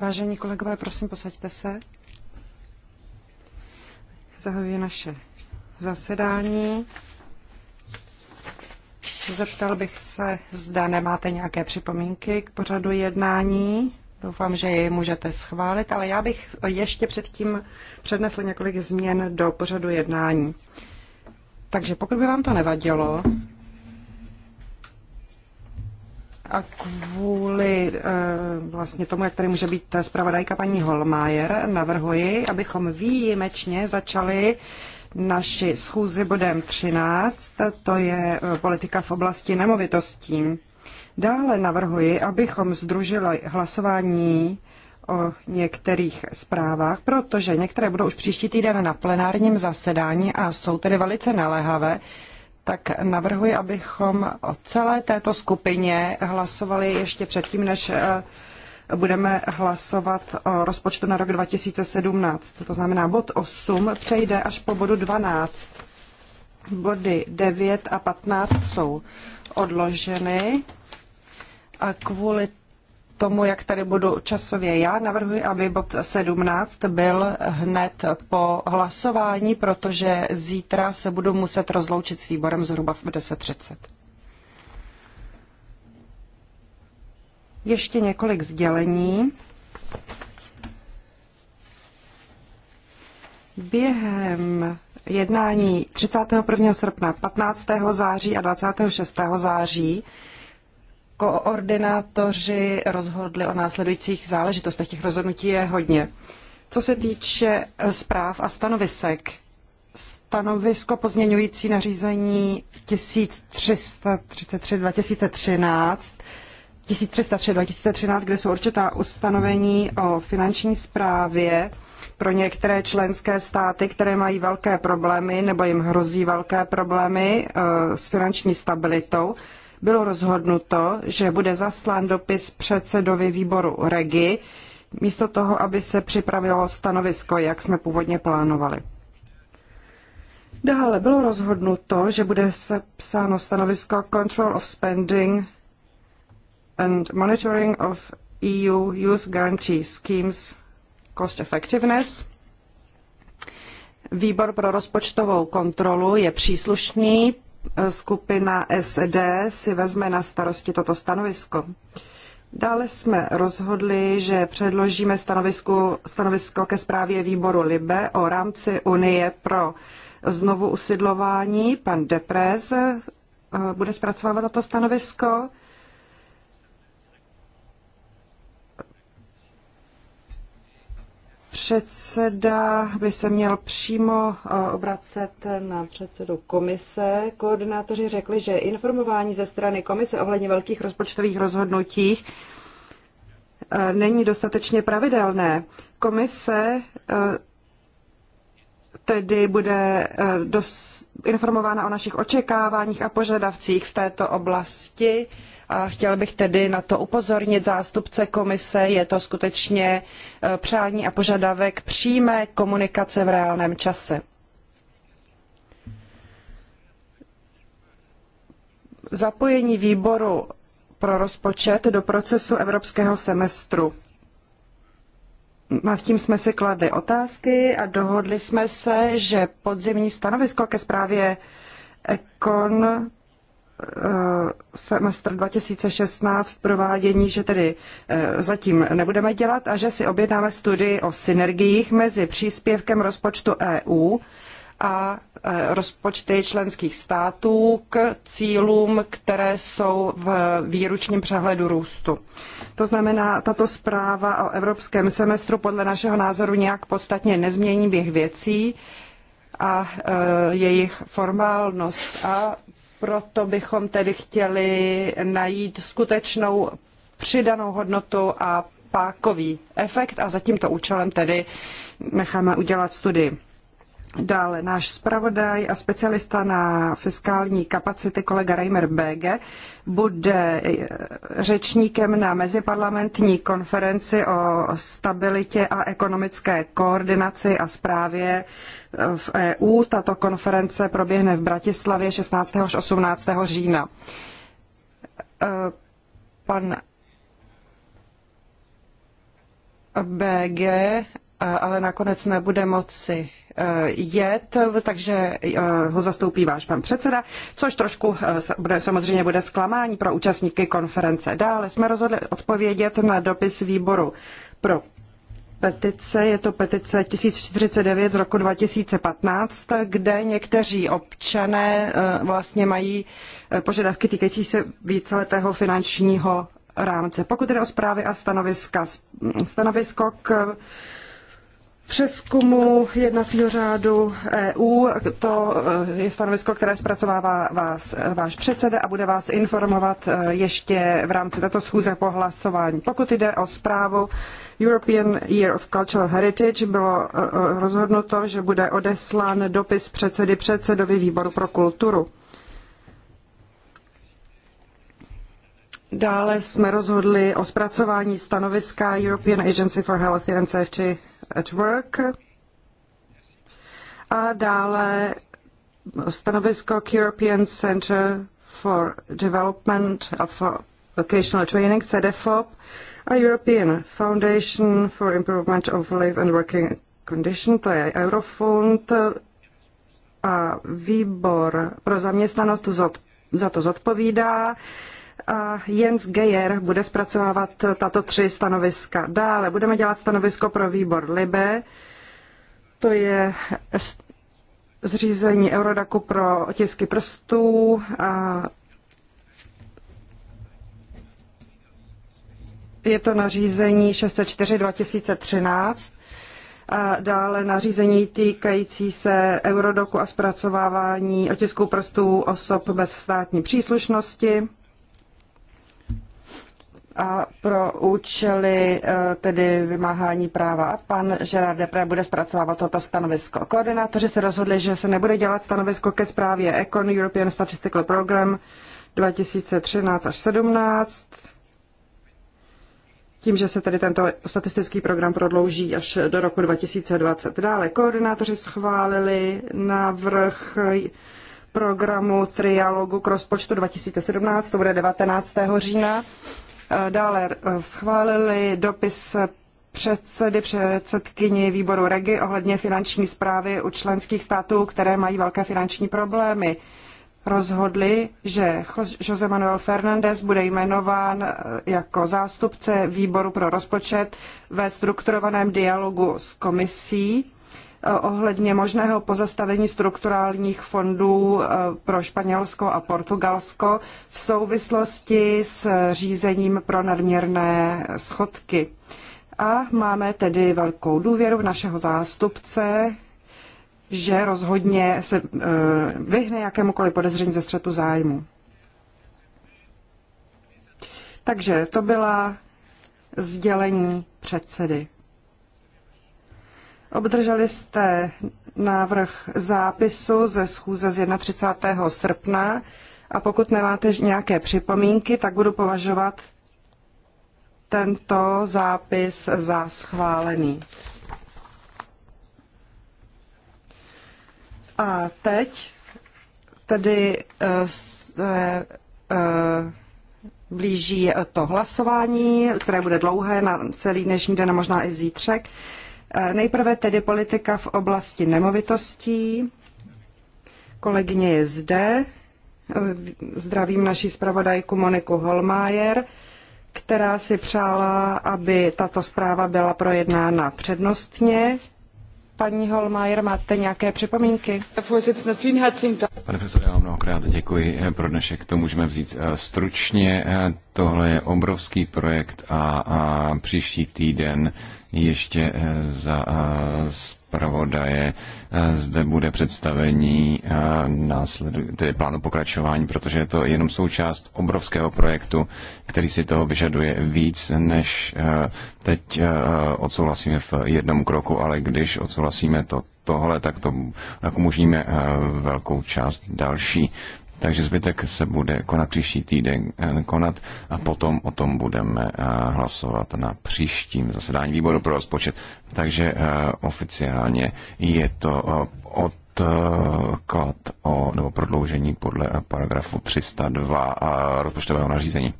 Vážení kolegové, prosím, posaďte se. Zahajuji naše zasedání. Zeptal bych se, zda nemáte nějaké připomínky k pořadu jednání. Doufám, že ji můžete schválit, ale já bych ještě předtím přednesl několik změn do pořadu jednání. Takže pokud by vám to nevadilo, a kvůli eh, vlastně tomu, jak tady může být zpravodajka paní Holmájer, navrhuji, abychom výjimečně začali naši schůzi bodem 13, to je eh, politika v oblasti nemovitostí. Dále navrhuji, abychom združili hlasování o některých zprávách, protože některé budou už příští týden na plenárním zasedání a jsou tedy velice naléhavé, tak navrhuji, abychom o celé této skupině hlasovali ještě předtím, než eh, budeme hlasovat o rozpočtu na rok 2017. To znamená, bod 8 přejde až po bodu 12. Body 9 a 15 jsou odloženy a kvůli tomu, jak tady budu časově já, navrhuji, aby bod 17 byl hned po hlasování, protože zítra se budu muset rozloučit s výborem zhruba v 10.30. Ještě několik sdělení. Během jednání 31. srpna, 15. září a 26. září koordinátoři rozhodli o následujících záležitostech. Těch rozhodnutí je hodně. Co se týče zpráv a stanovisek, stanovisko pozměňující nařízení 1333 2013 1303 2013, kde jsou určitá ustanovení o finanční správě pro některé členské státy, které mají velké problémy nebo jim hrozí velké problémy eh, s finanční stabilitou bylo rozhodnuto, že bude zaslán dopis předsedovi výboru REGI, místo toho, aby se připravilo stanovisko, jak jsme původně plánovali. Dále bylo rozhodnuto, že bude sepsáno stanovisko Control of Spending and Monitoring of EU Youth Guarantee Schemes Cost Effectiveness. Výbor pro rozpočtovou kontrolu je příslušný skupina SD si vezme na starosti toto stanovisko. Dále jsme rozhodli, že předložíme stanovisko, stanovisko ke zprávě výboru LIBE o rámci Unie pro znovu usidlování. Pan Deprez eh, bude zpracovávat toto stanovisko. Předseda by se měl přímo eh, obracet na předsedu komise. Koordinátoři řekli, že informování ze strany komise ohledně velkých rozpočtových rozhodnutí eh, není dostatečně pravidelné. Komise eh, tedy bude informována o našich očekáváních a požadavcích v této oblasti a chtěl bych tedy na to upozornit zástupce komise, je to skutečně e, přání a požadavek přímé komunikace v reálném čase. Zapojení výboru pro rozpočet do procesu evropského semestru. Nad tím jsme si kladli otázky a dohodli jsme se, že podzimní stanovisko ke zprávě Econ. Eh, semestr 2016 provádění, že tedy eh, zatím nebudeme dělat a že si objednáme studii o synergiích mezi příspěvkem rozpočtu EU a eh, rozpočty členských států k cílům, které jsou v výručním přehledu růstu. To znamená, tato zpráva o evropském semestru podle našeho názoru nějak podstatně nezmění běh věcí a jejich formálnost a proto bychom tedy chtěli najít skutečnou přidanou hodnotu a pákový efekt a za tímto účelem tedy necháme udělat studii. Dále náš zpravodaj a specialista na fiskální kapacity kolega Reimer Bege bude eh, řečníkem na meziparlamentní konferenci o stabilitě a ekonomické koordinaci a správě eh, v EU. Tato konference proběhne v Bratislavě 16. až 18. října. Eh, pan BG ale nakonec nebude moci Eh, jet, takže eh, ho zastoupí váš pan předseda, což trošku eh, bude, samozřejmě bude zklamání pro účastníky konference. Dále jsme rozhodli odpovědět na dopis výboru pro petice, je to petice 1049 z roku 2015, kde někteří občané vlastně mají požadavky týkající se víceletého finančního rámce. Pokud jde o zprávy a stanoviska, hm, stanovisko k přeskumu jednacího řádu EU. To eh, je stanovisko, které zpracovává vás, váš předseda a bude vás informovat eh, ještě v rámci této schůze po hlasování. Pokud jde o zprávu European Year of Cultural Heritage, bylo eh, rozhodnuto, že bude odeslán dopis předsedy předsedovi výboru pro kulturu. Dále jsme rozhodli o zpracování stanoviska European Agency for Health and Safety at Work a dále stanovisko k European Center for Development of Vocational Training, CEDEFOP, a European Foundation for Improvement of Life and Working Condition, to je Eurofund, a výbor pro zaměstnanost za to zodpovídá a Jens Geier bude zpracovávat tato tři stanoviska. Dále budeme dělat stanovisko pro výbor Libe, to je zřízení Eurodaku pro otisky prstů a je to nařízení 604 2013 a dále nařízení týkající se Eurodoku a zpracovávání otisků prstů osob bez státní příslušnosti a pro účely eh, tedy vymáhání práva. A pan Gerard Depré bude zpracovávat toto stanovisko. Koordinátoři se rozhodli, že se nebude dělat stanovisko ke zprávě Econ European Statistical Program 2013 až 17. Tím, že se tedy tento statistický program prodlouží až do roku 2020. Dále koordinátoři schválili návrh programu trialogu k rozpočtu 2017, to bude 19. října. Eh, dále eh, schválili dopis předsedy předsedkyni výboru Regi ohledně finanční zprávy u členských států, které mají velké finanční problémy. Rozhodli, že Jose Manuel Fernández bude jmenován eh, jako zástupce výboru pro rozpočet ve strukturovaném dialogu s komisí Eh, ohledně možného pozastavení strukturálních fondů eh, pro Španělsko a Portugalsko v souvislosti s řízením pro nadměrné schodky. A máme tedy velkou důvěru v našeho zástupce, že rozhodně se eh, vyhne jakémukoliv podezření ze střetu zájmu. Takže to byla sdělení předsedy. Obdrželi jste návrh zápisu ze schůze z 31. srpna a pokud nemáte nějaké připomínky, tak budu považovat tento zápis za schválený. A teď tedy eh, se eh, blíží to hlasování, které bude dlouhé na celý dnešní den a možná i zítřek. Eh, nejprve tedy politika v oblasti nemovitostí. Kolegyně je zde. Eh, zdravím naší zpravodajku Moniku Holmájer, která si přála, aby tato zpráva byla projednána přednostně. Paní Holmajer, máte nějaké připomínky? Pane profesor, já vám mnohokrát děkuji eh, pro dnešek. To můžeme vzít stručně. Tohle je obrovský projekt a, a příští týden ještě eh, za eh, zpravodaje eh, zde bude představení následu, tedy plánu pokračování, protože je to jenom součást obrovského projektu, který si toho vyžaduje víc, než teď odsouhlasíme v jednom kroku, ale když odsouhlasíme to tohle, tak to umožníme velkou část další. Takže zbytek se bude konat příští týden eh, konat a potom o tom budeme eh, hlasovat na příštím zasedání výboru pro rozpočet. Takže eh, oficiálně je to od odklad o, nebo prodloužení podle paragrafu 302 a rozpočtového nařízení.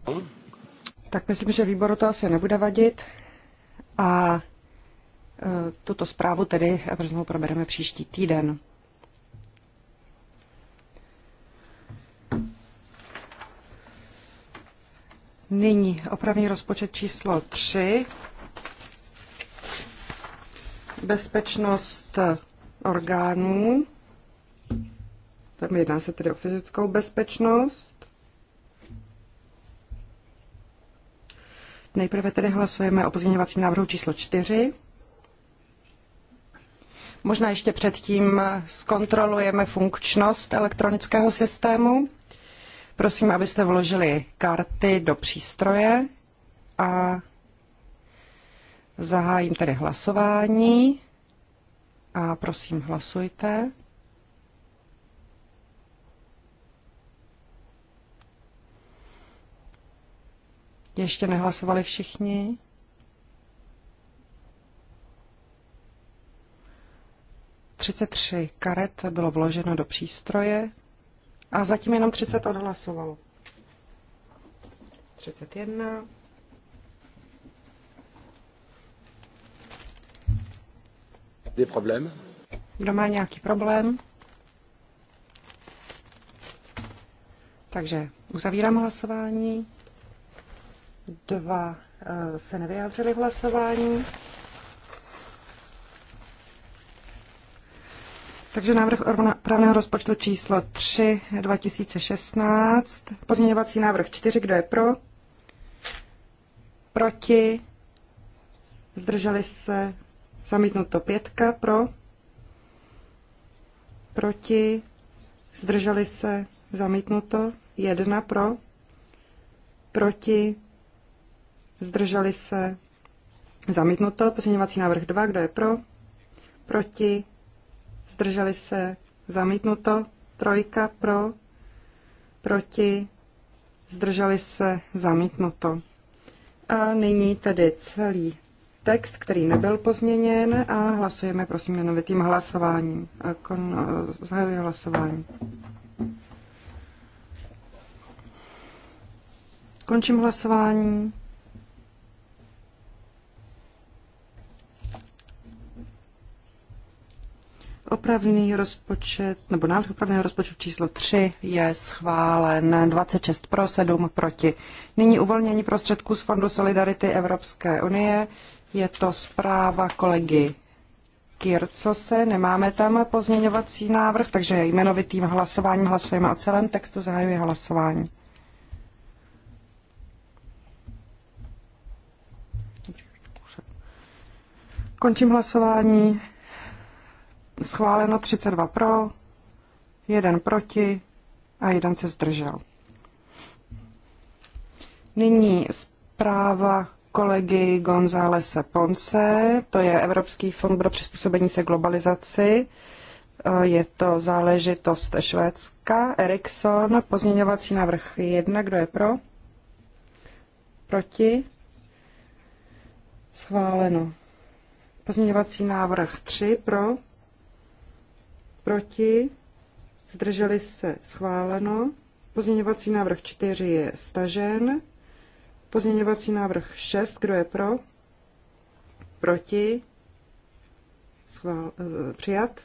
Tak myslím, že výboru to asi nebude vadit a tuto zprávu tedy probereme příští týden. Nyní opravný rozpočet číslo 3. Bezpečnost orgánů. Tam jedná se tedy o fyzickou bezpečnost. Nejprve tedy hlasujeme o pozměňovacím návrhu číslo 4. Možná ještě předtím zkontrolujeme funkčnost elektronického systému. Prosím, abyste vložili karty do přístroje a zahájím tedy hlasování. A prosím, hlasujte. Ještě nehlasovali všichni? Třicet tři karet bylo vloženo do přístroje. A zatím jenom 30 odhlasovalo. 31. Des problèmes? Kdo má nějaký problém? Takže uzavírám hlasování. Dva eh, se nevyjádřili v hlasování. Takže návrh právného rozpočtu číslo 3 2016. Pozměňovací návrh 4, kdo je pro? Proti? Zdrželi se? Zamítnuto pětka pro? Proti? Zdrželi se? Zamítnuto jedna pro? Proti? Zdrželi se? Zamítnuto. Pozměňovací návrh 2, kdo je pro? Proti? zdrželi se, zamítnuto, trojka pro, proti, zdrželi se, zamítnuto. A nyní tedy celý text, který nebyl pozměněn a hlasujeme prosím jmenovitým hlasováním. Eh, zahajuji hlasování. Končím hlasování. Opravný rozpočet, nebo návrh opravného rozpočtu číslo 3 je schválen 26 pro 7 proti. Nyní uvolnění prostředků z Fondu Solidarity Evropské unie. Je to zpráva kolegy Kircose. Nemáme tam pozměňovací návrh, takže jmenovitým hlasováním hlasujeme o celém textu. Zahajuje hlasování. Končím hlasování. Schváleno 32 pro, jeden proti a jeden se zdržel. Nyní zpráva kolegy Gonzálese Ponce, to je Evropský fond pro přizpůsobení se globalizaci. Eh, je to záležitost Švédska. Ericsson, pozměňovací návrh 1, kdo je pro? Proti? Schváleno. Pozměňovací návrh 3 pro? proti, zdrželi se schváleno, pozměňovací návrh 4 je stažen, pozměňovací návrh 6, kdo je pro, proti, schvál, eh, přijat,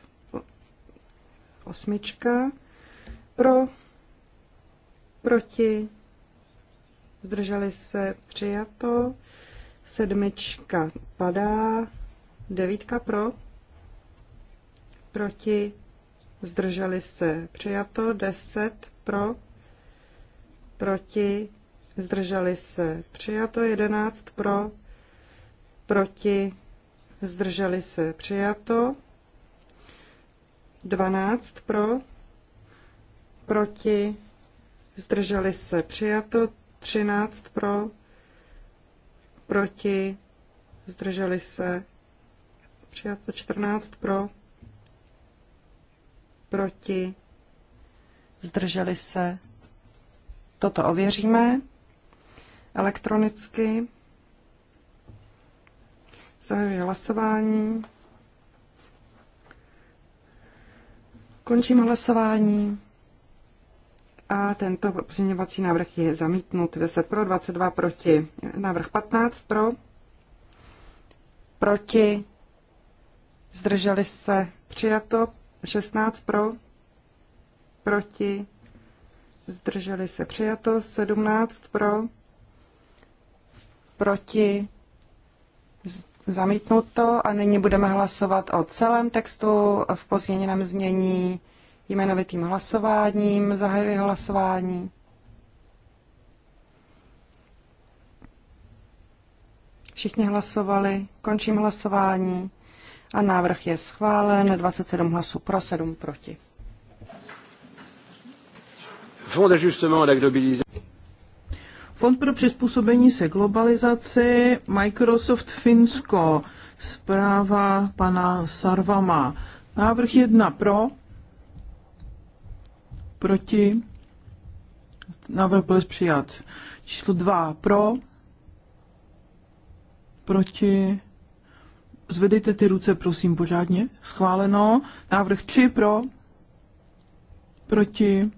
osmička, pro, proti, zdrželi se, přijato, sedmička padá, devítka pro, proti, zdrželi se přijato, 10 pro, proti, zdrželi se přijato, 11 pro, proti, zdrželi se přijato, 12 pro, proti, zdrželi se přijato, 13 pro, proti, zdrželi se přijato, 14 pro, proti, zdrželi se. Toto ověříme elektronicky. Zahajuji hlasování. Končím hlasování. A tento pozměňovací návrh je zamítnut. 10 pro, 22 proti. Návrh 15 pro. Proti. Zdrželi se. Přijato. 16 pro, proti, zdrželi se přijato, 17 pro, proti, zamítnuto a nyní budeme hlasovat o celém textu v pozměněném znění jmenovitým hlasováním. Zahajuji hlasování. Všichni hlasovali. Končím hlasování a návrh je schválen 27 hlasů pro, 7 proti. Fond pro přizpůsobení se globalizaci, Microsoft Finsko, zpráva pana Sarvama. Návrh jedna pro, proti, návrh byl přijat. Číslo dva pro, proti, Zvedejte ty ruce, prosím, pořádně. Schváleno. Návrh 3 pro. Proti.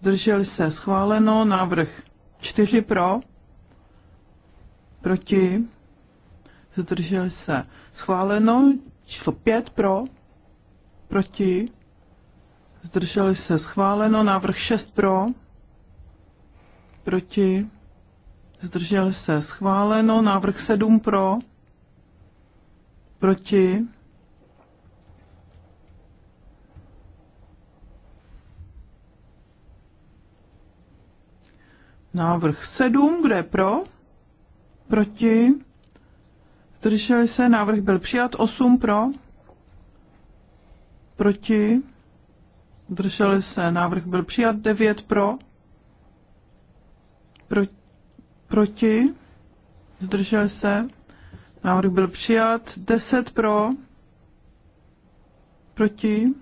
Zdrželi se. Schváleno. Návrh 4 pro. Proti. Zdrželi se. Schváleno. Číslo 5 pro. Proti. Zdrželi se. Schváleno. Návrh 6 pro. Proti. Zdrželi se. Schváleno. Návrh 7 pro Proti? Návrh 7, kdo je pro? Proti? Zdrželi se, návrh byl přijat. 8 pro? Proti? Zdrželi se, návrh byl přijat. 9 pro? pro proti? Zdržel se? Návrh byl přijat. 10 pro. Proti.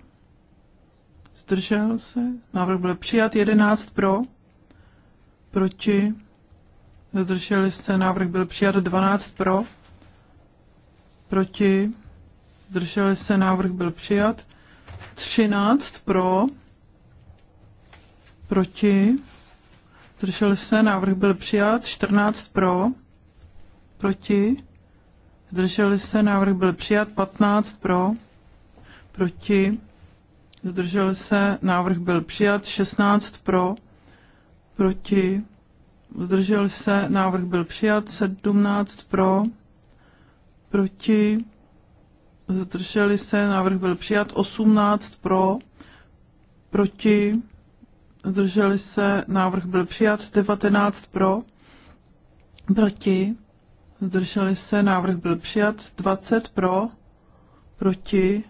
Zdržel se. Návrh byl přijat. 11 pro. Proti. Zdrželi se. Návrh byl přijat. 12 pro. Proti. Zdrželi se. Návrh byl přijat. 13 pro. Proti. Zdrželi se. Návrh byl přijat. 14 pro. Proti. Zdrželi se, návrh byl přijat. 15 pro, proti. Zdrželi se, návrh byl přijat. 16 pro, proti. Zdrželi se, návrh byl přijat. 17 pro, proti. Zdrželi se, návrh byl přijat. 18 pro, proti. Zdrželi se, návrh byl přijat. 19 pro, proti zdrželi se, návrh byl přijat, 20 pro, proti,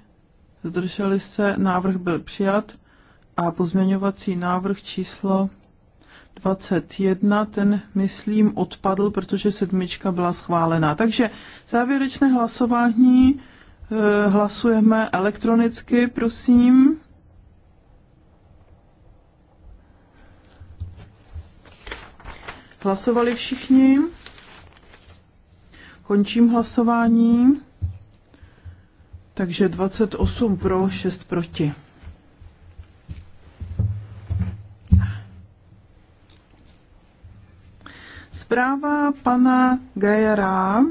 zdrželi se, návrh byl přijat a pozměňovací návrh číslo 21, ten myslím odpadl, protože sedmička byla schválená. Takže závěrečné hlasování eh, hlasujeme elektronicky, prosím. Hlasovali všichni? Končím hlasování. Takže 28 pro, 6 proti. Zpráva pana Gajera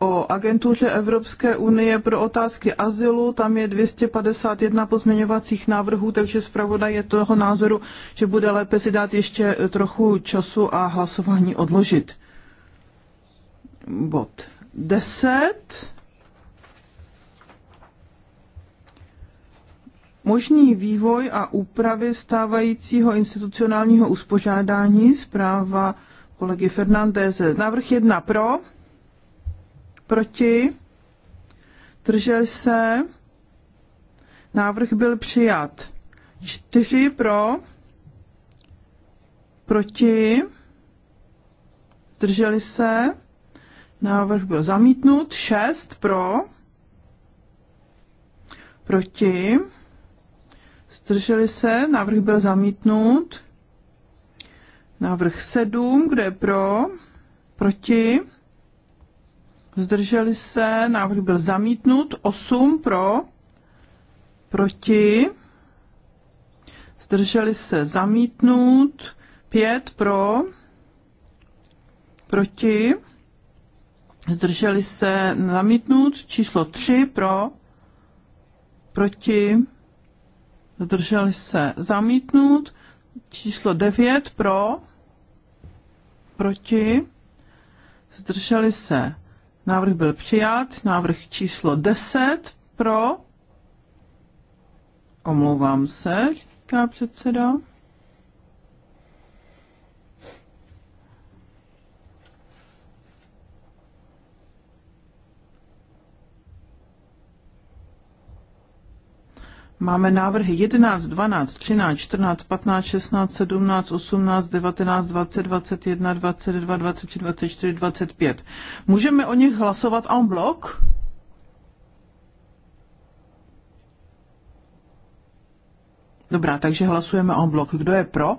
o agentuře Evropské unie pro otázky azylu, tam je 251 pozměňovacích návrhů, takže zpravodaj je toho názoru, že bude lépe si dát ještě trochu času a hlasování odložit. Bod 10. Možný vývoj a úpravy stávajícího institucionálního uspořádání, zpráva kolegy Fernandéze. Návrh 1 pro, proti, držel se, návrh byl přijat. Čtyři pro, proti, zdrželi se, návrh byl zamítnut, šest pro, proti, zdrželi se, návrh byl zamítnut, návrh sedm, kde je pro, proti, zdrželi se, návrh byl zamítnut, 8 pro, proti, zdrželi se, zamítnut, 5 pro, proti, zdrželi se, zamítnut, číslo 3 pro, proti, zdrželi se, zamítnut, číslo 9 pro, proti, zdrželi se, Návrh byl přijat. Návrh číslo 10 pro. Omlouvám se, říká předseda. Máme návrhy 11, 12, 13, 14, 15, 16, 17, 18, 19, 20, 21, 22, 23, 24, 25. Můžeme o nich hlasovat en bloc? Dobrá, takže hlasujeme en bloc. Kdo je pro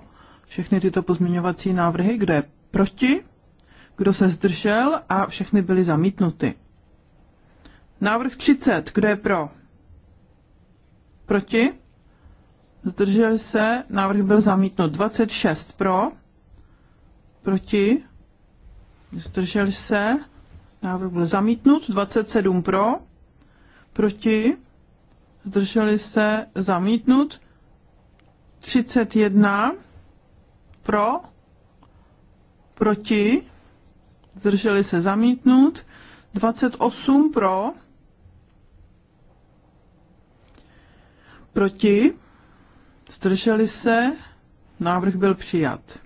všechny tyto pozměňovací návrhy? Kdo je proti? Kdo se zdržel? A všechny byly zamítnuty. Návrh 30. Kdo je pro? Proti? Zdrželi se. Návrh byl zamítnut. 26 pro. Proti? Zdrželi se. Návrh byl zamítnut. 27 pro. Proti? Zdrželi se. Zamítnut. 31 pro. Proti? Zdrželi se. Zamítnut. 28 pro Proti? Zdrželi se? Návrh byl přijat.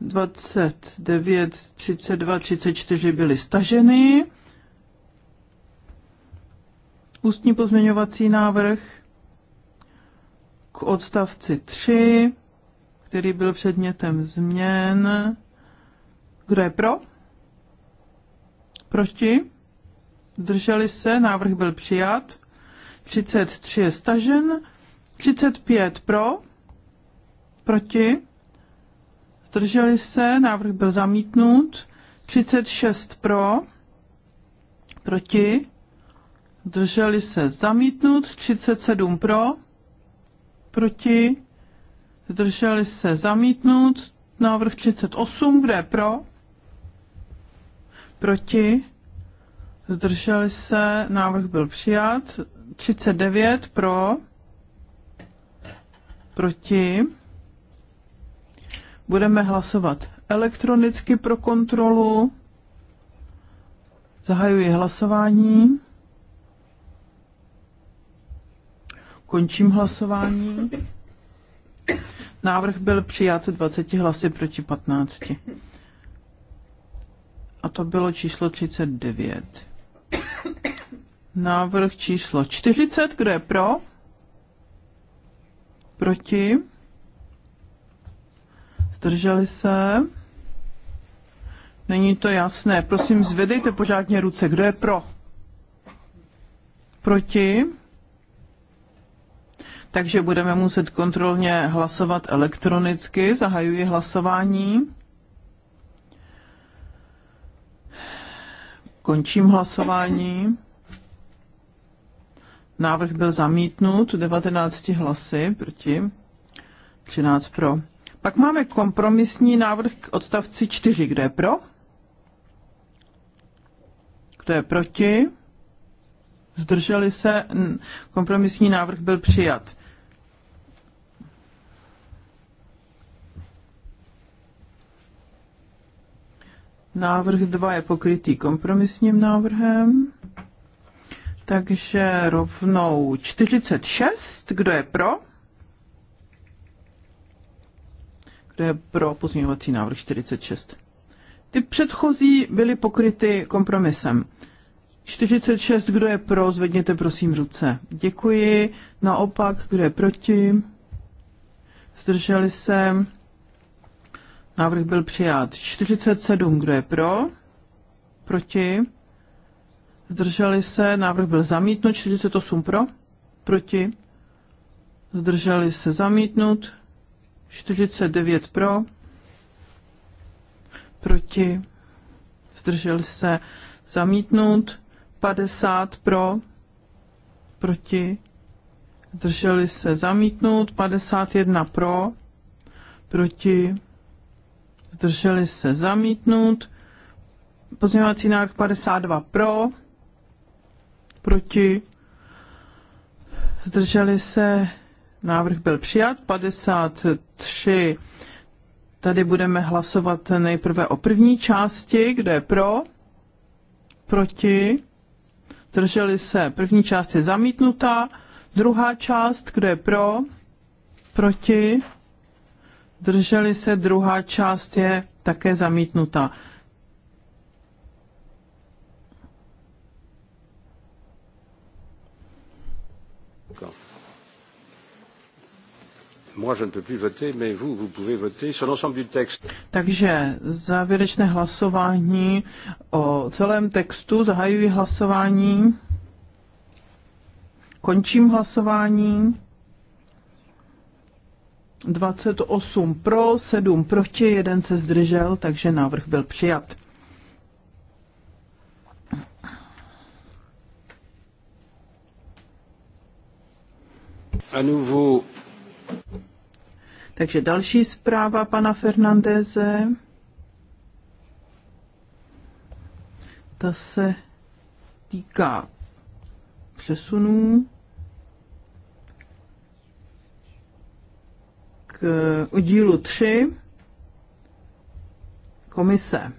29, 32, 34 byly staženy. Ústní pozměňovací návrh k odstavci 3, který byl předmětem změn. Kdo je pro? Proti? Drželi se, návrh byl přijat. 33 je stažen, 35 pro, proti, zdrželi se, návrh byl zamítnut, 36 pro, proti, zdrželi se, zamítnut, 37 pro, proti, zdrželi se, zamítnut, návrh 38, kde je pro, proti, zdrželi se, návrh byl přijat, 39 pro, proti. Budeme hlasovat elektronicky pro kontrolu. Zahajuji hlasování. Končím hlasování. Návrh byl přijat 20 hlasy proti 15. A to bylo číslo 39 návrh číslo 40. Kdo je pro? Proti? Zdrželi se? Není to jasné. Prosím, zvedejte pořádně ruce. Kdo je pro? Proti? Takže budeme muset kontrolně hlasovat elektronicky. Zahajuji hlasování. Končím hlasování. Návrh byl zamítnut 19 hlasy proti, 13 pro. Pak máme kompromisní návrh k odstavci 4. Kdo je pro? Kdo je proti? Zdrželi se? Kompromisní návrh byl přijat. Návrh 2 je pokrytý kompromisním návrhem. Takže rovnou 46. Kdo je pro? Kdo je pro pozměňovací návrh 46? Ty předchozí byly pokryty kompromisem. 46, kdo je pro, zvedněte prosím ruce. Děkuji. Naopak, kdo je proti? Zdrželi se. Návrh byl přijat. 47, kdo je pro? Proti? zdrželi se, návrh byl zamítnut, 48 pro, proti, zdrželi se zamítnut, 49 pro, proti, zdrželi se zamítnut, 50 pro, proti, zdrželi se zamítnout, 51 pro, proti, zdrželi se zamítnout, pozměňovací návrh 52 pro, proti, zdrželi se, návrh byl přijat, 53. Tady budeme hlasovat nejprve o první části, kde je pro, proti, zdrželi se, první část je zamítnutá, druhá část, kde je pro, proti, zdrželi se, druhá část je také zamítnutá. Takže závěrečné hlasování o celém textu. Zahajuji hlasování. Končím hlasování. 28 pro, 7 proti, 1 se zdržel, takže návrh byl přijat. A nouveau takže další zpráva pana Fernandéze. Ta se týká přesunů k oddílu 3 komise.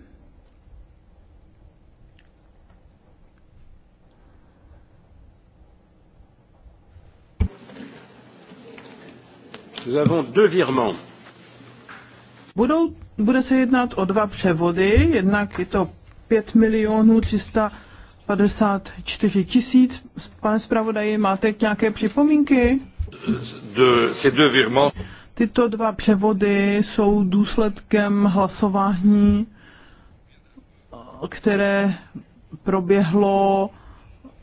Nous avons deux virements. Budou, bude se jednat o dva převody, jednak je to 5 milionů 354 tisíc. Pane zpravodaji, máte nějaké připomínky? Tyto dva převody jsou důsledkem hlasování, které proběhlo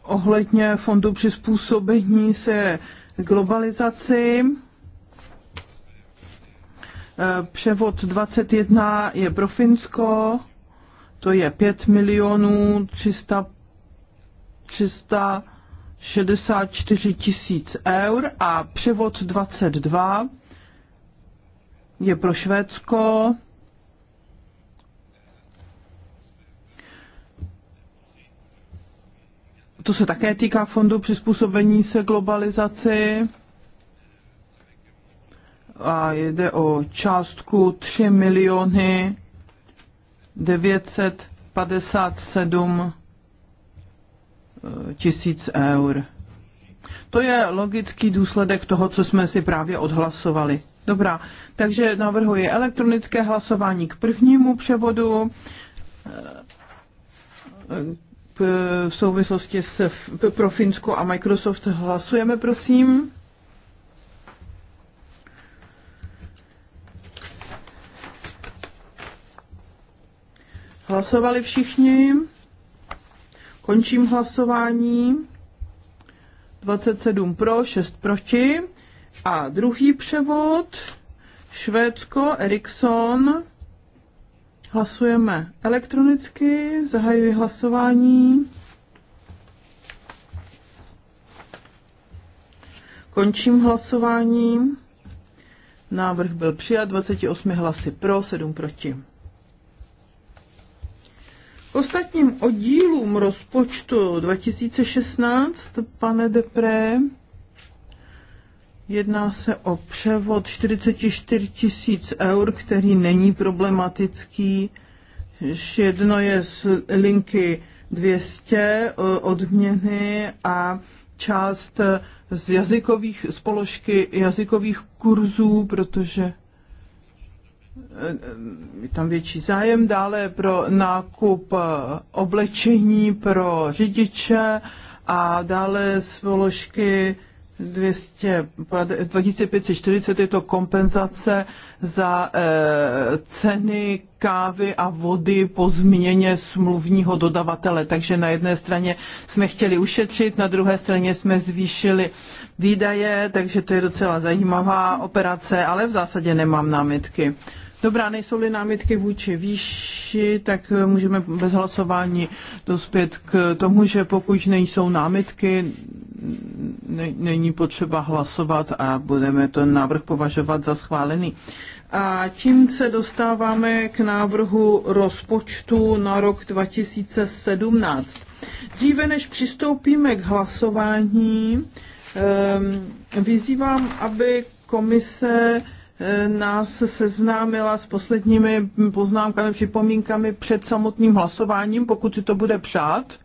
ohledně fondu přizpůsobení se globalizaci. Eh, převod 21 je pro Finsko, to je 5 milionů 300, 364 tisíc eur a převod 22 je pro Švédsko, to se také týká fondu přizpůsobení se globalizaci a jde o částku 3 miliony 957 eh, tisíc eur. To je logický důsledek toho, co jsme si právě odhlasovali. Dobrá, takže navrhuji elektronické hlasování k prvnímu převodu eh, eh, v souvislosti s, pro Finsko a Microsoft. Hlasujeme, prosím. Hlasovali všichni. Končím hlasování. 27 pro, 6 proti. A druhý převod. Švédsko, Ericsson. Hlasujeme elektronicky. Zahajuji hlasování. Končím hlasování. Návrh byl přijat 28 hlasy pro, 7 proti. K ostatním oddílům rozpočtu 2016, pane Depré, jedná se o převod 44 tisíc eur, který není problematický. Jedno je z linky 200 eh, odměny a část z jazykových, z položky jazykových kurzů, protože je eh, tam větší zájem, dále pro nákup eh, oblečení pro řidiče a dále z položky 200, 2540 je to kompenzace za eh, ceny kávy a vody po změně smluvního dodavatele. Takže na jedné straně jsme chtěli ušetřit, na druhé straně jsme zvýšili výdaje, takže to je docela zajímavá operace, ale v zásadě nemám námitky. Eh, Dobrá, nejsou-li námitky vůči výši, tak eh, můžeme bez hlasování dospět k tomu, že pokud nejsou námitky, ne, není potřeba hlasovat a budeme ten návrh považovat za schválený. A tím se dostáváme k návrhu rozpočtu na rok 2017. Dříve než přistoupíme k hlasování, ehm, vyzývám, aby komise Eh, nás seznámila s posledními poznámkami, připomínkami před samotným hlasováním, pokud si to bude přát.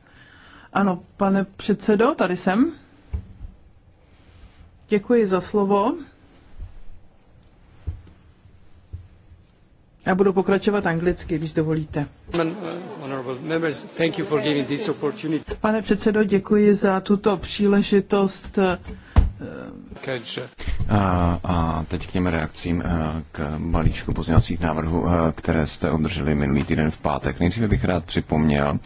Ano, pane předsedo, tady jsem. Děkuji za slovo. Já budu pokračovat anglicky, když dovolíte. Pane předsedo, děkuji za tuto příležitost eh, a, a teď k těm reakcím e, k balíčku pozměňovacích návrhů, e, které jste obdrželi minulý týden v pátek. Nejdříve bych rád připomněl,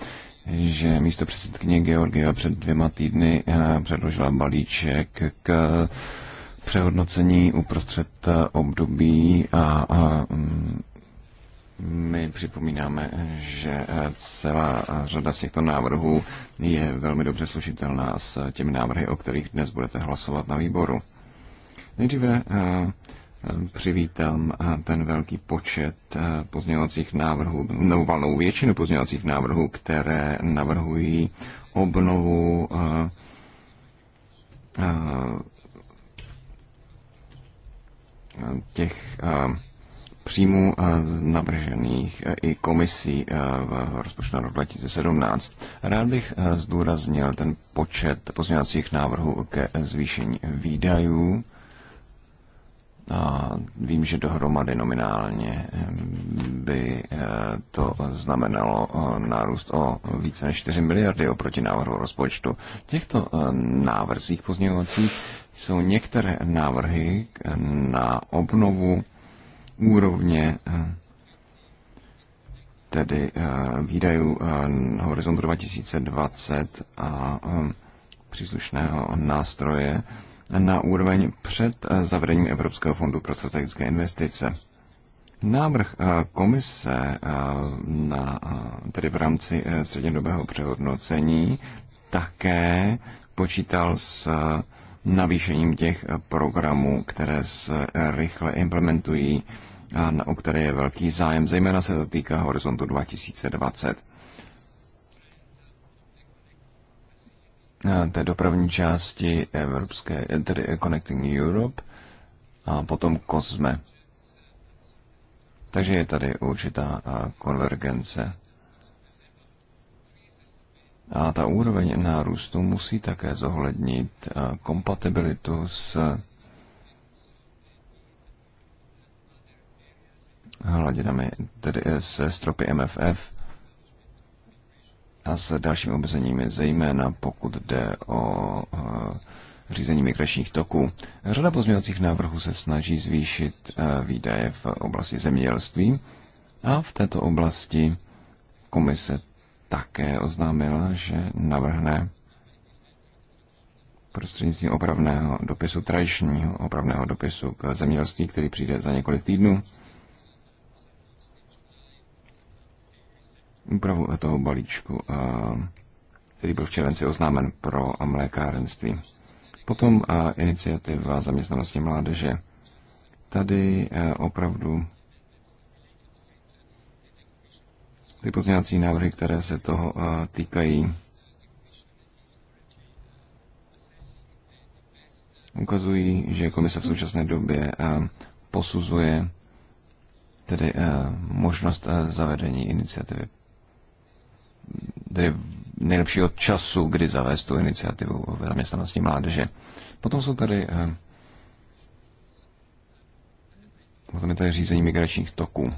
že místo předsedkyně Georgieva před dvěma týdny e, předložila balíček k přehodnocení uprostřed období a, a my připomínáme, že eh, celá řada z těchto návrhů je velmi dobře slušitelná s těmi návrhy, o kterých dnes budete hlasovat na výboru. Nejdříve eh, přivítám eh, ten velký počet pozměňovacích návrhů, nebo valnou většinu pozměňovacích návrhů, které navrhují obnovu těch příjmů eh, navržených eh, i komisí eh, v rozpočtu na rok 2017. Rád bych zdůraznil ten počet pozměňovacích návrhů ke zvýšení výdajů. A vím, že dohromady nominálně by to znamenalo nárůst o více než 4 miliardy oproti návrhu rozpočtu. V těchto návrzích pozměňovacích jsou některé návrhy na obnovu úrovně eh, tedy eh, výdajů eh, horizontu 2020 a příslušného nástroje na úroveň před zavedením Evropského fondu pro strategické investice. Návrh komise na, tedy v rámci střednědobého přehodnocení také počítal s navýšením těch programů, které se rychle implementují a o které je velký zájem. Zejména se to týká horizontu 2020. té dopravní části Evropské, tedy Connecting Europe a potom COSME. Takže je tady určitá konvergence a ta úroveň nárůstu musí také zohlednit eh, kompatibilitu s hladinami, tedy eh, se stropy MFF a s dalšími omezeními, zejména pokud jde o eh, řízení migračních toků. Řada pozměňovacích návrhů se snaží zvýšit výdaje v oblasti zemědělství a v této oblasti komise také oznámil, že navrhne prostřednictvím opravného dopisu, tradičního opravného dopisu k zemědělství, který přijde za několik týdnů. Úpravu toho balíčku, eh, který byl v červenci oznámen pro mlékárenství. Potom eh, iniciativa zaměstnanosti mládeže. Tady eh, opravdu ty pozměňovací návrhy, které se toho eh, týkají, ukazují, že komise v současné době eh, posuzuje tedy eh, možnost zavedení iniciativy. Tedy nejlepšího času, kdy zavést tu iniciativu o zaměstnanosti mládeže. Potom jsou tady Potom je tady řízení migračních toků.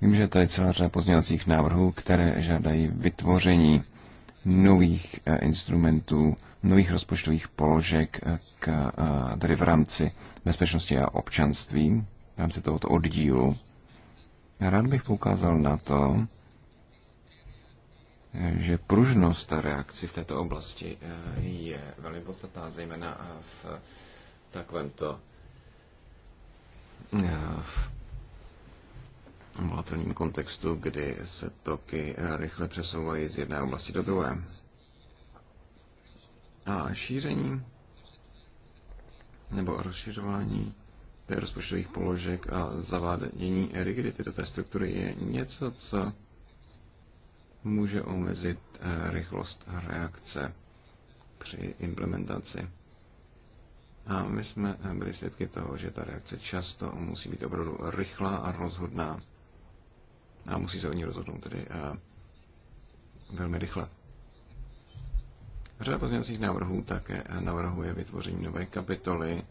Vím, že tady celá řada pozměňovacích návrhů, které žádají vytvoření nových eh, instrumentů, nových rozpočtových položek eh, k, eh, tedy v rámci bezpečnosti a občanství, v rámci tohoto oddílu. Rád bych poukázal na to, že pružnost a reakci v této oblasti je velmi podstatná, zejména v takovémto v volatelním kontextu, kdy se toky eh, rychle přesouvají z jedné oblasti do druhé. A šíření nebo rozšiřování těch rozpočtových položek a zavádění rigidity do té struktury je něco, co může omezit eh, rychlost reakce při implementaci. A my jsme eh, byli svědky toho, že ta reakce často musí být opravdu rychlá a rozhodná a musí se o ní rozhodnout tedy eh, velmi rychle. Řada pozměňovacích návrhů také eh, navrhuje vytvoření nové kapitoly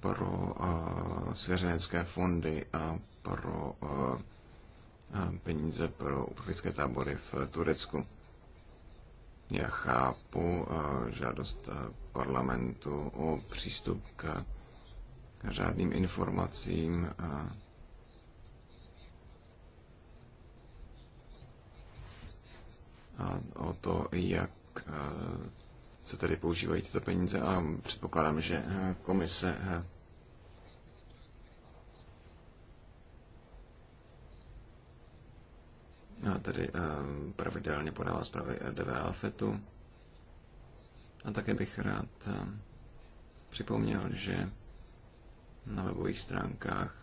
pro eh, svěřenecké fondy a pro peníze pro uprchlické tábory v Turecku. Já chápu žádost parlamentu o přístup k řádným informacím Uh, a o to, jak eh, se tady používají tyto peníze a předpokládám, že eh, komise eh, a tady pravidelně podává zprávy RDV Alfetu. A také bych rád připomněl, že na webových stránkách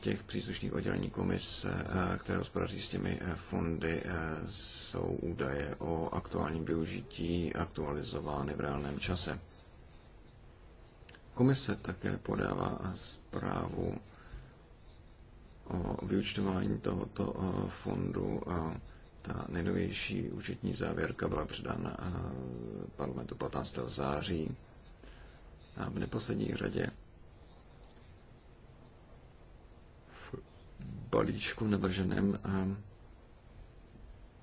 těch příslušných oddělení komise, eh, které hospodaří s těmi eh, fondy, eh, jsou údaje o aktuálním využití aktualizovány v reálném čase. Komise také podává zprávu o vyučtování tohoto fondu. Ta nejnovější účetní závěrka byla předána parlamentu 15. září. A v neposlední řadě balíčku navrženém a ehm,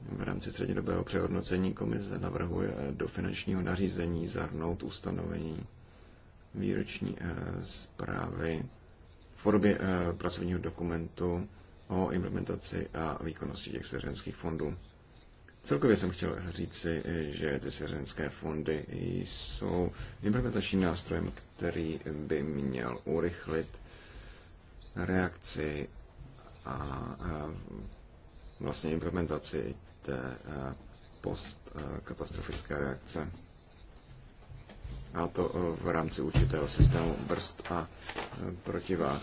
v rámci střednědobého přehodnocení komise navrhuje do finančního nařízení zahrnout ustanovení výroční eh, zprávy v podobě eh, pracovního dokumentu o implementaci a výkonnosti těch svěřenských fondů. Celkově jsem chtěl říci, že ty svěřenské fondy jsou implementačním nástrojem, který by měl urychlit reakci a vlastně implementaci té postkatastrofické reakce. A to e, v rámci určitého systému brzd a e, protivách.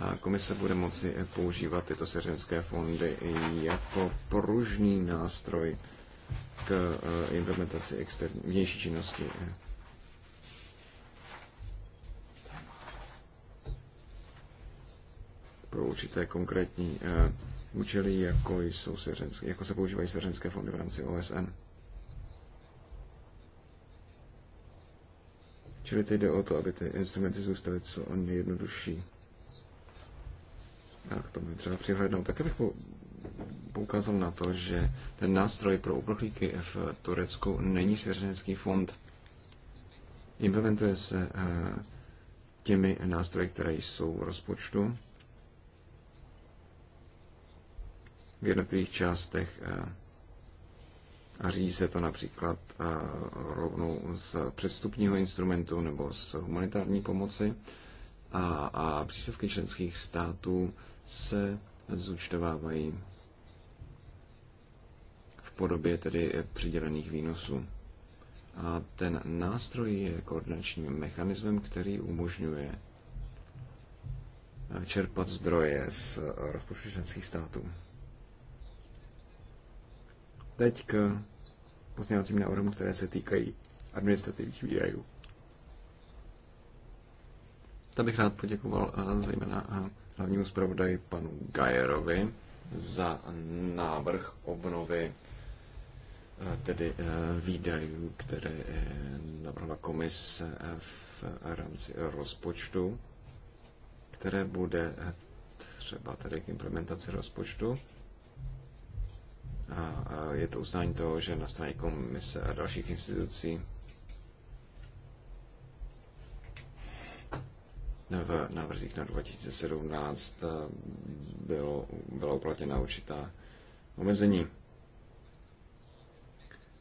A komise bude moci e, používat tyto seřenské fondy jako pružný nástroj k implementaci externí, vnější činnosti pro určité konkrétní eh, účely, jako, jsou svěřenské, jako se používají svěřenské fondy v rámci OSN. Čili teď jde o to, aby ty instrumenty zůstaly co nejjednodušší. A k tomu je třeba přihlednout. Také bych poukázal na to, že ten nástroj pro uprchlíky v Turecku není svěřenecký fond. Implementuje se eh, těmi nástroji, které jsou v rozpočtu v jednotlivých částech eh, a řídí se to například eh, rovnou z předstupního instrumentu nebo z humanitární pomoci a, a příspěvky členských států se zúčtovávají v podobě tedy přidělených výnosů. A ten nástroj je koordinačním mechanismem, který umožňuje eh, čerpat zdroje z rozpočtu členských států. Teď k pozměňovacím návrhům, které se týkají administrativních výdajů. Tam bych rád poděkoval eh, zejména eh, hlavnímu zpravodaji panu Gajerovi za návrh obnovy eh, tedy výdajů, které navrhla komise v rámci rozpočtu, které bude třeba tedy k implementaci rozpočtu. A je to uznání toho, že na straně komise a dalších institucí v návrzích na 2017 bylo, byla uplatněna určitá omezení.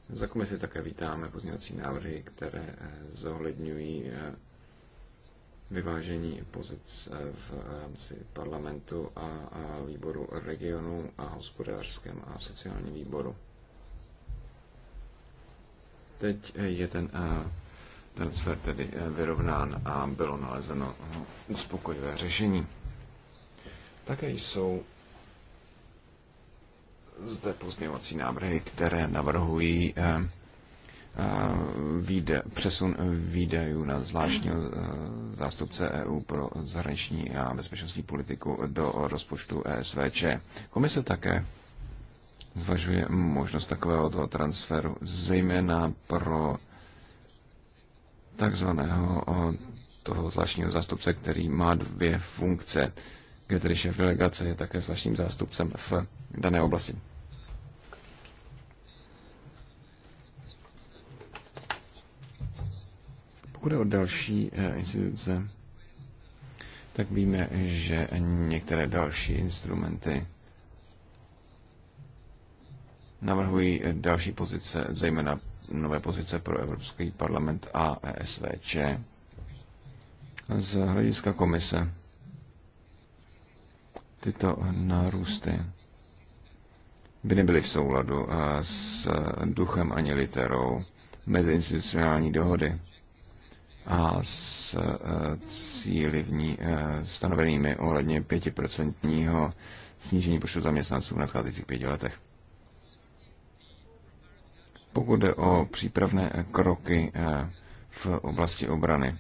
Za komisi také vítáme pozměňovací návrhy, které eh, zohledňují eh, vyvážení pozic eh, v rámci parlamentu a, výboru regionu a hospodářském a sociálním výboru. Teď je ten eh, transfer tedy eh, vyrovnán a bylo nalezeno hm, uspokojivé řešení. Také jsou zde pozměňovací návrhy, které navrhují eh, výde, přesun výdajů na zvláštního zástupce EU pro zahraniční a bezpečnostní politiku do rozpočtu ESVČ. Komise také zvažuje možnost takového toho transferu, zejména pro takzvaného toho zvláštního zástupce, který má dvě funkce, kde tedy šéf delegace je také zvláštním zástupcem v dané oblasti. Pokud je o další eh, instituce, tak víme, že některé další instrumenty navrhují další pozice, zejména nové pozice pro Evropský parlament a ESVČ z hlediska komise. Tyto nárůsty by nebyly v souladu eh, s duchem ani literou institucionální dohody a s eh, cíli v ní eh, stanovenými ohledně 5% snížení počtu zaměstnanců v nadcházejících pěti letech. Pokud jde o přípravné kroky eh, v oblasti obrany,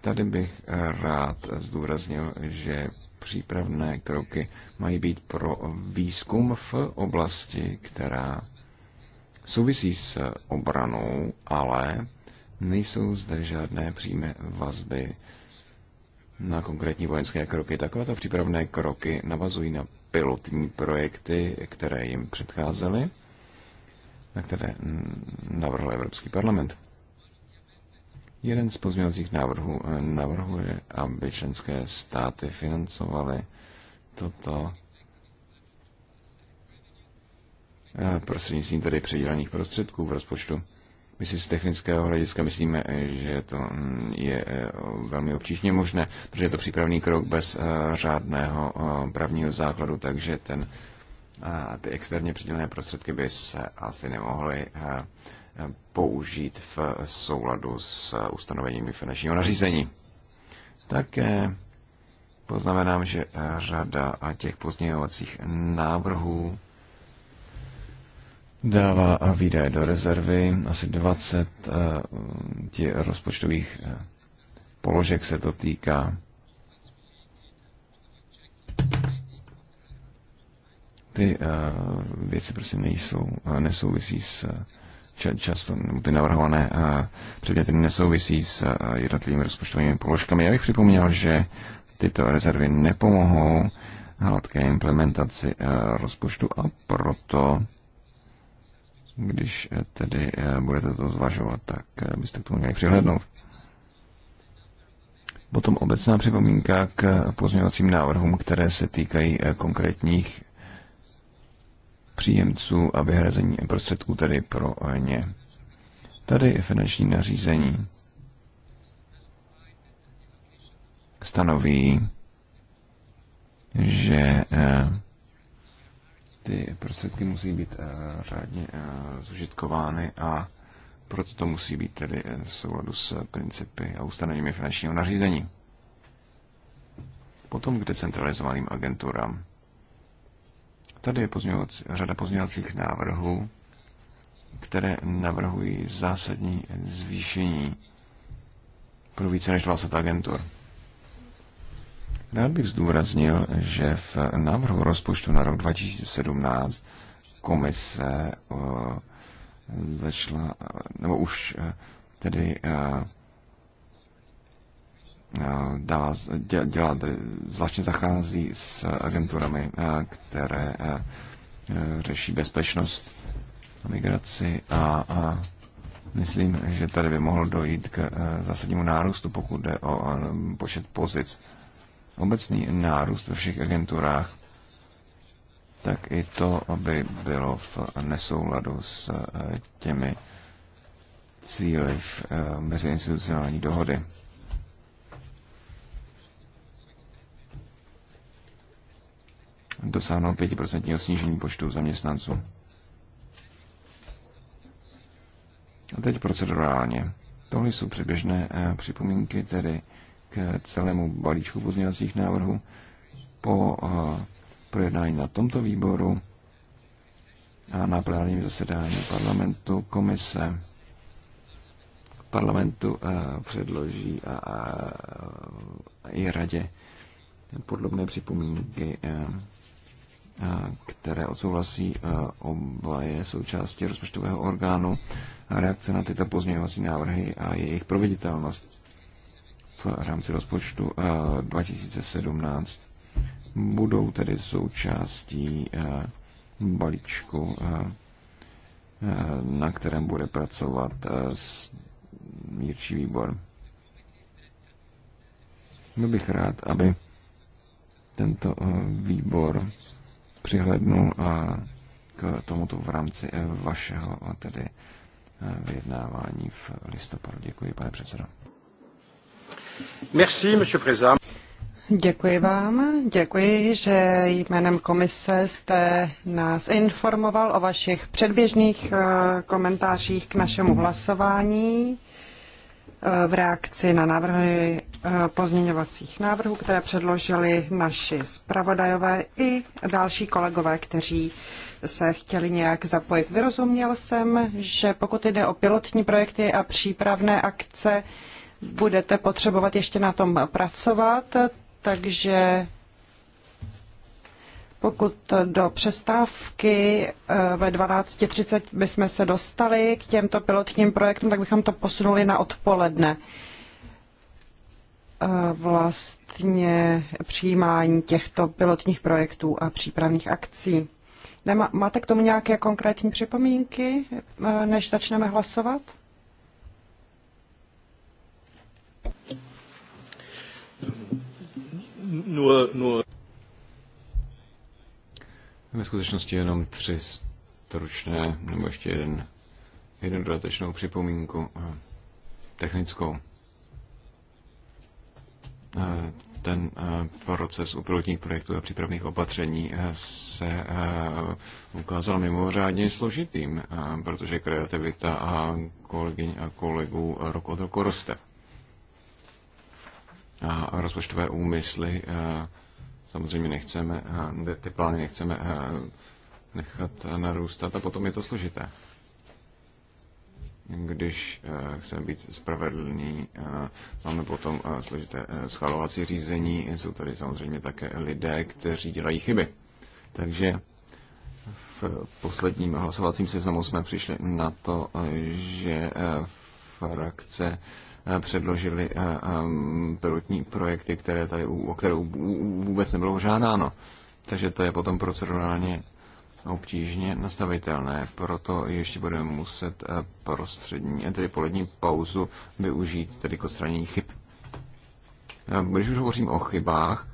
tady bych rád zdůraznil, že přípravné kroky mají být pro výzkum v oblasti, která souvisí s obranou, ale Nejsou zde žádné přímé vazby na konkrétní vojenské kroky. Takovéto přípravné kroky navazují na pilotní projekty, které jim předcházely, na které navrhl Evropský parlament. Jeden z pozměňovacích návrhů eh, navrhuje, aby členské státy financovaly toto eh, prostřednictvím tedy předělaných prostředků v rozpočtu. My si z technického hlediska myslíme, eh, že to mm, je eh, velmi obtížně možné, protože je to přípravný krok bez eh, řádného právního základu, takže ten, ty externě přidělené prostředky by se asi nemohly použít v souladu s ustanoveními finančního nařízení. Také poznamenám, že řada těch pozměňovacích návrhů dává a výdaje do rezervy. Asi 20 eh, tě rozpočtových eh, položek se to týká. Ty eh, věci prostě nejsou, nesouvisí s často ty navrhované předměty nesouvisí s jednotlivými rozpočtovými položkami. Já bych připomněl, že tyto rezervy nepomohou hladké implementaci rozpočtu a proto když eh, tedy eh, budete to zvažovat, tak eh, byste k tomu měli přihlednout. Potom obecná připomínka k pozměňovacím návrhům, které se týkají konkrétních příjemců a vyhrazení prostředků tedy pro ně. Tady je finanční nařízení stanoví, že ty prostředky musí být eh, řádně eh, zužitkovány a proto to musí být tedy eh, v souladu s principy a ustanoveními finančního nařízení. Potom k decentralizovaným agenturám. Tady je pozměňovací, řada pozměňovacích návrhů, které navrhují zásadní zvýšení pro více než 20 agentur. Rád bych zdůraznil, že v návrhu rozpočtu na rok 2017 komise eh, začala, eh, nebo už eh, tedy dala, dělá, zvláště zachází s agenturami, které řeší bezpečnost a migraci a, a myslím, že tady by mohlo dojít k zásadnímu nárůstu, pokud jde o počet pozic obecný nárůst ve všech agenturách, tak i to, aby bylo v nesouladu s eh, těmi cíly v eh, meziinstitucionální dohody. Dosáhnout 5% snížení počtu zaměstnanců. A teď procedurálně. Tohle jsou předběžné eh, připomínky, tedy k celému balíčku pozměňovacích návrhů po eh, projednání na tomto výboru a na plenárním zasedání parlamentu komise parlamentu eh, předloží a, a, a i radě podobné připomínky, eh, které odsouhlasí oba je součástí rozpočtového orgánu a reakce na tyto pozměňovací návrhy a jejich proveditelnost v rámci rozpočtu 2017 eh, budou tedy součástí eh, balíčku, eh, na kterém bude pracovat mírčí výbor. Byl bych rád, aby tento výbor přihlednul a k tomuto v rámci vašeho tedy vyjednávání v listopadu. Děkuji, pane předsedo. Děkuji vám, děkuji, že jménem komise jste nás informoval o vašich předběžných eh, komentářích k našemu hlasování eh, v reakci na návrhy eh, pozměňovacích návrhů, které předložili naši zpravodajové i další kolegové, kteří se chtěli nějak zapojit. Vyrozuměl jsem, že pokud jde o pilotní projekty a přípravné akce, budete potřebovat ještě na tom pracovat, takže pokud do přestávky eh, ve 12.30 bychom se dostali k těmto pilotním projektům, tak bychom to posunuli na odpoledne. Eh, vlastně přijímání těchto pilotních projektů a přípravných akcí. Máte k tomu nějaké konkrétní připomínky, eh, než začneme hlasovat? nur, nur... Ve skutečnosti jenom tři stručné, nebo ještě jeden, jednu dodatečnou připomínku eh, technickou. Eh, ten eh, proces u pilotních projektů a přípravných opatření se ukázal mimořádně složitým, protože kreativita a kolegyň a kolegů rok od roku roste a rozpočtové úmysly. Samozřejmě nechceme, ty plány nechceme nechat narůstat a potom je to složité. Když chceme být spravedlní, máme potom složité schvalovací řízení, jsou tady samozřejmě také lidé, kteří dělají chyby. Takže v posledním hlasovacím seznamu jsme přišli na to, že frakce Eh, předložili eh, eh, pilotní projekty, které tady, o které vůbec nebylo žádáno. Takže to je potom procedurálně obtížně nastavitelné, proto ještě budeme muset prostřední, tedy polední pauzu využít tedy k odstranění chyb. Když už hovořím o chybách,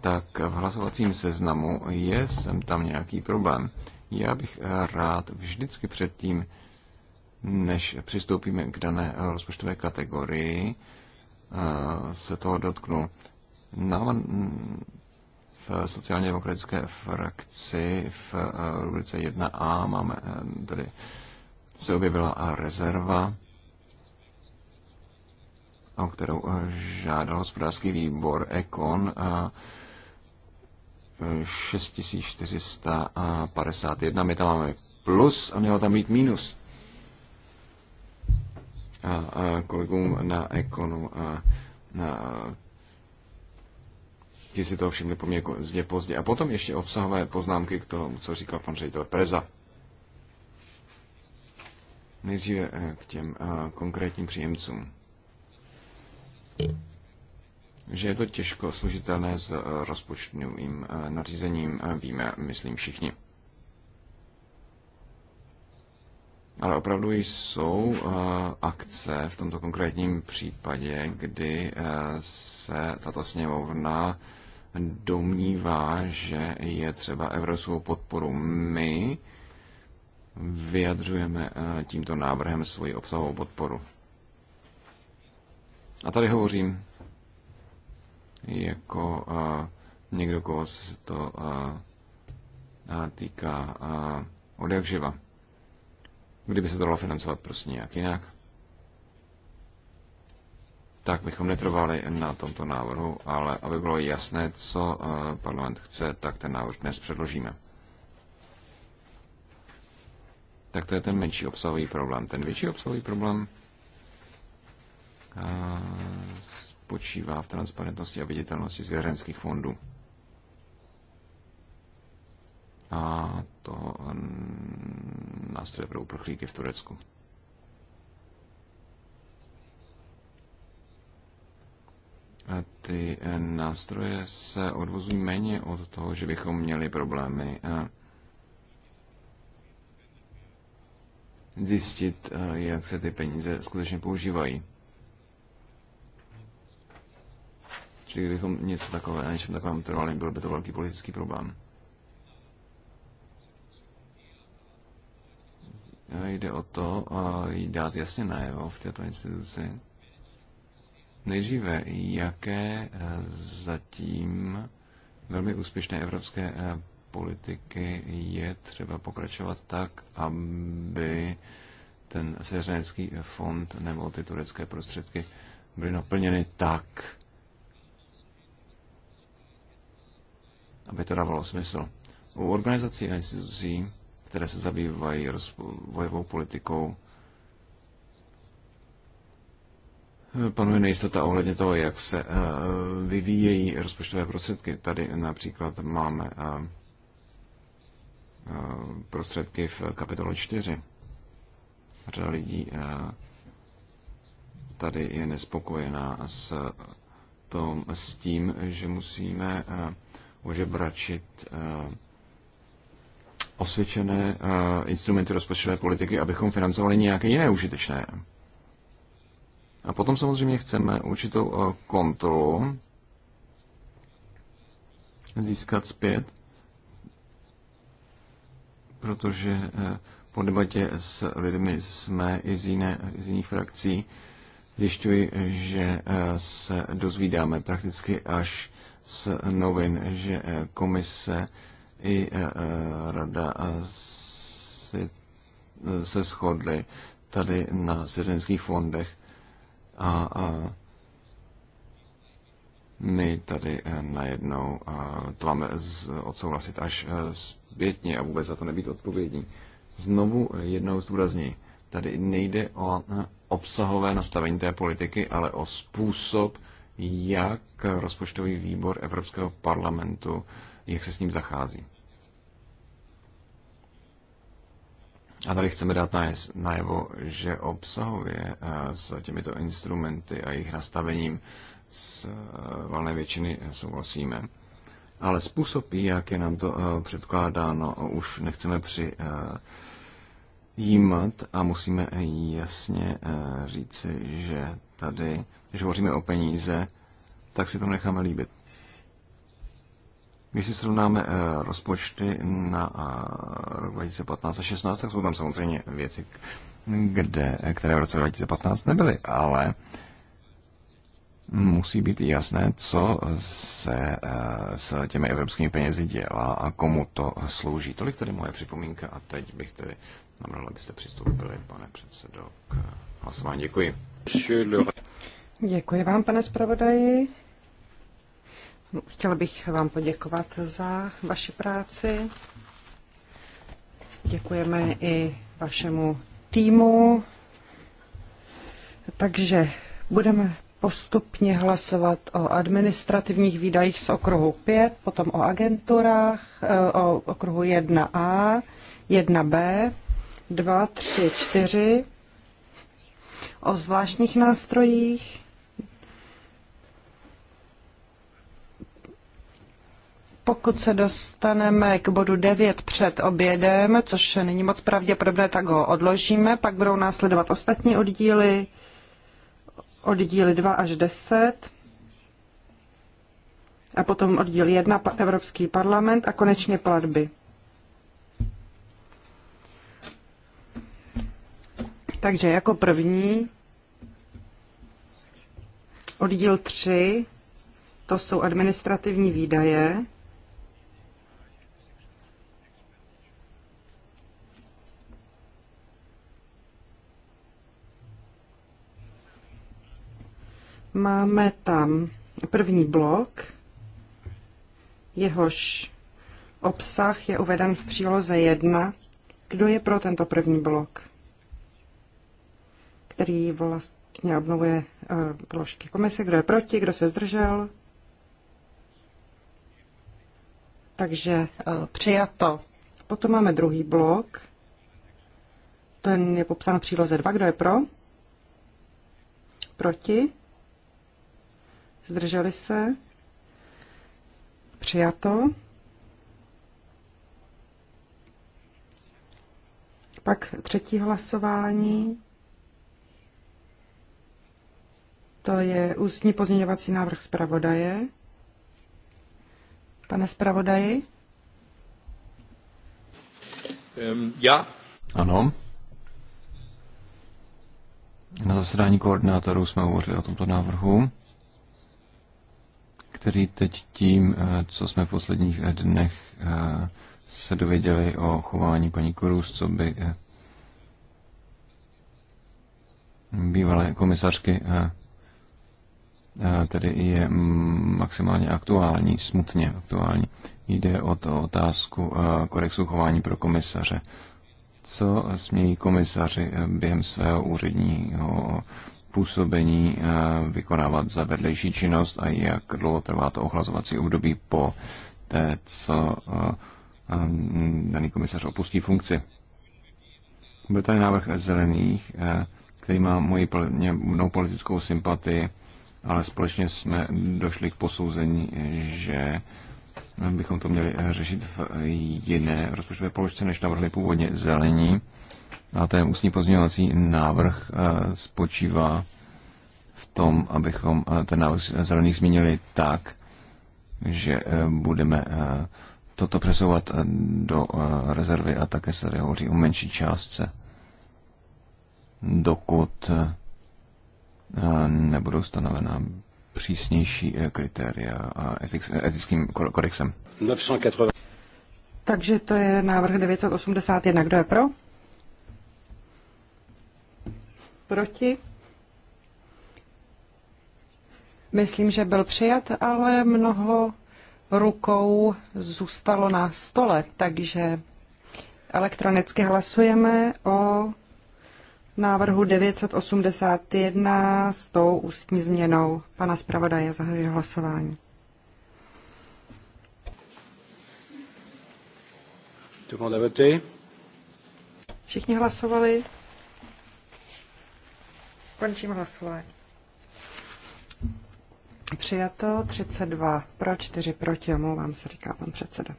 tak v hlasovacím seznamu je sem tam nějaký problém. Já bych rád vždycky předtím, než přistoupíme k dané eh, rozpočtové kategorii, eh, se toho dotknu. Nám mm, v sociálně demokratické frakci v eh, rubrice 1a máme tedy se objevila rezerva, o kterou žádal hospodářský výbor Ekon a 6451. My tam máme plus a mělo tam být minus a, a kolegům na Ekonu a na ti si to všimli poměrně pozdě. A potom ještě obsahové poznámky k tomu, co říkal pan ředitel Preza. Nejdříve eh, k těm eh, konkrétním příjemcům. Že je to těžko služitelné s eh, rozpočtovým nařízením, víme, myslím všichni. Ale opravdu jsou eh, akce v tomto konkrétním případě, kdy eh, se tato sněmovna domnívá, že je třeba evropskou podporu. My vyjadřujeme eh, tímto návrhem svoji obsahovou podporu. A tady hovořím jako někdo, koho se to týká odjakživa. Kdyby se to dalo financovat prostě nějak jinak, tak bychom netrvali na tomto návrhu, ale aby bylo jasné, co eh, parlament chce, tak ten návrh dnes předložíme. Tak to je ten menší obsahový problém. Ten větší obsahový problém eh, spočívá v transparentnosti a viditelnosti svěřenských fondů a to mm, nástroje pro uprchlíky v Turecku. A ty eh, nástroje se odvozují méně od toho, že bychom měli problémy eh, zjistit, eh, jak se ty peníze skutečně používají. Čili kdybychom něco takové, na něčem takovém trvali, byl by to velký politický problém. jde o to jí dát jasně najevo v této instituci. Nejdříve, jaké e, zatím velmi úspěšné evropské e, politiky je třeba pokračovat tak, aby ten seřenecký fond nebo ty turecké prostředky byly naplněny tak, aby to dávalo smysl. U organizací a institucí které se zabývají rozvojovou politikou. Panuje nejistota ohledně toho, jak se eh, vyvíjejí rozpočtové prostředky. Tady například máme eh, eh, prostředky v kapitole 4. Řada lidí tady je nespokojená s, tom, s tím, že musíme ožebračit osvědčené eh, instrumenty rozpočtové politiky, abychom financovali nějaké jiné užitečné. A potom samozřejmě chceme určitou eh, kontrolu získat zpět, protože eh, po debatě s lidmi jsme i z, jiné, z jiných frakcí zjišťuji, že se dozvídáme prakticky až z novin, že komise i e, e, rada si, e, se shodly tady na svěřenských fondech a, a my tady najednou to máme odsouhlasit až zpětně a vůbec za to nebýt odpovědní. Znovu jednou zdůrazní, tady nejde o obsahové nastavení té politiky, ale o způsob, jak rozpočtový výbor Evropského parlamentu, jak se s ním zachází. A tady chceme dát najevo, že obsahově eh, s těmito instrumenty a jejich nastavením z eh, valné většiny souhlasíme. Ale způsob, jak je nám to eh, předkládáno, už nechceme při jímat a musíme jasně říci, že tady, když hovoříme o peníze, tak si to necháme líbit. Když si srovnáme eh, rozpočty na eh, rok 2015 a 2016, tak jsou tam samozřejmě věci, kde, eh, které v roce 2015 nebyly, ale musí být jasné, co se s těmi evropskými penězi dělá a komu to slouží. Tolik tedy moje připomínka a teď bych tedy navrhl, abyste přistoupili, pane předsedo, k hlasování. Děkuji. Děkuji vám, pane zpravodaji. Chtěla bych vám poděkovat za vaši práci. Děkujeme i vašemu týmu. Takže budeme postupně hlasovat o administrativních výdajích z okruhu 5, potom o agenturách, eh, o okruhu 1a, 1b, 2, 3, 4, o zvláštních nástrojích, Pokud se dostaneme k bodu 9 před obědem, což není moc pravděpodobné, tak ho odložíme. Pak budou následovat ostatní oddíly, oddíly 2 až 10. A potom oddíl 1 Evropský parlament a konečně platby. Takže jako první oddíl 3, to jsou administrativní výdaje. Máme tam první blok, jehož obsah je uveden v příloze 1. Kdo je pro tento první blok, který vlastně obnovuje eh, položky komise? Kdo je proti? Kdo se zdržel? Takže eh, přijato. Potom máme druhý blok. Ten je popsán v příloze 2. Kdo je pro? Proti? zdrželi se, přijato. Pak třetí hlasování, to je ústní pozměňovací návrh zpravodaje. Pane zpravodaji? Um, já. Ano. Na zasedání koordinátorů jsme hovořili o tomto návrhu který teď tím, eh, co jsme v posledních eh, dnech eh, se dověděli o chování paní Korus, co by bývalé komisařky, tedy je maximálně aktuální, smutně aktuální. Jde o to otázku kodexu chování pro komisaře. Co smějí komisaři během svého úředního působení eh, vykonávat za vedlejší činnost a jak dlouho trvá to ochlazovací období po té, co eh, eh, daný komisař opustí funkci. Byl tady návrh zelených, který má moji mnou politickou sympatii, ale společně jsme došli k posouzení, že bychom to měli řešit v jiné rozpočtové položce, než navrhli původně zelení a ten ústní pozměňovací návrh eh, spočívá v tom, abychom eh, ten návrh zelených změnili tak, že eh, budeme toto přesouvat do rezervy a také se tady hovoří o menší částce, dokud nebudou stanovena přísnější kritéria a etickým kodexem. Takže to je návrh 981. Kdo je pro? Proti? Myslím, že byl přijat, ale mnoho rukou zůstalo na stole, takže elektronicky hlasujeme o návrhu 981 s tou ústní změnou. Pana zpravodaje zahajuje hlasování. Všichni hlasovali. Končím hlasování. Přijato 32 pro, 4 proti, omlouvám se, říká pan předseda.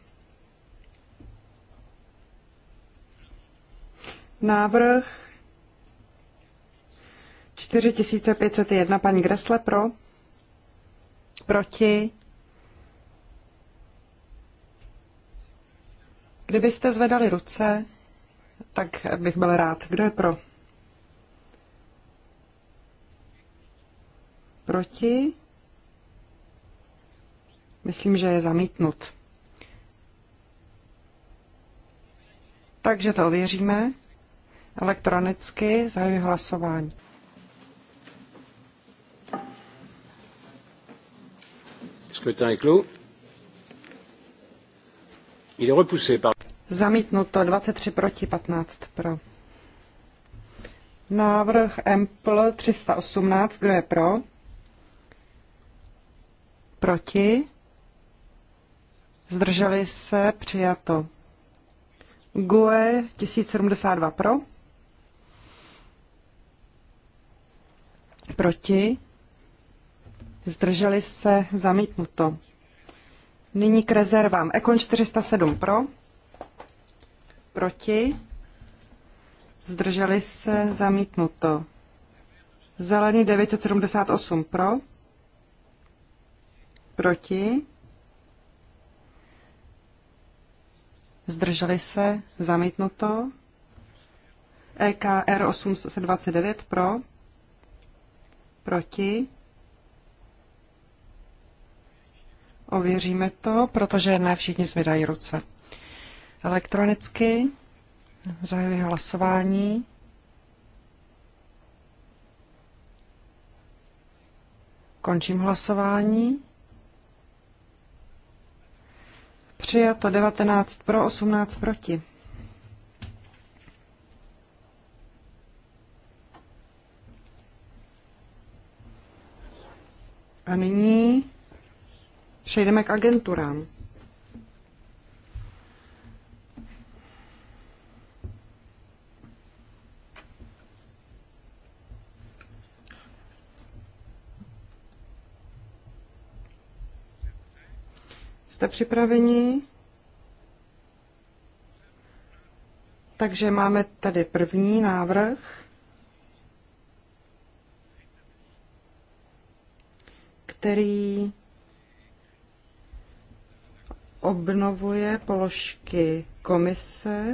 Návrh 4501 paní Gresle pro, proti. Kdybyste zvedali ruce, tak bych byl rád. Kdo je pro? Proti? Myslím, že je zamítnut. Takže to ověříme elektronicky, zahajuji hlasování. Scrutin est clos. Il est repoussé par... Zamítnuto 23 proti 15 pro. Návrh Mpl 318, kdo je pro? Proti? Zdrželi se? Přijato. GUE 1072 pro. Proti? Zdrželi se? Zamítnuto. Nyní k rezervám. Ekon 407 pro. Proti? Zdrželi se? Zamítnuto. Zelený 978 pro Proti? Zdrželi se? Zamítnuto. EKR 829 pro? Proti? Ověříme to, protože ne všichni zvedají ruce. Elektronicky zahajuji hlasování. Končím hlasování. Přijato 19 pro, 18 proti. A nyní přejdeme k agenturám. Jste připraveni? Takže máme tady první návrh. který obnovuje položky komise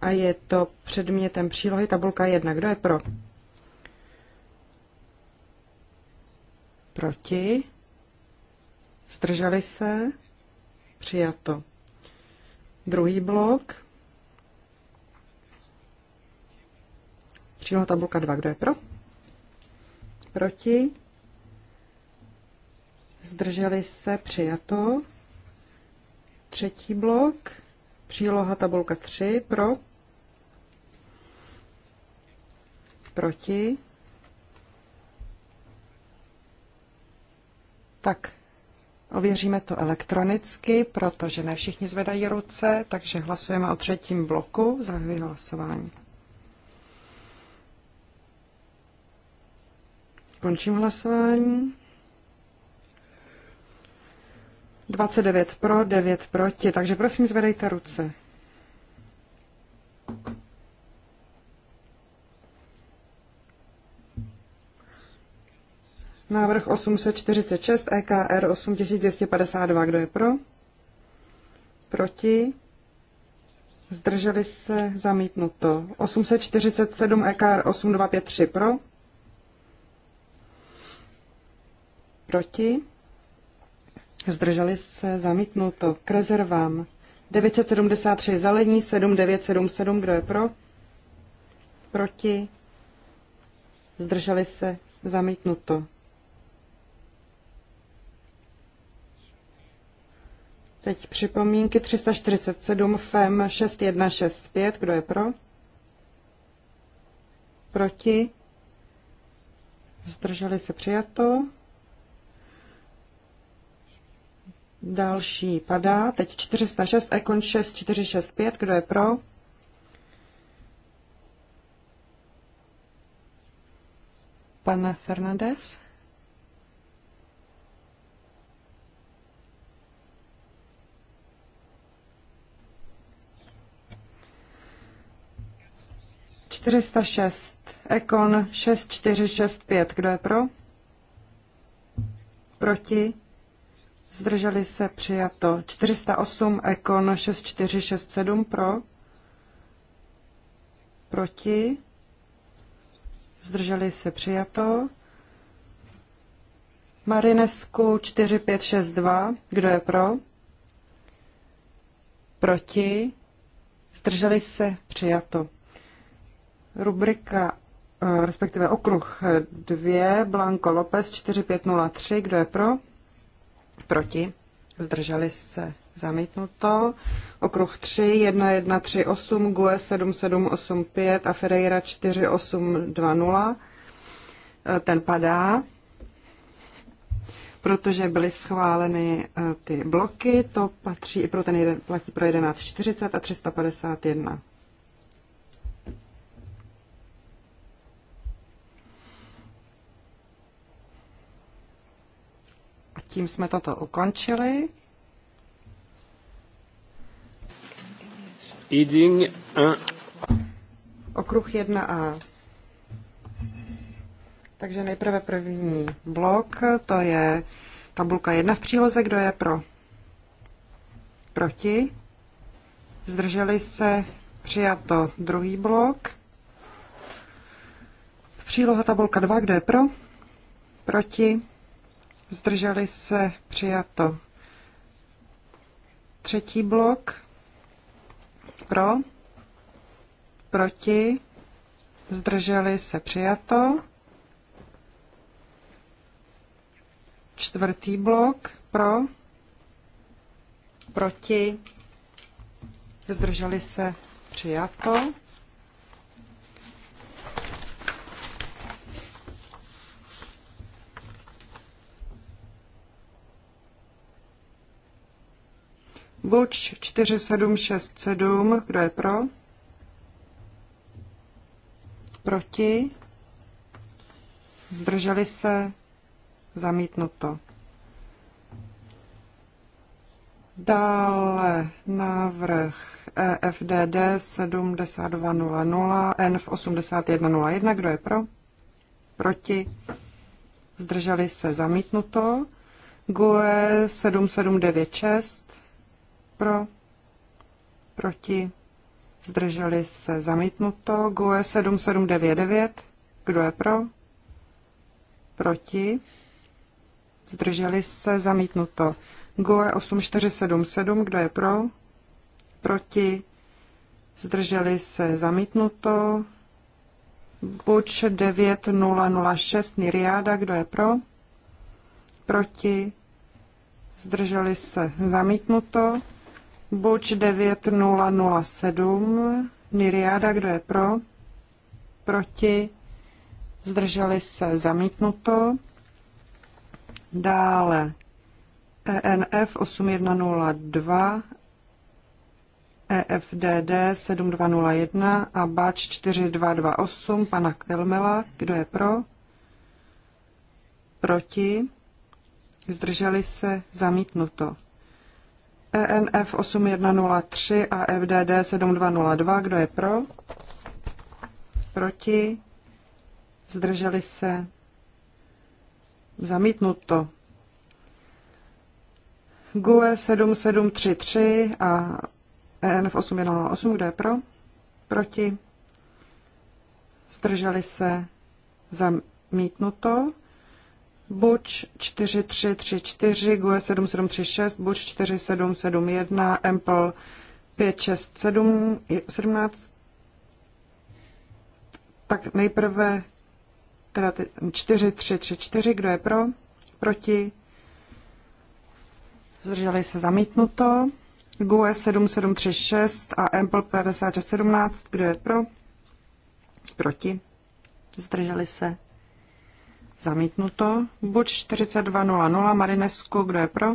a je to předmětem přílohy tabulka 1. Kdo je pro? Proti? Zdrželi se? Přijato. Druhý blok. Příloha tabulka 2. Kdo je pro? Proti? Zdrželi se? Přijato. Třetí blok. Příloha tabulka 3. Pro? Proti? Tak, Ověříme to elektronicky, protože ne všichni zvedají ruce, takže hlasujeme o třetím bloku. Zahajuji hlasování. Končím hlasování. 29 pro, 9 proti, takže prosím zvedejte ruce. Návrh 846 EKR 8252. Kdo je pro? Proti? Zdrželi se zamítnuto. 847 EKR 8253 pro? Proti? Zdrželi se zamítnuto. K rezervám 973 zelení 7977. Kdo je pro? Proti? Zdrželi se zamítnuto. Teď připomínky 347 FEM 6165. Kdo je pro? Proti? Zdrželi se přijato. Další padá. Teď 406, Econ 6465. 465. Kdo je pro? Pan Fernandez? 406. Ekon 6465. Kdo je pro? Proti? Zdrželi se přijato. 408. Ekon 6467. Pro? Proti? Zdrželi se přijato. Marinesku 4562. Kdo je pro? Proti? Zdrželi se přijato. Rubrika, eh, respektive okruh 2, eh, Blanco Lopez 4503, kdo je pro? Proti. Zdrželi se zamítnuto. Okruh 3, 1138, GUE 7785 a Ferreira 4820. Eh, ten padá, protože byly schváleny ty bloky. To patří i pro ten jeden, platí pro 1140 a 351. Tím jsme toto ukončili. Eating uh, a... Okruh 1a. Takže nejprve první blok, to je tabulka 1 v příloze, kdo je pro. Proti. Zdrželi se přijato druhý blok. Příloha tabulka 2, kdo je pro? Proti zdrželi se, přijato. Třetí blok, pro, proti, zdrželi se, přijato. Čtvrtý blok, pro, proti, zdrželi se, přijato. Buč 4767, kdo je pro? Proti? Zdrželi se? Zamítnuto. Dále návrh EFDD 7200, N v 8101, kdo je pro? Proti? Zdrželi se? Zamítnuto. GUE 7796, pro, proti, zdrželi se zamítnuto. GUE 7799, kdo je pro, proti, zdrželi se zamítnuto. GUE 8477, kdo je pro, proti, zdrželi se zamítnuto. Buč 9006 Niriáda, kdo je pro? Proti? Zdrželi se zamítnuto. Buč 9007, Niriáda, kdo je pro, proti, zdrželi se zamítnuto. Dále ENF 8102, EFDD 7201 a BAČ 4228 pana Kelmela, kdo je pro, proti, zdrželi se zamítnuto. ENF 8103 a FDD 7202. Kdo je pro? Proti? Zdrželi se? Zamítnuto. GUE 7733 a ENF 8108. Kdo je pro? Proti? Zdrželi se? Zamítnuto. Buč 4334, GUE 7736, Buč 4771, Empel 5617. Tak nejprve teda 4334, kdo je pro, proti, zdrželi se zamítnuto. GUE 7736 a Empel 5617, kdo je pro, proti, zdrželi se Zamítnuto. Buď 42.00 Marinesku, kdo je pro?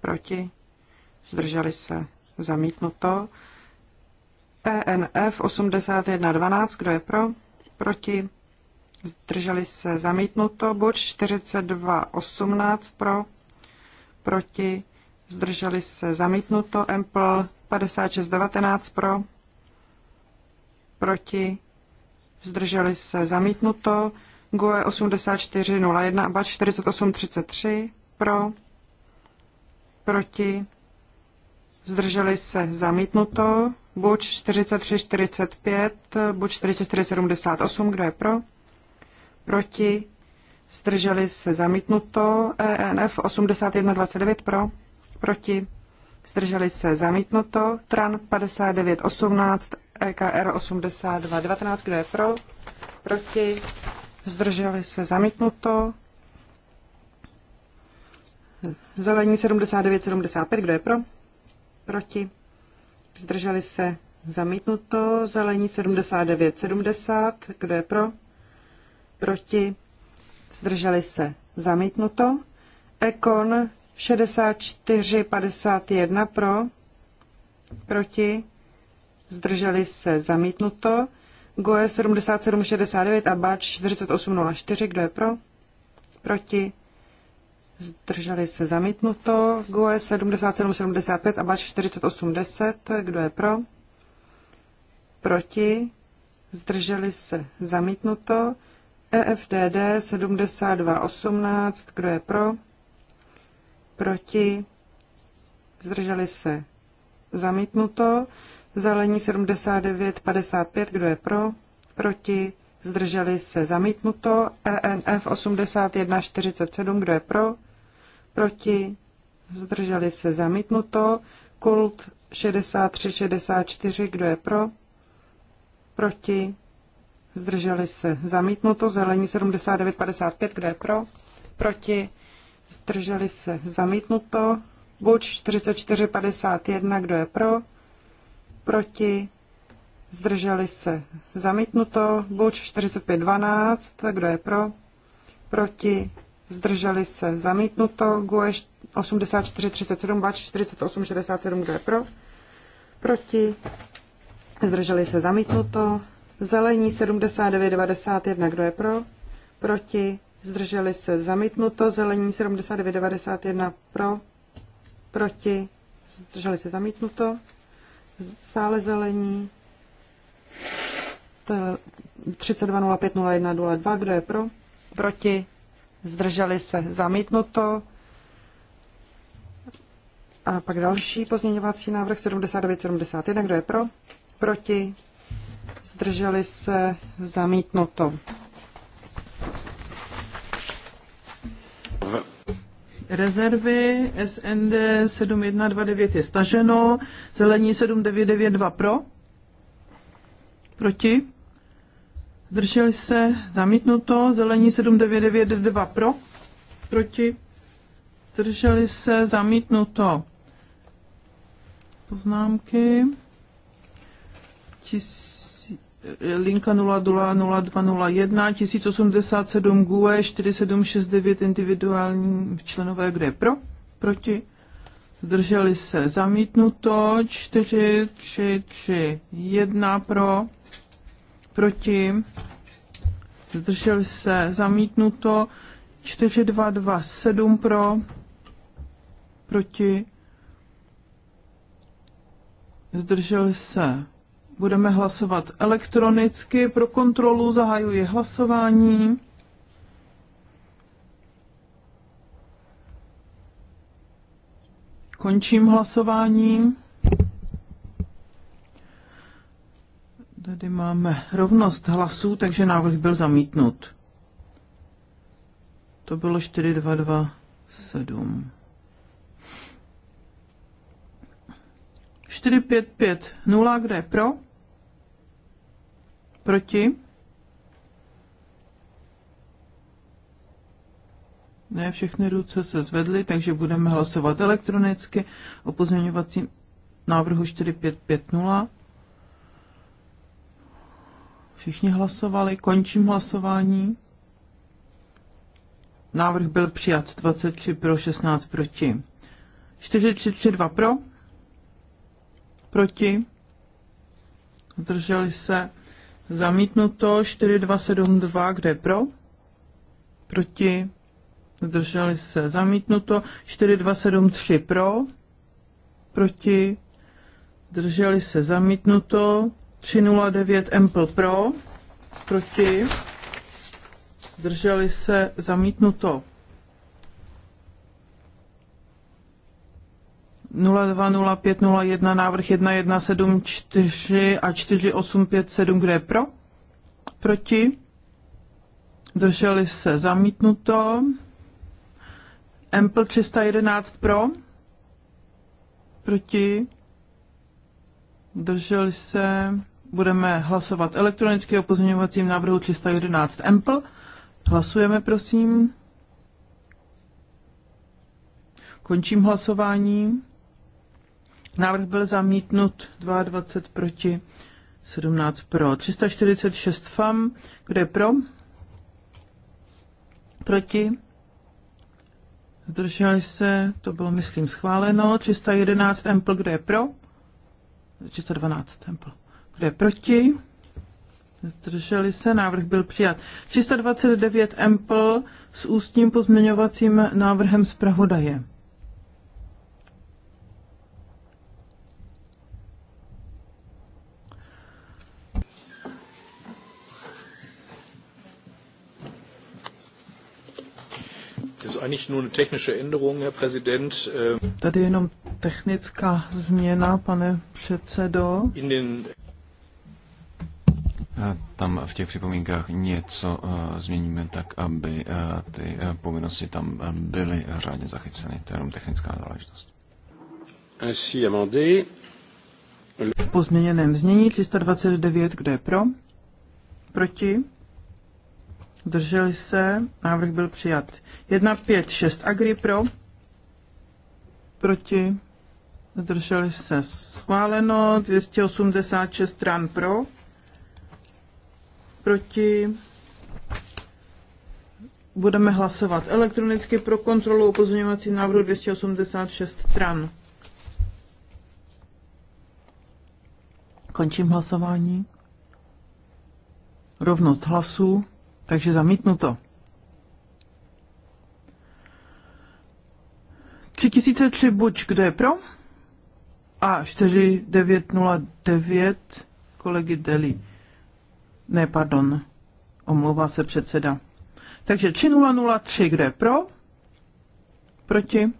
Proti. Zdrželi se. Zamítnuto. ENF 81.12, kdo je pro? Proti. Zdrželi se. Zamítnuto. Buď 42.18 pro? Proti. Zdrželi se. Zamítnuto. Empl 56.19 pro? Proti. Zdrželi se. Zamítnuto. GUE 8401 a BAT 4833 pro, proti, zdrželi se zamítnuto, buď 4345, buď 4478, kdo je pro, proti, zdrželi se zamítnuto, ENF 8129 pro, proti, zdrželi se zamítnuto, TRAN 5918, EKR 8219, kdo je pro, proti, zdrželi se zamítnuto. Zelení 79, 75, kdo je pro? Proti. Zdrželi se zamítnuto. Zelení 79, 70, kdo je pro? Proti. Zdrželi se zamítnuto. Ekon 64, 51 pro? Proti. Zdrželi se zamítnuto. GOE 7769 a BAČ 4804, kdo je pro? Proti? Zdrželi se zamítnuto. GOE 7775 a BAČ 4810, kdo je pro? Proti? Zdrželi se zamítnuto. EFDD 7218, kdo je pro? Proti? Zdrželi se zamítnuto. Zelení 79,55, kdo je pro, proti, zdrželi se zamítnuto, ENF 81,47, kdo je pro, proti, zdrželi se zamítnuto, Kult 63,64, kdo je pro, proti, zdrželi se zamítnuto, Zelení 79,55, kdo je pro, proti, zdrželi se zamítnuto, Buď 44,51, kdo je pro, proti, zdrželi se zamítnuto, buď 45.12, kdo je pro, proti, zdrželi se zamítnuto, GUE 84.37, BAČ 48.67, kdo je pro, proti, zdrželi se zamítnuto, zelení 79.91, kdo je pro, proti, zdrželi se zamítnuto, zelení 79.91 pro, proti, zdrželi se zamítnuto sále zelení. 32050102, kdo je pro? Proti? Zdrželi se? Zamítnuto. A pak další pozměňovací návrh 7971, kdo je pro? Proti? Zdrželi se? Zamítnuto. rezervy, SND 7129 je staženo, zelení 7992 pro, proti, zdrželi se, zamítnuto, zelení 7992 pro, proti, zdrželi se, zamítnuto. Poznámky linka 02021 1087 GUE 4769 individuální členové, kde je pro, proti, zdrželi se zamítnuto, 4, 3, 3, 1 pro, proti, zdrželi se zamítnuto, 4, 2, 2, 7 pro, proti, zdrželi se Budeme hlasovat elektronicky pro kontrolu, zahajuji hlasování. Končím hlasování. Tady máme rovnost hlasů, takže návrh byl zamítnut. To bylo 4227. 4550, kde je pro? Proti? Ne, všechny ruce se zvedly, takže budeme hlasovat elektronicky o pozměňovacím návrhu 4550. Všichni hlasovali, končím hlasování. Návrh byl přijat 23 pro, 16 proti. 4332 pro, proti, zdrželi se, Zamítnuto 4272, kde je pro? Proti? Zdrželi se. Zamítnuto 4273 pro? Proti? Zdrželi se. Zamítnuto 309 Empl pro? Proti? Zdrželi se. Zamítnuto. 020501 návrh 1174 a 4857, kde je pro? Proti? Drželi se zamítnuto. Ample 311 pro? Proti? Drželi se. Budeme hlasovat elektronicky o pozměňovacím návrhu 311 Ample. Hlasujeme, prosím. Končím hlasování. Návrh byl zamítnut 22 proti 17 pro. 346 FAM, kde je pro? Proti? Zdrželi se, to bylo, myslím, schváleno. 311 Empl, kde je pro? 312 Empl, kde je proti? Zdrželi se, návrh byl přijat. 329 Empl s ústním pozměňovacím návrhem zpravodaje. Tady jenom technická změna, pane předsedo. Eh, tam v těch připomínkách něco eh, změníme tak, aby eh, ty povinnosti tam byly řádně zachyceny. To je jenom technická záležitost. Po změněném pozměněném znění 329, kdo je pro? Proti? Drželi se. Návrh byl přijat. 1, 5, 6. Agri pro. Proti. Zdrželi se. Schváleno. 286 stran pro. Proti. Budeme hlasovat elektronicky pro kontrolu upozorňovací návrhu 286 stran. Končím hlasování. Rovnost hlasů. Takže zamítnuto. 3003 buď, kdo je pro? A 4909 kolegy Deli. Ne, pardon, omlouvá se předseda. Takže 3003, kdo je pro? Proti?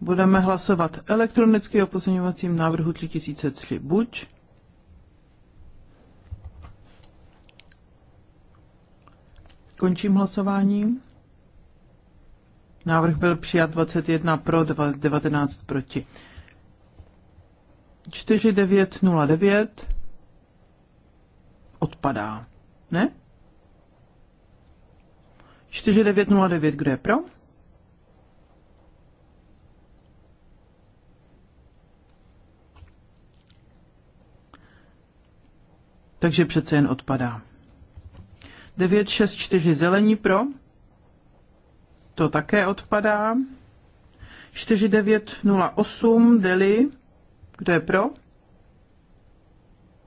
Budeme hlasovat elektronicky o pozměňovacím návrhu 3003 buď. Končím hlasování. Návrh byl přijat 21 pro, 19 proti. 4909 odpadá, ne? 4909, kdo je pro? Takže přece jen odpadá. 964 zelení pro. To také odpadá. 4908 deli. Kdo je pro?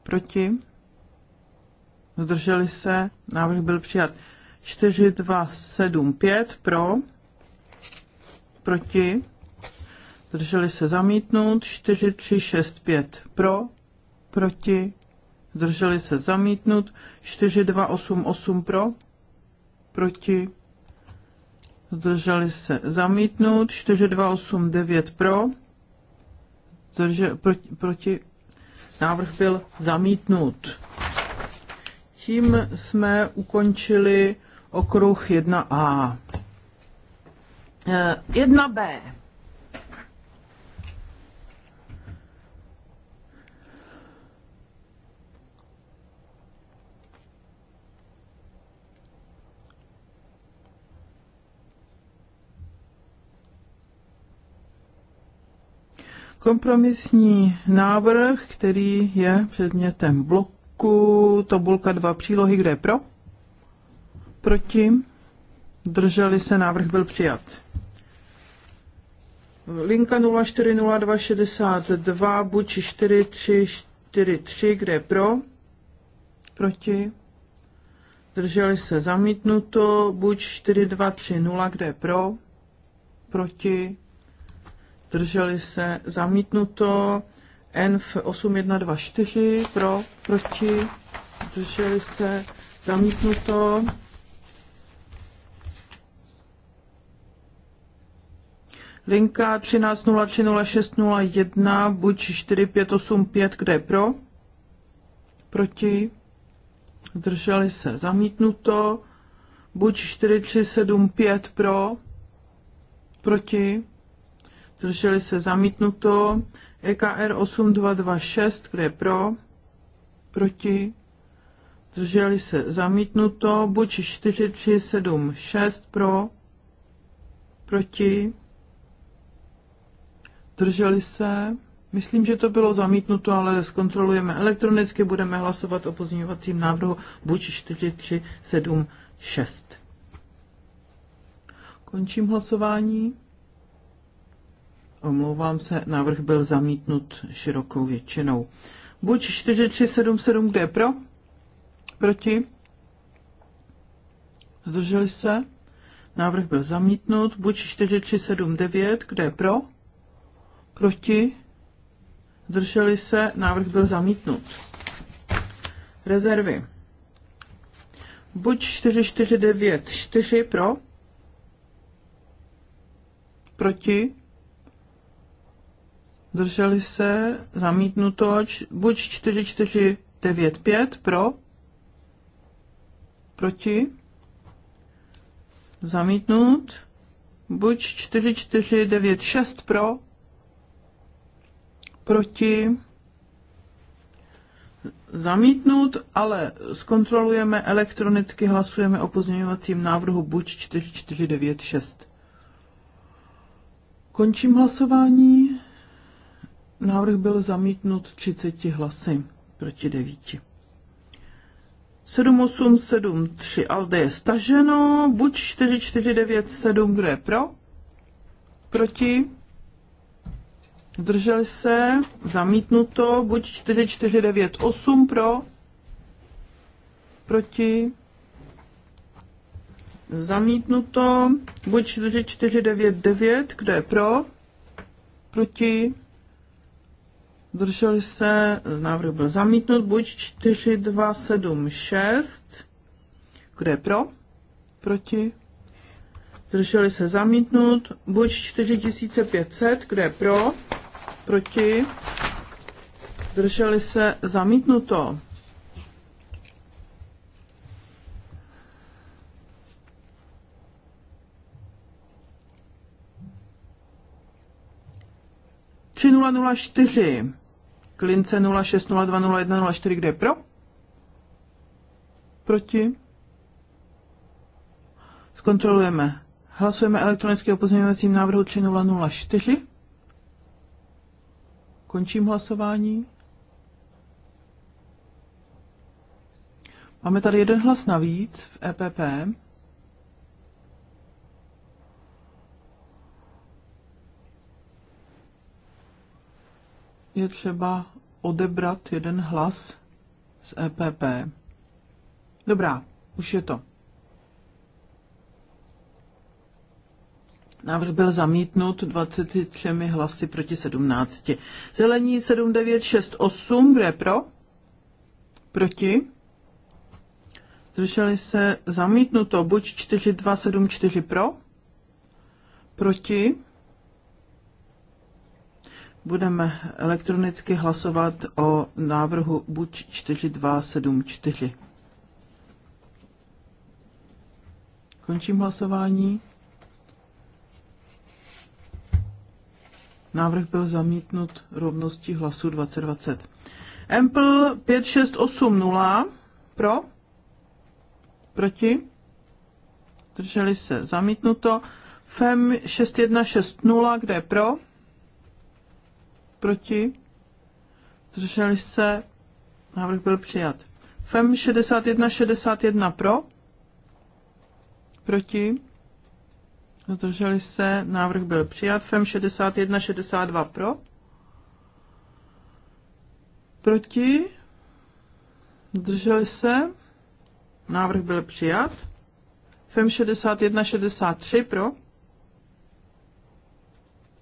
Proti? Zdrželi se. Návrh byl přijat. 4275 pro. Proti? Zdrželi se zamítnout. 5, pro. Proti? zdrželi se zamítnut, 4288 pro, proti, zdrželi se zamítnout 4289 pro, zdrže, proti, proti, návrh byl zamítnut. Tím jsme ukončili okruh 1A. 1B. Kompromisní návrh, který je předmětem bloku, tabulka dva přílohy, kde je pro, proti, drželi se, návrh byl přijat. Linka 040262, buď 4343, kde je pro, proti, drželi se zamítnuto, buď 4230, kde je pro, proti, zdrželi se, zamítnuto. ENF 8124 pro, proti, zdrželi se, zamítnuto. Linka 13030601, buď 4585, kde je pro? Proti? Zdrželi se, zamítnuto. Buď 4375 pro? Proti? zdrželi se zamítnuto. EKR 8226, kde je pro, proti, zdrželi se zamítnuto. Buč 4376 pro, proti, zdrželi se. Myslím, že to bylo zamítnuto, ale zkontrolujeme elektronicky, budeme hlasovat o pozměňovacím návrhu buď 4376. Končím hlasování omlouvám se, návrh byl zamítnut širokou většinou. Buď 4377, kde je pro? Proti? Zdrželi se? Návrh byl zamítnut. Buď 4379, kde je pro? Proti? Zdrželi se? Návrh byl zamítnut. Rezervy. Buď 4494 pro? Proti? zdrželi se, zamítnuto, č, buď 4495 pro, proti, zamítnut, buď 4496 pro, proti, zamítnut, ale zkontrolujeme elektronicky, hlasujeme o pozměňovacím návrhu buď 4496. Končím hlasování. Návrh byl zamítnut 30 hlasy proti 9. 7873 Alde je staženo, buď 4497, kdo je pro, proti, zdrželi se, zamítnuto, buď 4498 pro, proti, zamítnuto, buď 4499, kdo je pro, proti, zdrželi se, návrh byl zamítnut, buď 4, 2, 7, 6, kdo je pro, proti, zdrželi se zamítnut, buď 4500, kdo je pro, proti, zdrželi se zamítnuto. Tři nula nula čtyři. Klince 0602104, kde je pro? Proti? Zkontrolujeme. Hlasujeme elektronicky o pozměňovacím návrhu 3004. Končím hlasování. Máme tady jeden hlas navíc v EPP. Je třeba odebrat jeden hlas z EPP. Dobrá, už je to. Návrh byl zamítnut 23 hlasy proti 17. Zelení 7968, kdo je pro? Proti? Zdrželi se zamítnuto buď 4274 pro? Proti? budeme elektronicky hlasovat o návrhu buď 4274. Končím hlasování. Návrh byl zamítnut rovností hlasů 2020. Empl 5680 pro, proti, drželi se zamítnuto. FEM 6160, kde je pro, proti, zdrželi se, návrh byl přijat. FEM 61, 61 pro, proti, zdrželi se, návrh byl přijat. FEM 61, 62 pro, proti, zdrželi se, návrh byl přijat. FEM 61, 63 pro,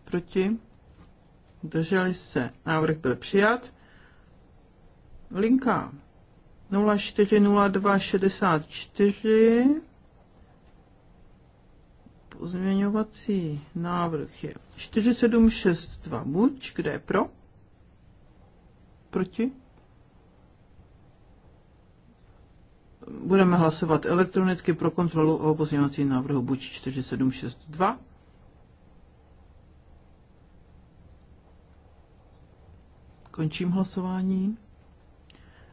proti, Drželi se. Návrh byl přijat. Linka 040264. Pozměňovací návrh je 4762 buď, kde je pro? Proti? Budeme hlasovat elektronicky pro kontrolu o pozměňovacím návrhu buď 4762. Končím hlasování.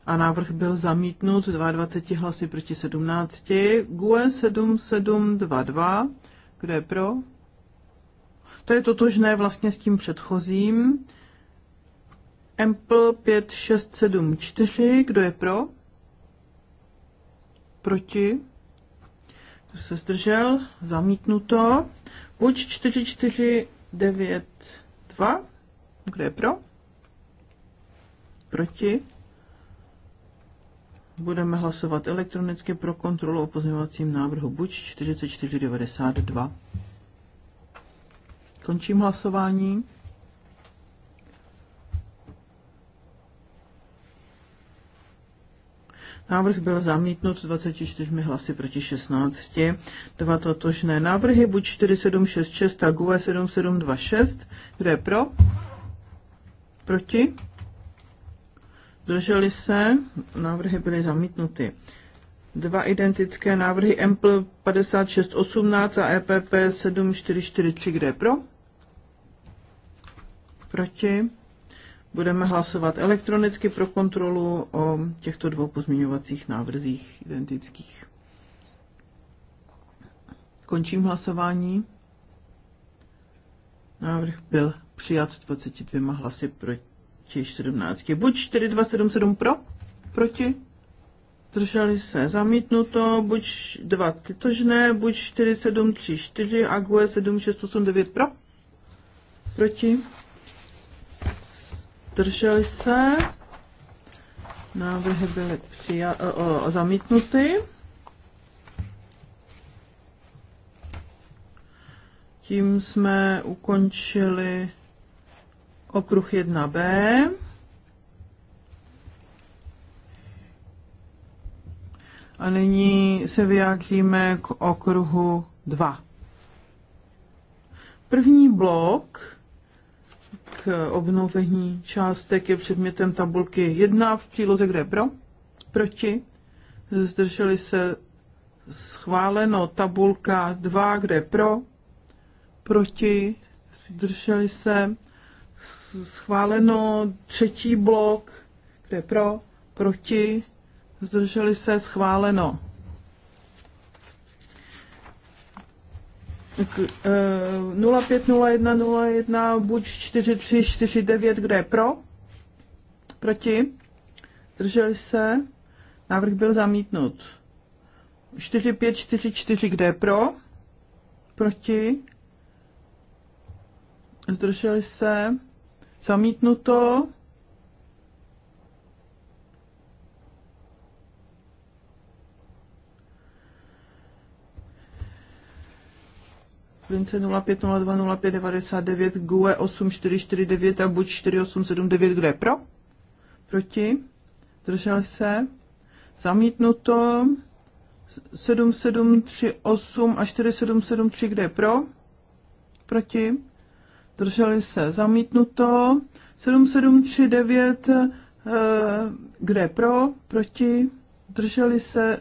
A návrh byl zamítnut 22 hlasy proti 17. GUE 7722. Kdo je pro? To je totožné vlastně s tím předchozím. Empl 5674. Kdo je pro? Proti? Kdo se zdržel? Zamítnuto. Buď 4492. Kdo je pro? proti. Budeme hlasovat elektronicky pro kontrolu o pozměňovacím návrhu buď 4492. Končím hlasování. Návrh byl zamítnut 24 hlasy proti 16. Dva totožné návrhy, buď 4766 a GUE 7726. Kdo je pro? Proti? Zdrželi se? Návrhy byly zamítnuty. Dva identické návrhy MPL 5618 a EPP 7443. Kde je pro? Proti? Budeme hlasovat elektronicky pro kontrolu o těchto dvou pozměňovacích návrzích identických. Končím hlasování. Návrh byl přijat 22 hlasy proti či 17. Buď 4277 pro, proti, drželi se zamítnuto, buď dva tytožné, buď 4734 a GUE 7689 pro, proti, drželi se, návrhy byly přija- o, o, zamítnuty. Tím jsme ukončili okruh 1b. A nyní se vyjádříme k okruhu 2. První blok k obnovení částek je předmětem tabulky 1 v příloze, kde je pro, proti, zdrželi se schváleno tabulka 2, kde je pro, proti, zdrželi se schváleno třetí blok, kde pro, proti, zdrželi se, schváleno. K, e, 050101 buď 4349, kde je pro, proti, zdrželi se, návrh byl zamítnut. 4544, kde je pro, proti, zdrželi se, Zamítnuto. Vince 05020599, GUE 8449 a buď 4879, kdo je pro? Proti? Držel se? Zamítnuto 7738 a 4773, kde je pro? Proti? Drželi se zamítnuto. 7739, eh, kde pro, proti, drželi se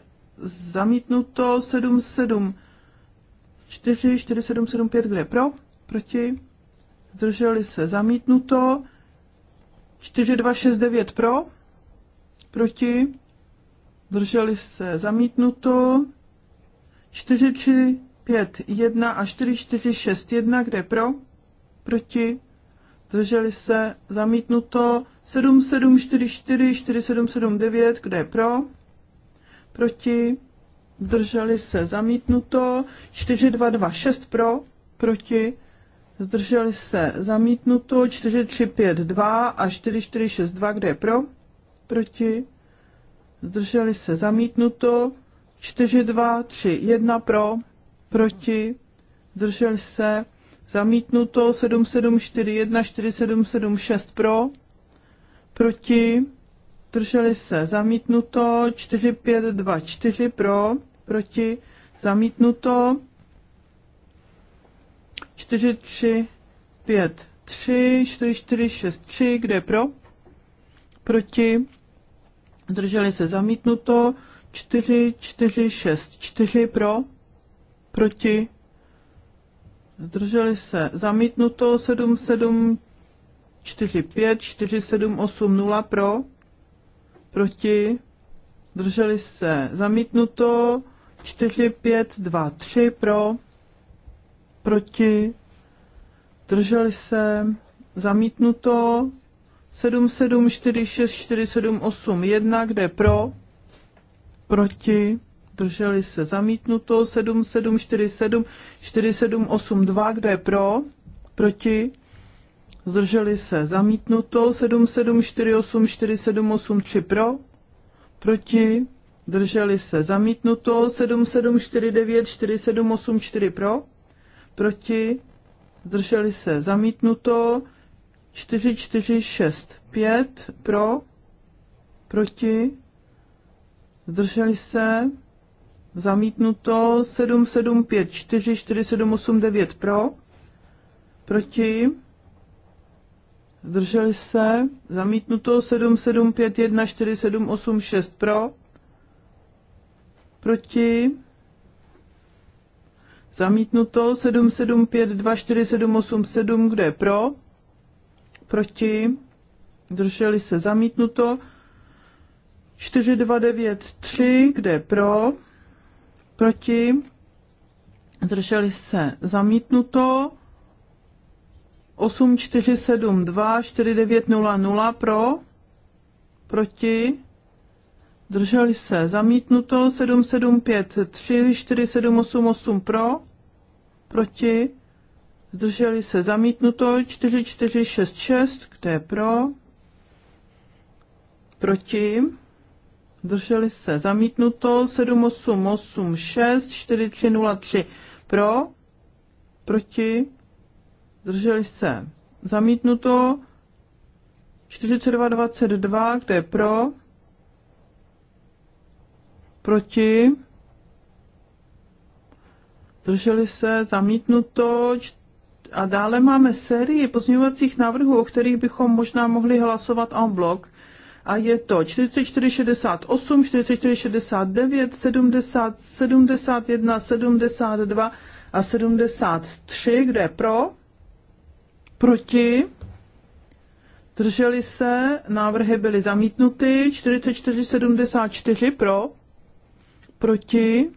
zamítnuto. 774, 4775, kde pro, proti, drželi se zamítnuto. 4269 pro, proti, drželi se zamítnuto. 4351 a 4461, 4, 6, kde pro, proti, Drželi se, zamítnuto 7744, 4779, kde je pro, proti, zdrželi se, zamítnuto 4226 pro, proti, zdrželi se, zamítnuto 4352 a 4462, kde je pro, proti, zdrželi se, zamítnuto 4231 pro, proti, zdrželi se, Zamítnuto 7741 4776 pro, proti, drželi se. Zamítnuto 4524 pro, proti, zamítnuto 4353 4463, kde pro, proti, drželi se. Zamítnuto 4464 pro, proti, Zdrželi se. Zamítnuto 7745 4780 pro. Proti. Zdrželi se. Zamítnuto 4523 pro. Proti. Zdrželi se. Zamítnuto 7746 4781 kde pro. Proti zdrželi se zamítnuto, 7747, 4782, kdo je pro, proti, zdrželi se zamítnuto, 7748, 4783 pro, proti, zdrželi se zamítnuto, 7749, 4784 pro, proti, zdrželi se zamítnuto, 4465 pro, proti, zdrželi se, Zamítnuto 7754 4789 pro, proti, zdrželi se, zamítnuto 7751 4786 pro, proti, zamítnuto 7752 4787, kdo je pro, proti, zdrželi se, zamítnuto 4293, kde je pro, proti, drželi se zamítnuto, 8472 4900 pro, proti, drželi se zamítnuto, 7753 4788 pro, proti, drželi se zamítnuto, 4466, kde je pro, proti, zdrželi se zamítnuto, 7886, pro, proti, zdrželi se zamítnuto, 4222, kde je pro, proti, zdrželi se zamítnuto, a dále máme sérii pozměňovacích návrhů, o kterých bychom možná mohli hlasovat en bloc a je to 44, 69, 70, 71, 72 a 73. Kdo je pro? Proti? Drželi se, návrhy byly zamítnuty, 74 pro, proti,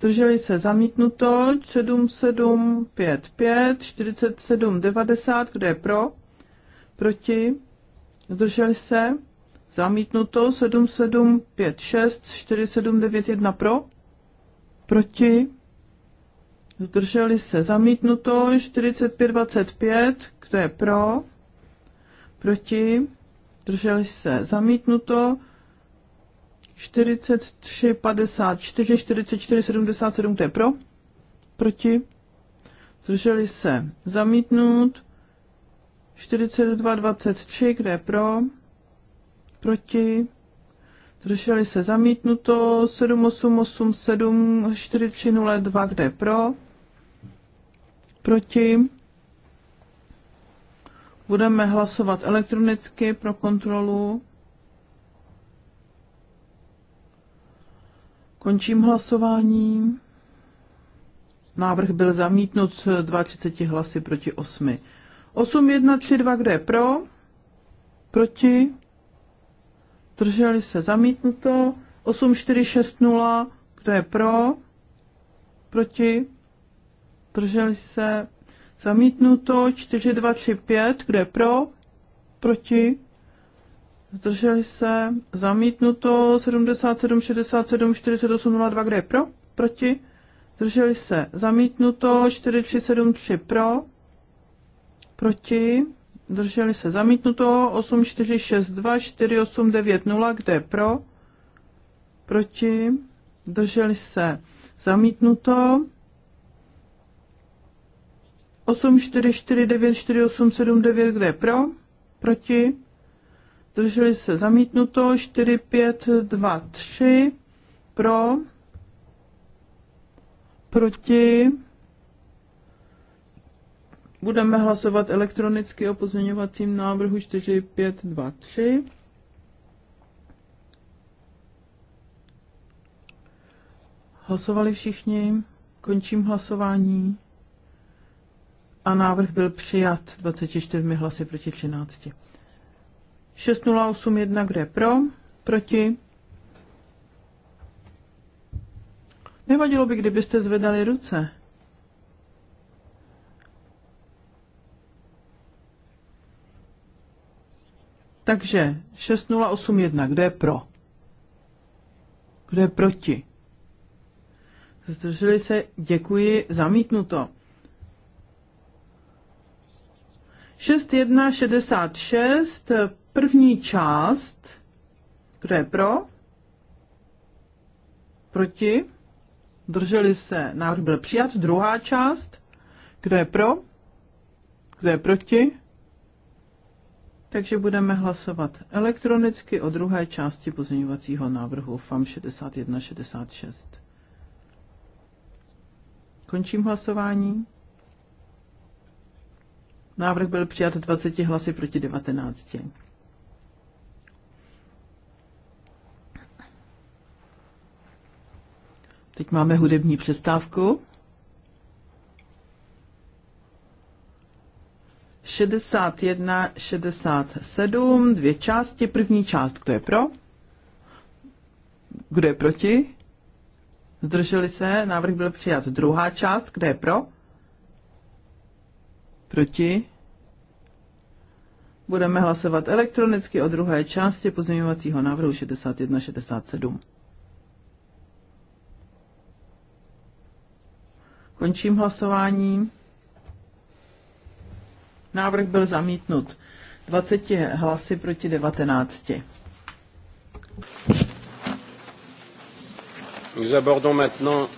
drželi se zamítnuto, 47, 4790, kdo je pro, proti, zdrželi se, zamítnuto 7756 4791 pro, proti, zdrželi se, zamítnuto 4525, kdo je pro, proti, zdrželi se, zamítnuto 43, 54, 44, 77, to je pro, proti, zdrželi se, zamítnut, 42,23, kde je pro, proti, zdrželi se zamítnuto, 7887, 4302, kde je pro, proti, budeme hlasovat elektronicky pro kontrolu, končím hlasování, návrh byl zamítnut 32 hlasy proti 8. 8132, kdo je pro? Proti? Drželi se zamítnuto. 8460, kdo je pro? Proti? Drželi se zamítnuto. 4235, kdo je pro? Proti? Zdrželi se zamítnuto 77, 67, 48, 02, kde je pro? Proti? Zdrželi se zamítnuto 3, pro? proti, drželi se zamítnuto 8462 4890, kde pro, proti, drželi se zamítnuto 8449 4879, kde pro, proti, drželi se zamítnuto 4523 pro, proti, Budeme hlasovat elektronicky o pozměňovacím návrhu 4523. Hlasovali všichni, končím hlasování a návrh byl přijat 24 hlasy proti 13. 6081, kde pro, proti. Nevadilo by, kdybyste zvedali ruce. Takže 6081, kdo je pro? Kdo je proti? Zdrželi se, děkuji, zamítnuto. 6166, první část. Kdo je pro? Proti? Drželi se, návrh byl přijat. Druhá část. Kdo je pro? Kdo je proti? takže budeme hlasovat elektronicky o druhé části pozměňovacího návrhu FAM 6166. Končím hlasování. Návrh byl přijat 20 hlasy proti 19. Teď máme hudební přestávku. 61, 67, dvě části. První část, kdo je pro? Kdo je proti? Zdrželi se, návrh byl přijat. Druhá část, kde je pro? Proti? Budeme hlasovat elektronicky o druhé části pozměňovacího návrhu 67. Končím hlasování. Návrh byl zamítnut 20 hlasy proti 19. Nous abordons maintenant...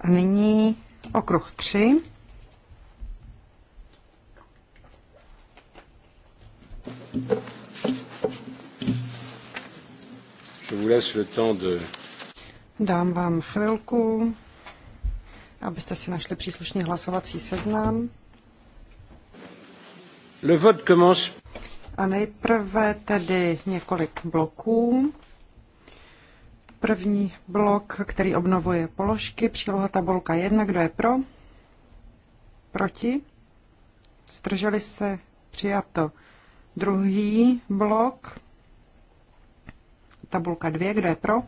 A nyní okruh 3. Je vous laisse le temps de... Dám vám chvilku, abyste si našli příslušný hlasovací seznam. Le vote commence. A nejprve tedy několik bloků. První blok, který obnovuje položky, příloha tabulka 1, kdo je pro? Proti? Zdrželi se? Přijato. Druhý blok, tabulka 2, kdo je pro?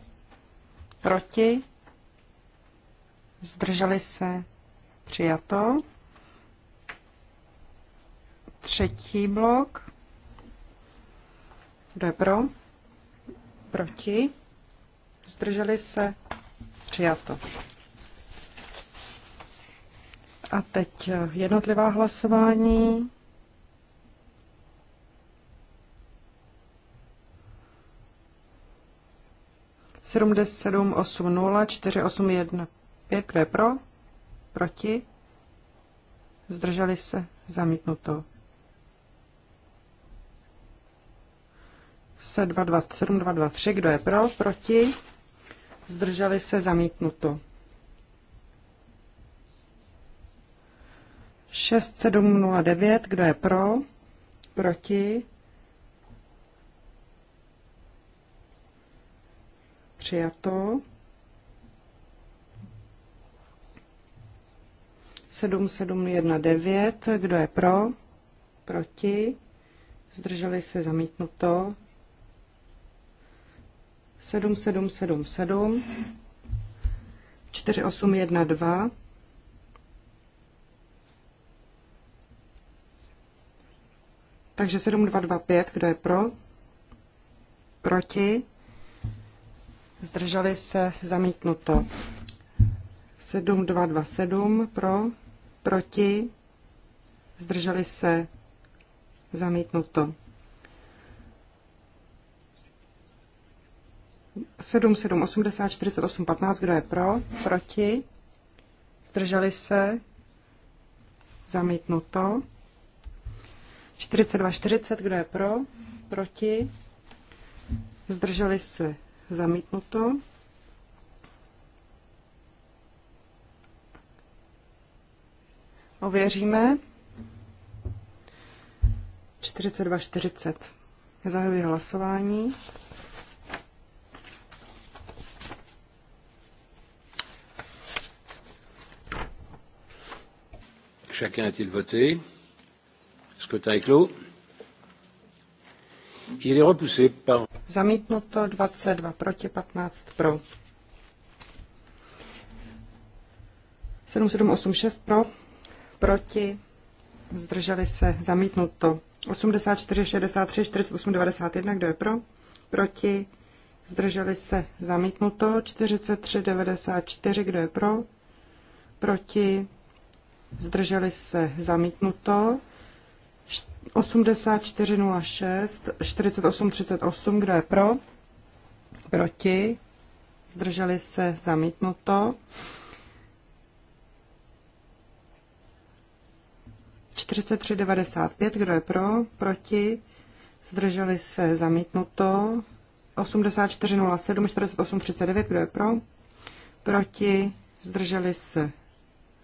Proti? Zdrželi se? Přijato. Třetí blok. Kdo je pro? Proti? Zdrželi se? Přijato. A teď eh, jednotlivá hlasování. Sedmdeset sedm, osm, nula, čtyři, osm, jedna, pět, kdo je pro? Proti? Zdrželi se? Zamítnuto. se 227, 223, kdo je pro, proti, zdrželi se zamítnuto. 6709, kdo je pro, proti, přijato. 7719, kdo je pro, proti, zdrželi se zamítnuto. 7777 4812 Takže 7225, kdo je pro? Proti? Zdrželi se zamítnuto. 7227 pro, proti, zdrželi se zamítnuto. 7, 7, 80, 48, 15, kdo je pro, proti, zdrželi se, zamítnuto. 42, 40, kdo je pro, proti, zdrželi se, zamítnuto. Ověříme. 42, 40. Zahajuji hlasování. Chacun a-t-il voté Scrutin est clos. Il est repoussé par... Zamítnuto 22 proti 15 pro. 7786 pro, proti, zdrželi se, zamítnuto. 84, 63, 48, 91, kdo je pro? Proti, zdrželi se, zamítnuto. 43, 94, kdo je pro? Proti, zdrželi se zamítnuto. 8406, 4838, kdo je pro, proti, zdrželi se zamítnuto. 4395, kdo je pro, proti, zdrželi se zamítnuto. 8407, 4839, kdo je pro, proti, zdrželi se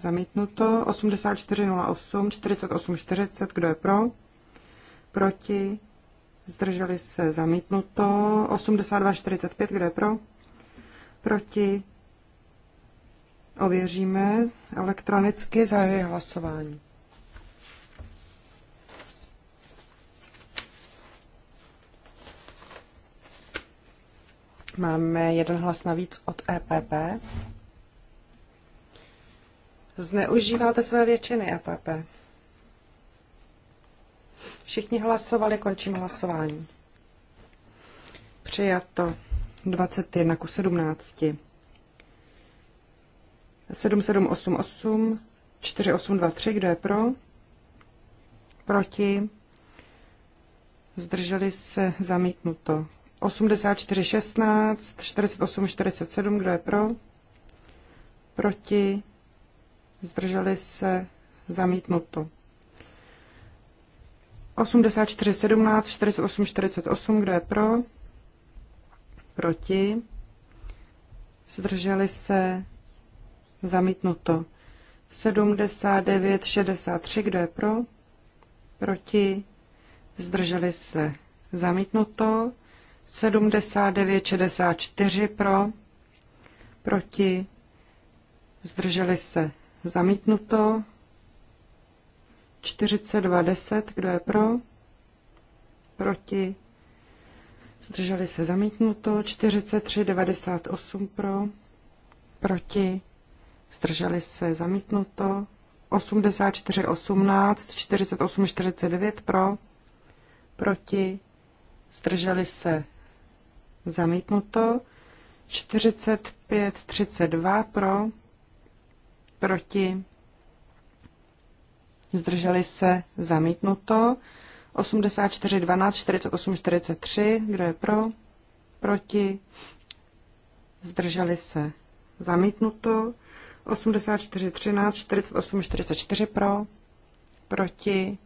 Zamítnuto. 8408, 4840, kdo je pro? Proti? Zdrželi se zamítnuto. 8245, kdo je pro? Proti? Ověříme elektronicky zahajuje hlasování. Máme jeden hlas navíc od EPP. Zneužíváte své většiny, EPP. Všichni hlasovali, končím hlasování. Přijato 21 ku 17. 7788 4823, kdo je pro? Proti? Zdrželi se zamítnuto. 8416 4847, kdo je pro? Proti? zdrželi se, zamítnuto. 84, 17, kdo je pro, proti, zdrželi se, zamítnuto. 79, 63, kdo je pro, proti, zdrželi se, zamítnuto. 79, 64 pro, proti, zdrželi se, Zamítnuto. 4210, kdo je pro? Proti? Zdrželi se zamítnuto. 4398 pro? Proti? Zdrželi se zamítnuto. 8418, 4849 pro? Proti? Zdrželi se zamítnuto. 4532 pro? proti, zdrželi se, zamítnuto. 84, 12, 48, 43, kdo je pro, proti, zdrželi se, zamítnuto. 84, 13, 48, 44 pro, proti,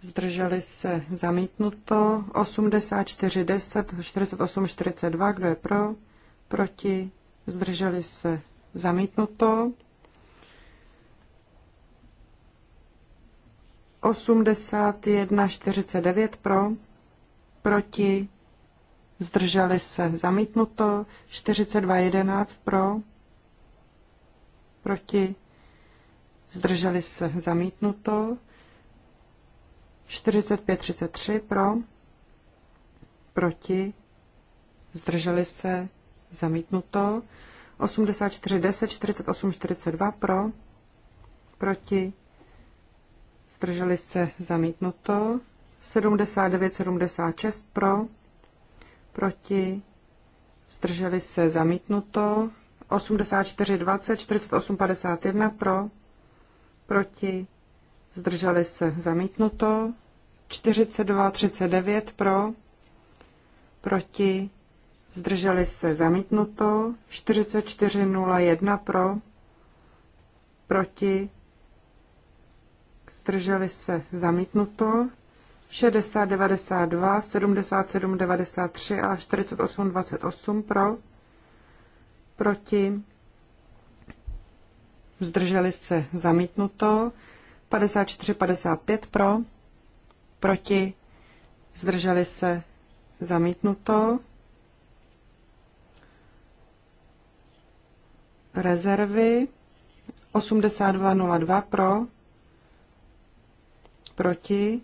zdrželi se, zamítnuto. 84, 10, 48, 42, kdo je pro, proti, zdrželi se, zamítnuto. 81 49 pro, proti, zdrželi se zamítnuto, 42 11 pro, proti, zdrželi se zamítnuto, 45 33 pro, proti, zdrželi se zamítnuto, 84 10 48 42 pro, proti, zdrželi se zamítnuto, 79, 76 pro, proti, zdrželi se zamítnuto, 84, 20, 48, 51 pro, proti, zdrželi se zamítnuto, 42, 39 pro, proti, zdrželi se zamítnuto, 44, 01 pro, proti, zdrželi se zamítnuto, 60, 92, 77, 93 a 48, 28 pro, proti, zdrželi se zamítnuto, 54, 55 pro, proti, zdrželi se zamítnuto, rezervy 8202 pro, proti,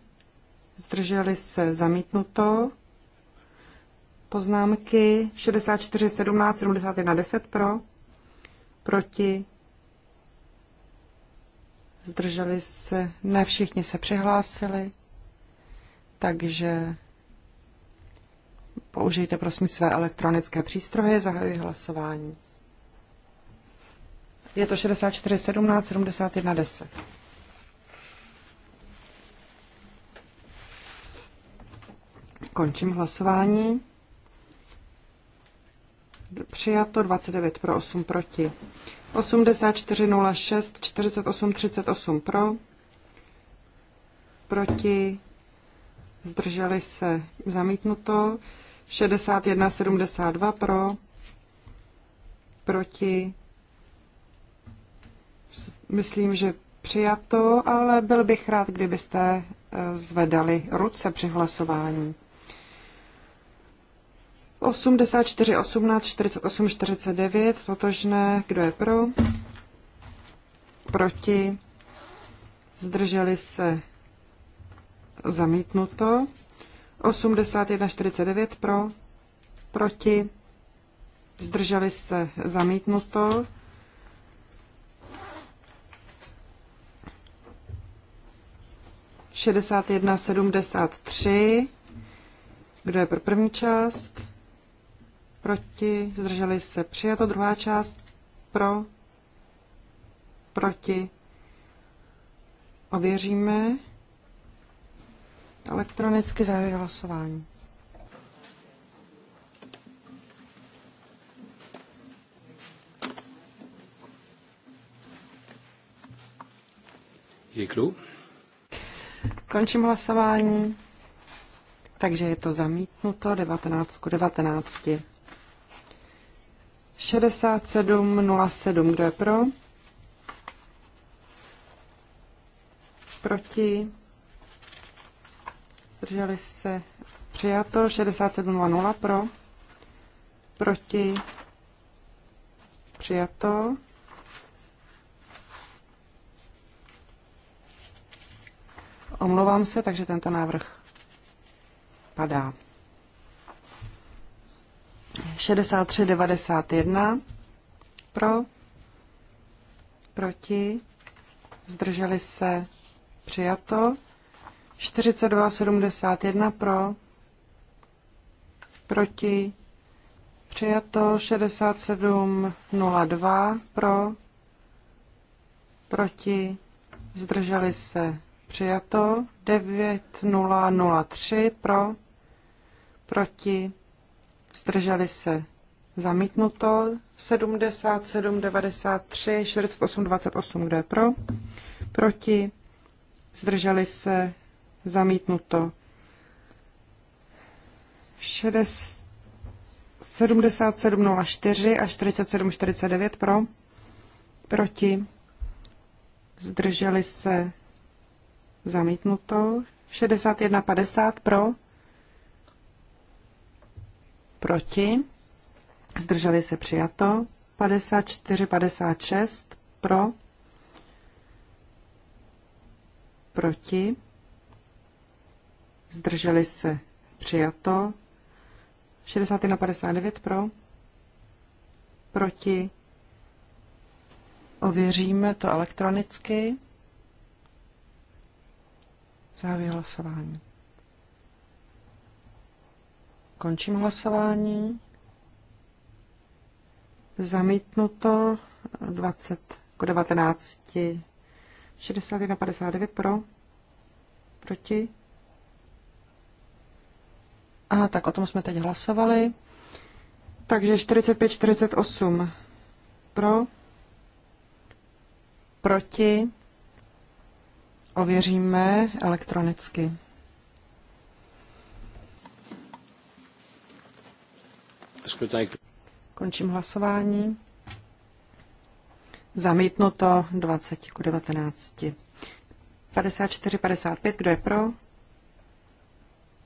zdrželi se zamítnuto. Poznámky 64, 17, 71, 10 pro, proti, zdrželi se, ne všichni se přihlásili, takže použijte prosím své elektronické přístroje, zahajuji hlasování. Je to 64, 17, 71, 10. Končím hlasování. Přijato 29 pro 8 proti. 8406, 48 38 pro. Proti. Zdrželi se zamítnuto. 6172 pro. Proti. Myslím, že přijato, ale byl bych rád, kdybyste eh, zvedali ruce při hlasování. 84, 18, 48, 49, totožné, kdo je pro, proti, zdrželi se zamítnuto, 81, 49 pro, proti, zdrželi se zamítnuto, Šedesát jedna sedmdesát tři. Kdo je pro první část? proti, zdrželi se přijato. Druhá část pro, proti, ověříme. Elektronicky zahajuje hlasování. Děkuji. Končím hlasování. Takže je to zamítnuto 19 19. 6707, kdo je pro? Proti? Zdrželi se přijato. 6700 pro? Proti? Přijato. Omlouvám se, takže tento návrh padá. 63,91 pro, proti, zdrželi se, přijato. 42,71 pro, proti, přijato. 67,02 pro, proti, zdrželi se, přijato. 9,003 pro, proti, zdrželi se zamítnuto, 77, 93, 48, 28, kdo je pro, proti, zdrželi se zamítnuto, 77,04 77, a 47, 49 pro, proti, zdrželi se zamítnuto, 61, 50 pro, proti, zdrželi se přijato, 54, 56 pro, proti, zdrželi se přijato, 61, 59 pro, proti, ověříme to elektronicky, závěr hlasování. Končím hlasování. Zamítnuto 20 k 19. 61, 59 pro. Proti. A tak o tom jsme teď hlasovali. Takže 45, 48 pro. Proti. Ověříme elektronicky. Končím hlasování. Zamítnuto 20 k 19. 54, 55, kdo je pro?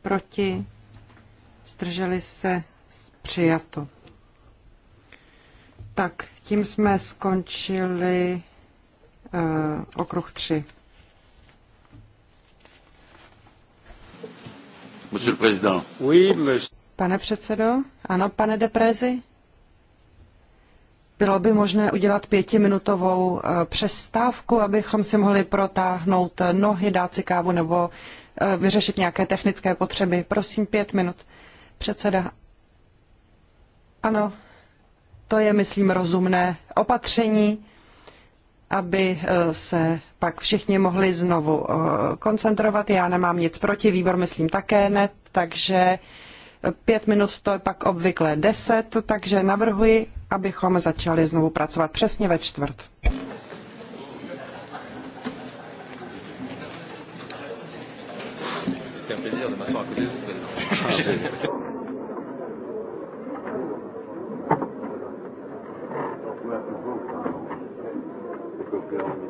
Proti? Zdrželi se? Přijato. Tak, tím jsme skončili uh, okruh 3. Monsieur le Président. Oui, monsieur. Pane předsedo, ano, pane Deprezi? Bylo by možné udělat pětiminutovou eh, přestávku, abychom si mohli protáhnout eh, nohy, dát si kávu nebo eh, vyřešit nějaké technické potřeby. Prosím, pět minut. Předseda. Ano, to je, myslím, rozumné opatření, aby se pak všichni mohli znovu koncentrovat. Já nemám nic proti, výbor myslím také ne, takže pět minut to je pak obvykle deset, takže navrhuji, abychom začali znovu pracovat přesně ve čtvrt. Thank you.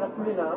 na tous les nains.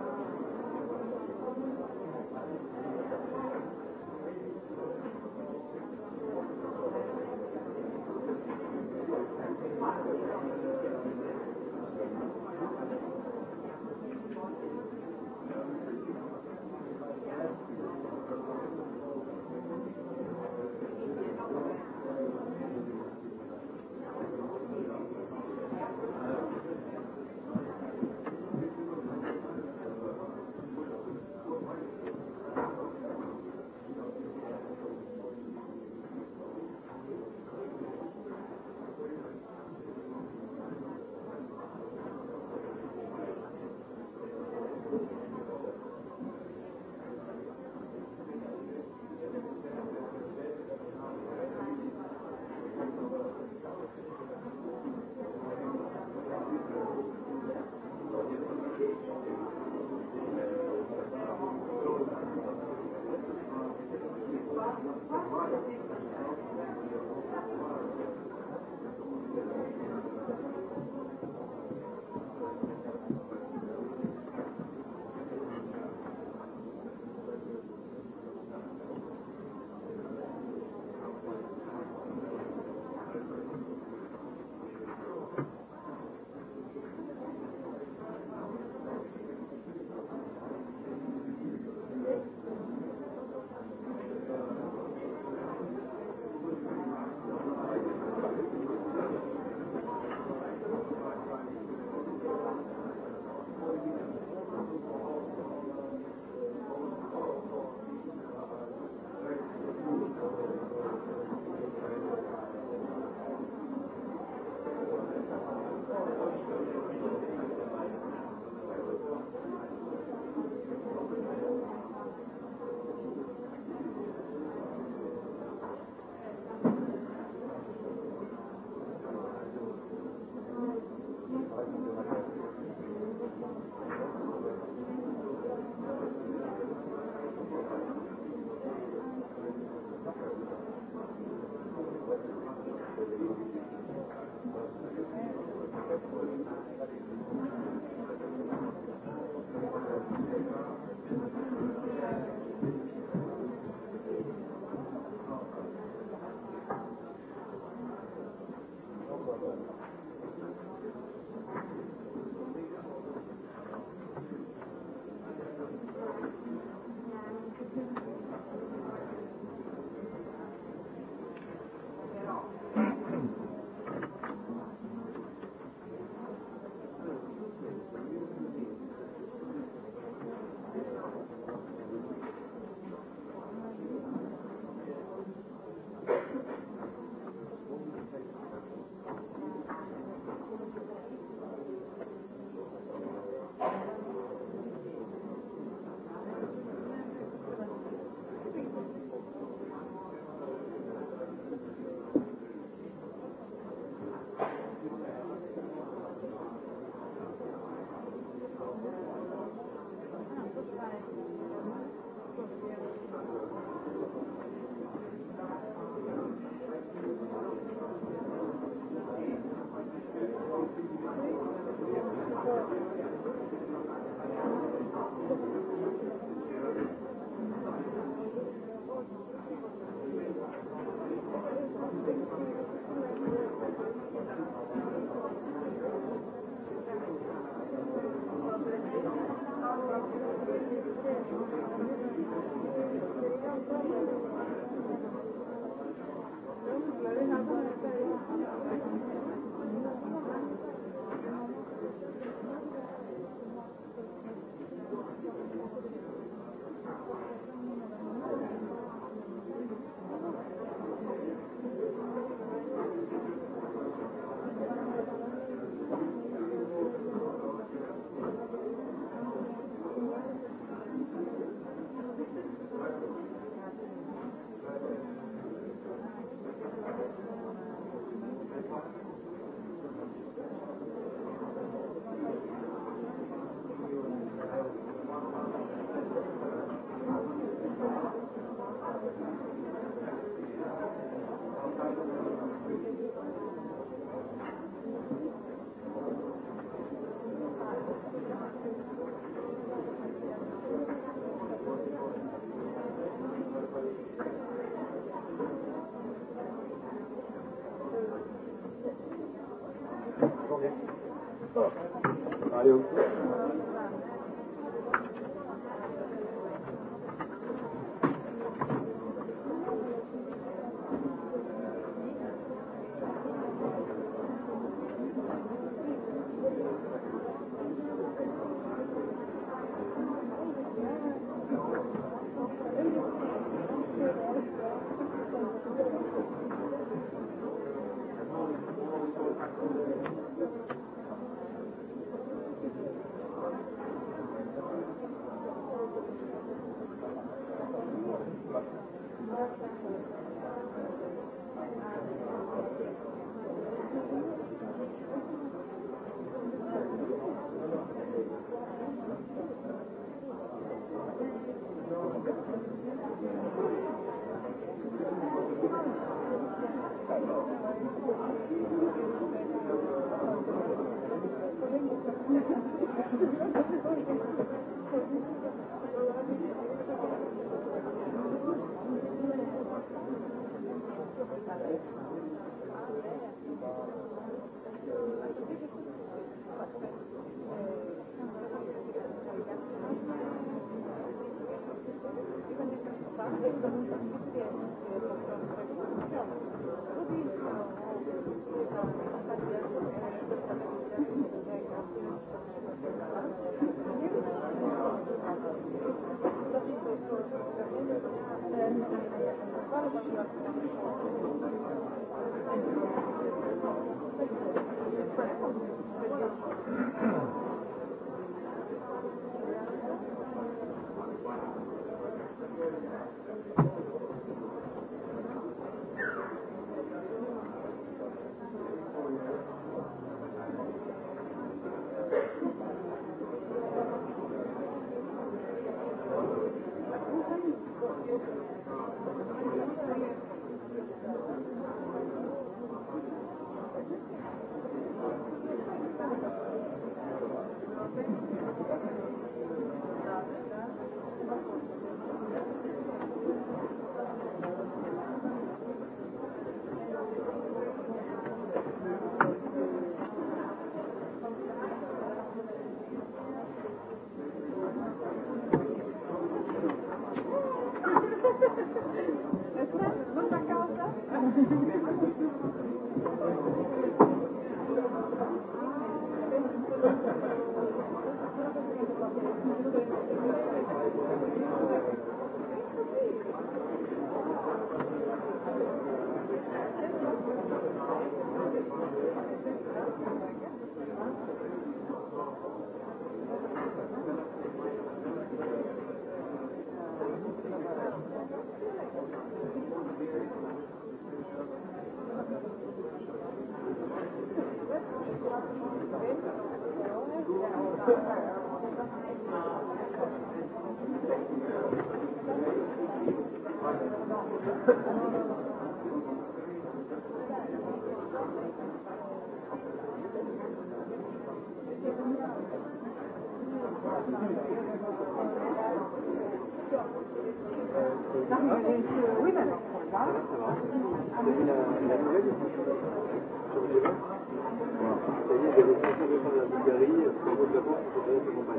forêt, comment va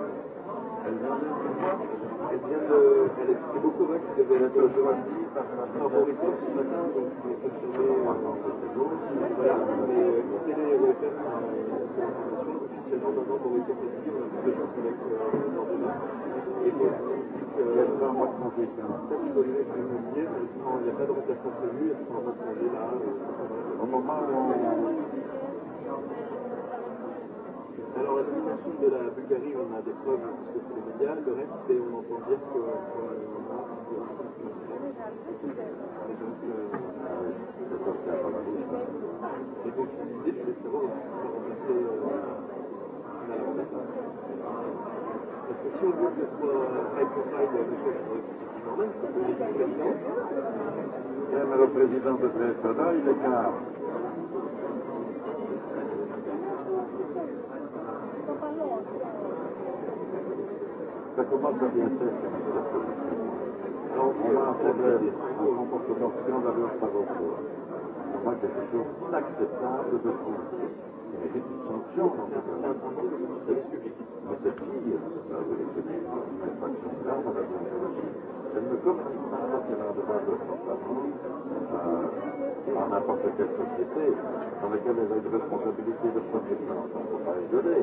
Elle vient de, elle vient de, elle est devait la Croatie par ce matin, donc il est confirmé voilà, mais l'intérêt de la c'est l'information officiellement maintenant Borisov est ici, on a plus de chance avec euh, demain. Et donc, il y a de congé. Ça, c'est une bonne idée que je me disais, il n'y a pas de remplacement prévu, il y a un mois de congé là. Au moment où Alors, la ce de la Bulgarie, on a des preuves parce que c'est légal Le reste, c'est on entend dire que pour le c'est pour un truc. Et donc, euh, et donc l'idée, c'est de savoir si on peut remplacer euh, la remplaçant. Parce que si on veut que ce soit high profile de choses effectivement, c'est que les présidents. Même le président de PSA, il est calme. Tako bardzo więcej ona wtedy kompostownowskiego zabiła stawowku. Zobaczcie, to się tak sypa, że do Są książą, bo se pije, że tak się brawa, że ten wykopnik narracja narodowego a na początek society, dans lequel elle a une responsabilité de protection, on ne peut pas y donner.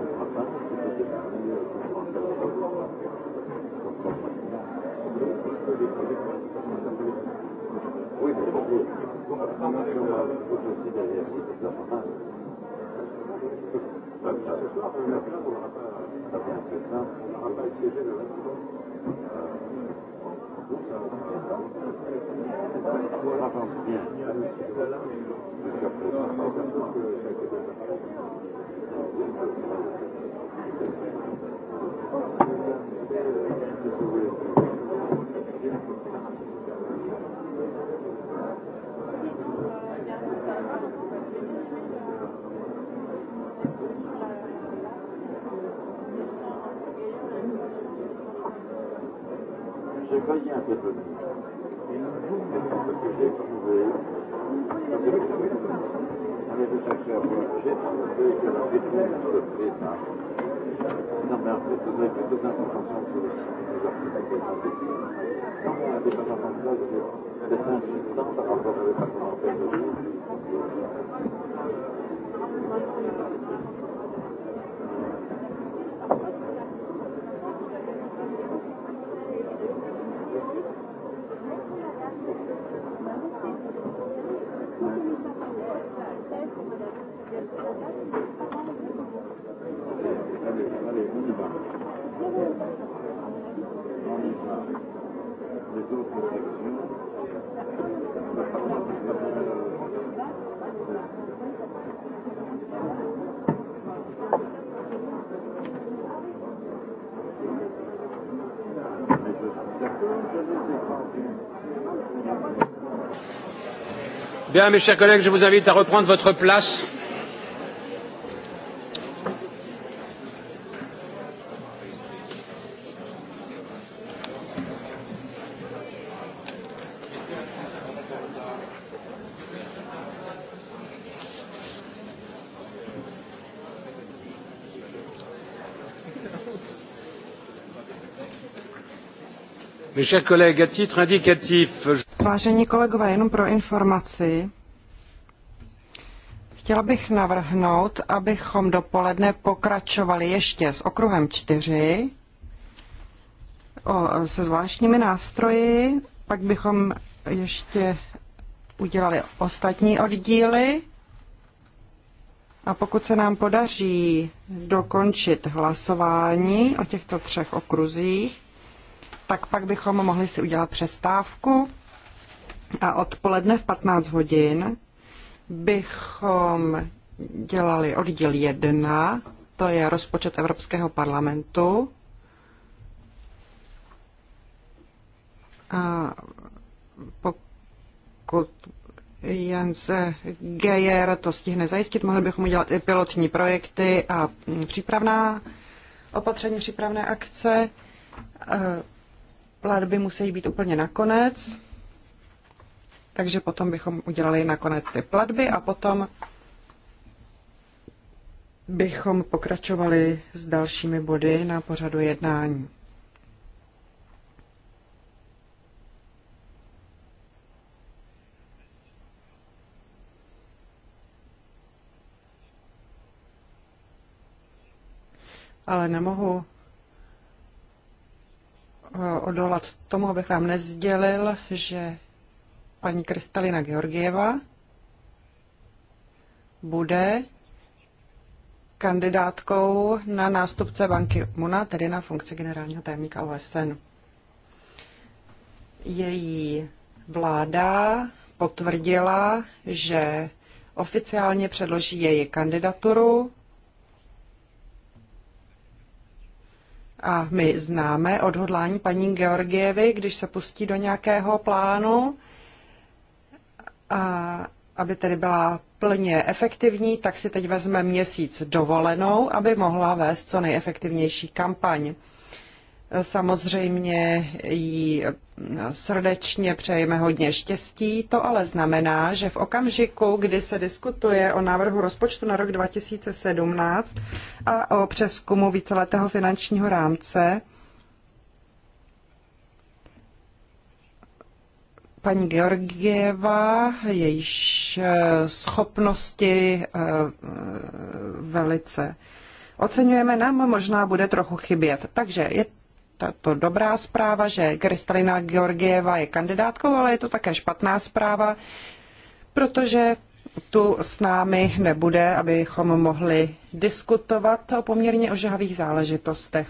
Oui, mais bon, aussi derrière, c'est pas mal. Ça fait un peu ça. On n'aura pas siégé le reste. On avance bien. Jusqu'à présent, ça a été Thank you. Thank you. Bien, mes chers collègues, je vous invite à reprendre votre place. Mes chers collègues, à titre indicatif, je... Vážení kolegové, jenom pro informaci. Chtěla bych navrhnout, abychom dopoledne pokračovali ještě s okruhem čtyři, o, se zvláštními nástroji, pak bychom ještě udělali ostatní oddíly. A pokud se nám podaří dokončit hlasování o těchto třech okruzích, tak pak bychom mohli si udělat přestávku a odpoledne v 15 hodin bychom dělali oddíl 1, to je rozpočet Evropského parlamentu. A pokud Jens Geyer to stihne zajistit, mohli bychom udělat i pilotní projekty a mm, přípravná opatření, přípravné akce. Platby musí být úplně nakonec. konec takže potom bychom udělali nakonec ty platby a potom bychom pokračovali s dalšími body na pořadu jednání. Ale nemohu eh, odolat tomu, abych vám nezdělil, že paní Kristalina Georgieva bude kandidátkou na nástupce banky MUNA, tedy na funkci generálního tajemníka OSN. Její vláda potvrdila, že oficiálně předloží její kandidaturu a my známe odhodlání paní Georgievy, když se pustí do nějakého plánu, a aby tedy byla plně efektivní, tak si teď vezme měsíc dovolenou, aby mohla vést co nejefektivnější kampaň. Samozřejmě jí srdečně přejeme hodně štěstí, to ale znamená, že v okamžiku, kdy se diskutuje o návrhu rozpočtu na rok 2017 a o přeskumu víceletého finančního rámce, paní Georgieva, jejíž eh, schopnosti eh, velice oceňujeme, nám možná bude trochu chybět. Takže je to dobrá zpráva, že Kristalina Georgieva je kandidátkou, ale je to také špatná zpráva, protože tu s námi nebude, abychom mohli diskutovat o poměrně ožahavých záležitostech.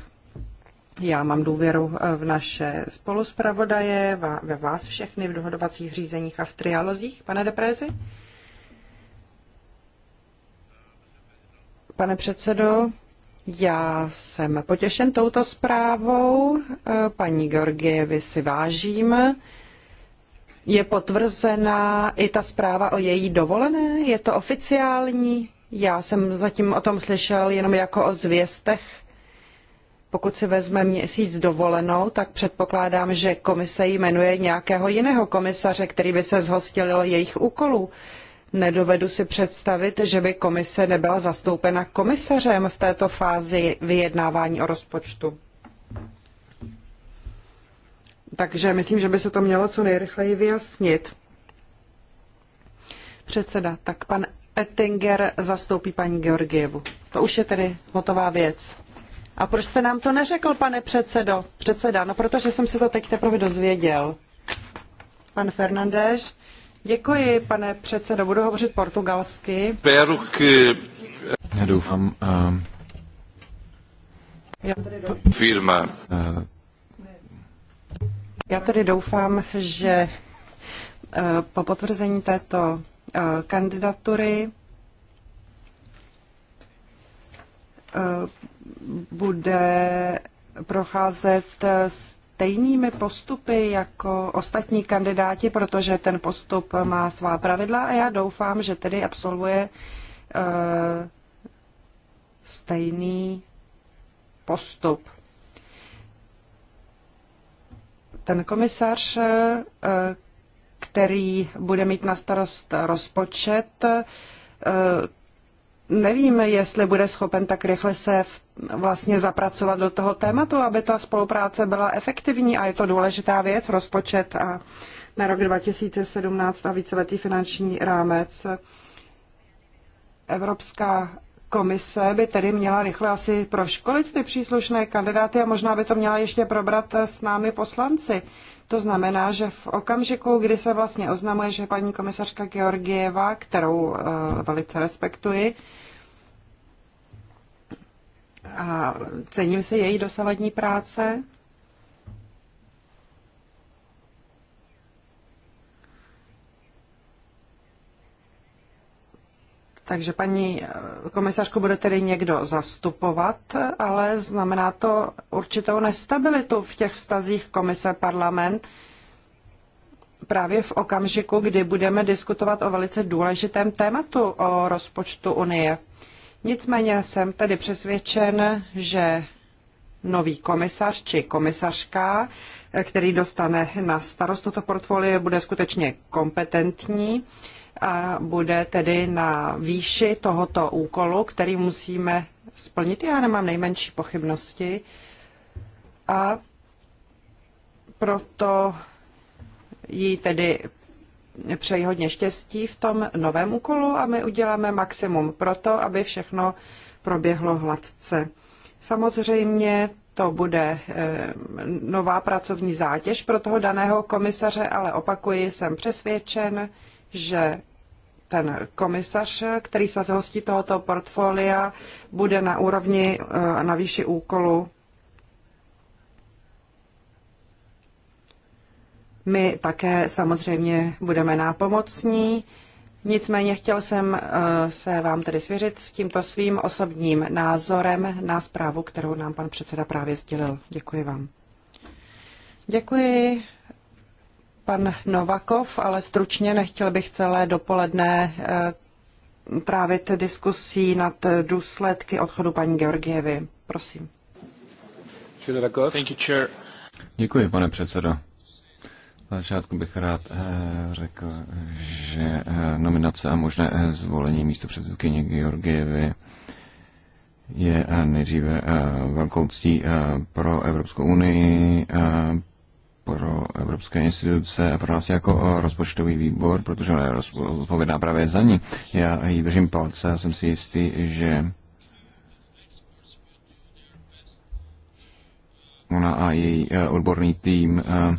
Já mám důvěru eh, v naše spoluspravodaje, ve vás všechny v dohodovacích řízeních a v trialozích. Pane Deprezi? Pane předsedo, já jsem potěšen touto zprávou. Eh, paní vy si vážím. Je potvrzená i ta zpráva o její dovolené? Je to oficiální? Já jsem zatím o tom slyšel jenom jako o zvěstech pokud si vezme měsíc dovolenou, tak předpokládám, že komise jmenuje nějakého jiného komisaře, který by se zhostil jejich úkolů. Nedovedu si představit, že by komise nebyla zastoupena komisařem v této fázi vyjednávání o rozpočtu. Takže myslím, že by se to mělo co nejrychleji vyjasnit. Předseda, tak pan Ettinger zastoupí paní Georgievu. To už je tedy hotová věc. A proč jste nám to neřekl, pane předsedo? Předseda, no protože jsem se to teď teprve dozvěděl. Pan Fernandes, děkuji, pane předsedo, budu hovořit portugalsky. Perky. Já doufám, uh... Já tady doufám. Firma. Uh... Já tedy doufám, že eh, po potvrzení této eh, kandidatury Eh, bude procházet stejnými postupy jako ostatní kandidáti, protože ten postup má svá pravidla a já doufám, že tedy absolvuje eh, stejný postup. Ten komisař, eh, který bude mít na starost rozpočet, nevím, jestli bude schopen tak rychle se vlastně zapracovat do toho tématu, aby ta spolupráce byla efektivní a je to důležitá věc, rozpočet a na rok 2017 a víceletý finanční rámec. Evropská komise by tedy měla rychle asi proškolit ty příslušné kandidáty a možná by to měla ještě probrat s námi poslanci. To znamená, že v okamžiku, kdy se vlastně oznamuje, že paní komisařka Georgieva, kterou eh, velice respektuji, a cením si její dosavadní práce, Takže paní eh, komisařku bude tedy někdo zastupovat, ale znamená to určitou nestabilitu v těch vztazích komise parlament právě v okamžiku, kdy budeme diskutovat o velice důležitém tématu o rozpočtu Unie. Nicméně jsem tedy přesvědčen, že nový komisař či komisařka, eh, který dostane na starost toto portfolio, bude skutečně kompetentní a bude tedy na výši tohoto úkolu, který musíme splnit. Já nemám nejmenší pochybnosti a proto jí tedy přeji hodně štěstí v tom novém úkolu a my uděláme maximum pro to, aby všechno proběhlo hladce. Samozřejmě to bude eh, nová pracovní zátěž pro toho daného komisaře, ale opakuji, jsem přesvědčen, že ten komisař, který se zhostí tohoto portfolia, bude na úrovni a eh, na výši úkolu. My také samozřejmě budeme nápomocní. Nicméně chtěl jsem eh, se vám tedy svěřit s tímto svým osobním názorem na zprávu, kterou nám pan předseda právě sdělil. Děkuji vám. Děkuji pan Novakov, ale stručně nechtěl bych celé dopoledne eh, trávit diskusí nad důsledky odchodu paní Georgievy. Prosím. Děkuji, pane předsedo. Na začátku bych rád eh, řekl, že eh, nominace a možné zvolení místo předsedkyně Georgievy je nejdříve velkou ctí pro Evropskou unii, pro evropské instituce a pro nás jako eh, rozpočtový výbor, protože ona je odpovědná právě za ní. Já jí držím palce a jsem si jistý, že ona a její eh, odborný tým eh,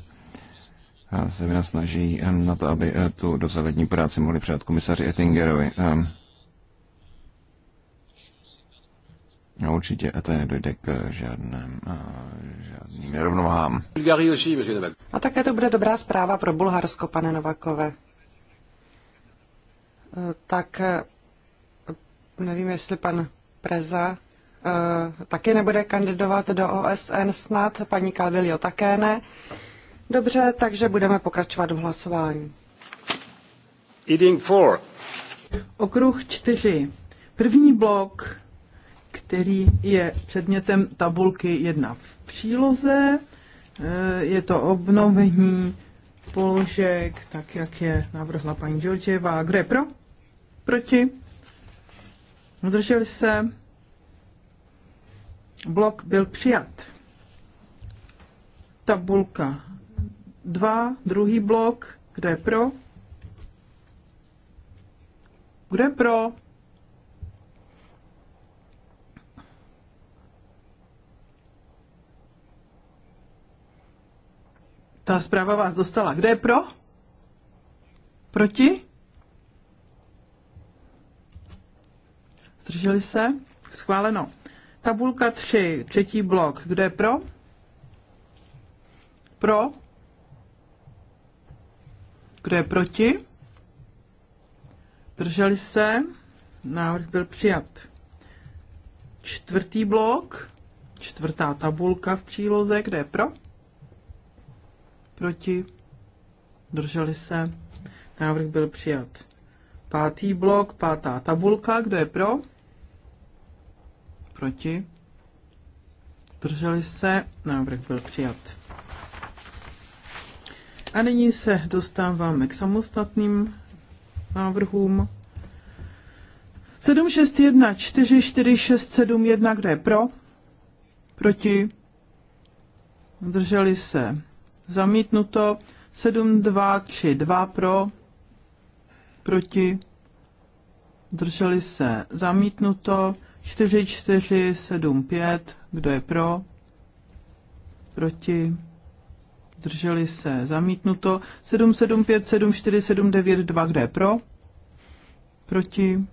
se vynasnaží na to, aby tu dosavadní práci mohli předat komisaři Ettingerovi. No, určitě, a to nedojde k žádném, žádným nerovnovám. A také to bude dobrá zpráva pro Bulharsko, pane Novakové. E, tak e, nevím, jestli pan Preza e, taky nebude kandidovat do OSN snad, paní Kalvilio také ne. Dobře, takže budeme pokračovat v hlasování. Eating four. Okruh čtyři. První blok který je předmětem tabulky 1 v příloze. Eh, je to obnovení položek, tak jak je navrhla paní Georgieva. Kdo je pro? Proti? Udrželi se? Blok byl přijat. Tabulka 2, druhý blok, kde je pro? Kde je pro? Ta zpráva vás dostala. Kdo je pro? Proti? Zdrželi se? Schváleno. Tabulka 3, třetí blok. Kdo je pro? Pro? Kdo je proti? Zdrželi se? Návrh byl přijat. Čtvrtý blok, čtvrtá tabulka v příloze, kde je pro? proti, drželi se, návrh byl přijat. Pátý blok, pátá tabulka, kdo je pro, proti, drželi se, návrh byl přijat. A nyní se dostáváme k samostatným návrhům. 761 1, kdo je pro? Proti? Drželi se zamítnuto, 7, 2, 3, 2 pro, proti, drželi se zamítnuto, 4, 4, 7, 5, kdo je pro, proti, drželi se zamítnuto, 7, 7, 5, 7, 4, 7, 9, 2, kdo je pro, proti,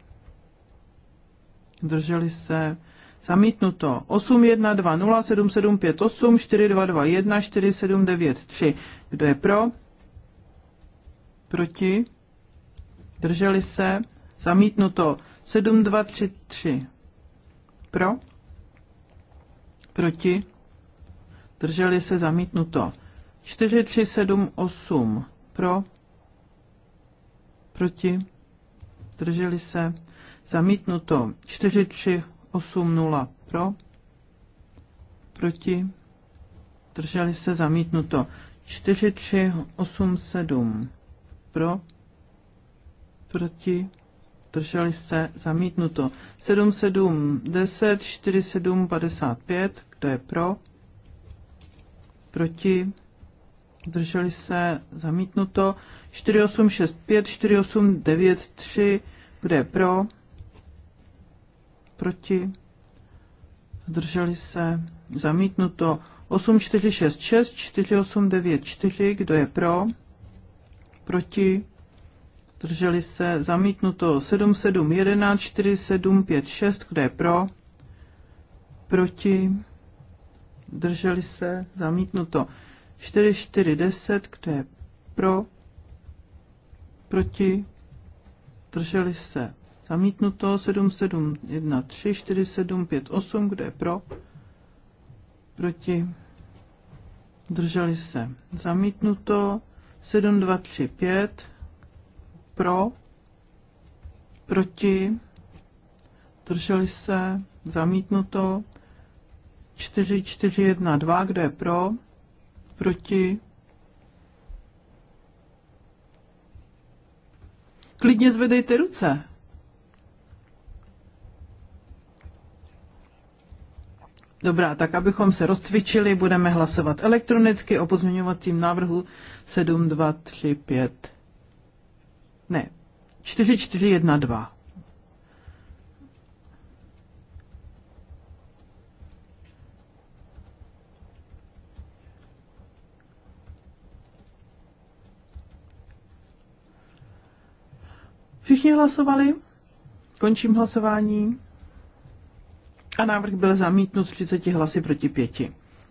drželi se Zamítnuto 8120775842214793. Kdo je pro? Proti? Drželi se? Zamítnuto 7233. Pro? Proti? Drželi se zamítnuto. 4378 pro, proti, drželi se, zamítnuto. 43 8-0 pro, proti, drželi se zamítnuto. 4-3-8-7 pro, proti, drželi se zamítnuto. 7-7-10-4-7-55, kdo je pro, proti, drželi se zamítnuto. 4-8-6-5-4-8-9-3, kdo je pro, proti, zdrželi se, zamítnuto 8466, 4894, kdo je pro, proti, zdrželi se, zamítnuto 7711, 4756, kdo je pro, proti, zdrželi se, zamítnuto 4410, kdo je pro, proti, zdrželi se, Zamítnuto 7713 4758, kdo je pro? Proti? Drželi se. Zamítnuto 7235 pro? Proti? Drželi se. Zamítnuto 4412, kdo je pro? Proti? Klidně zvedejte ruce. Dobrá, tak abychom se rozcvičili, budeme hlasovat elektronicky o pozměňovacím návrhu 7, 2, 3, 5. Ne, 4, 4, 1, 2. Všichni hlasovali? Končím hlasování a návrh byl zamítnut 30 hlasy proti 5.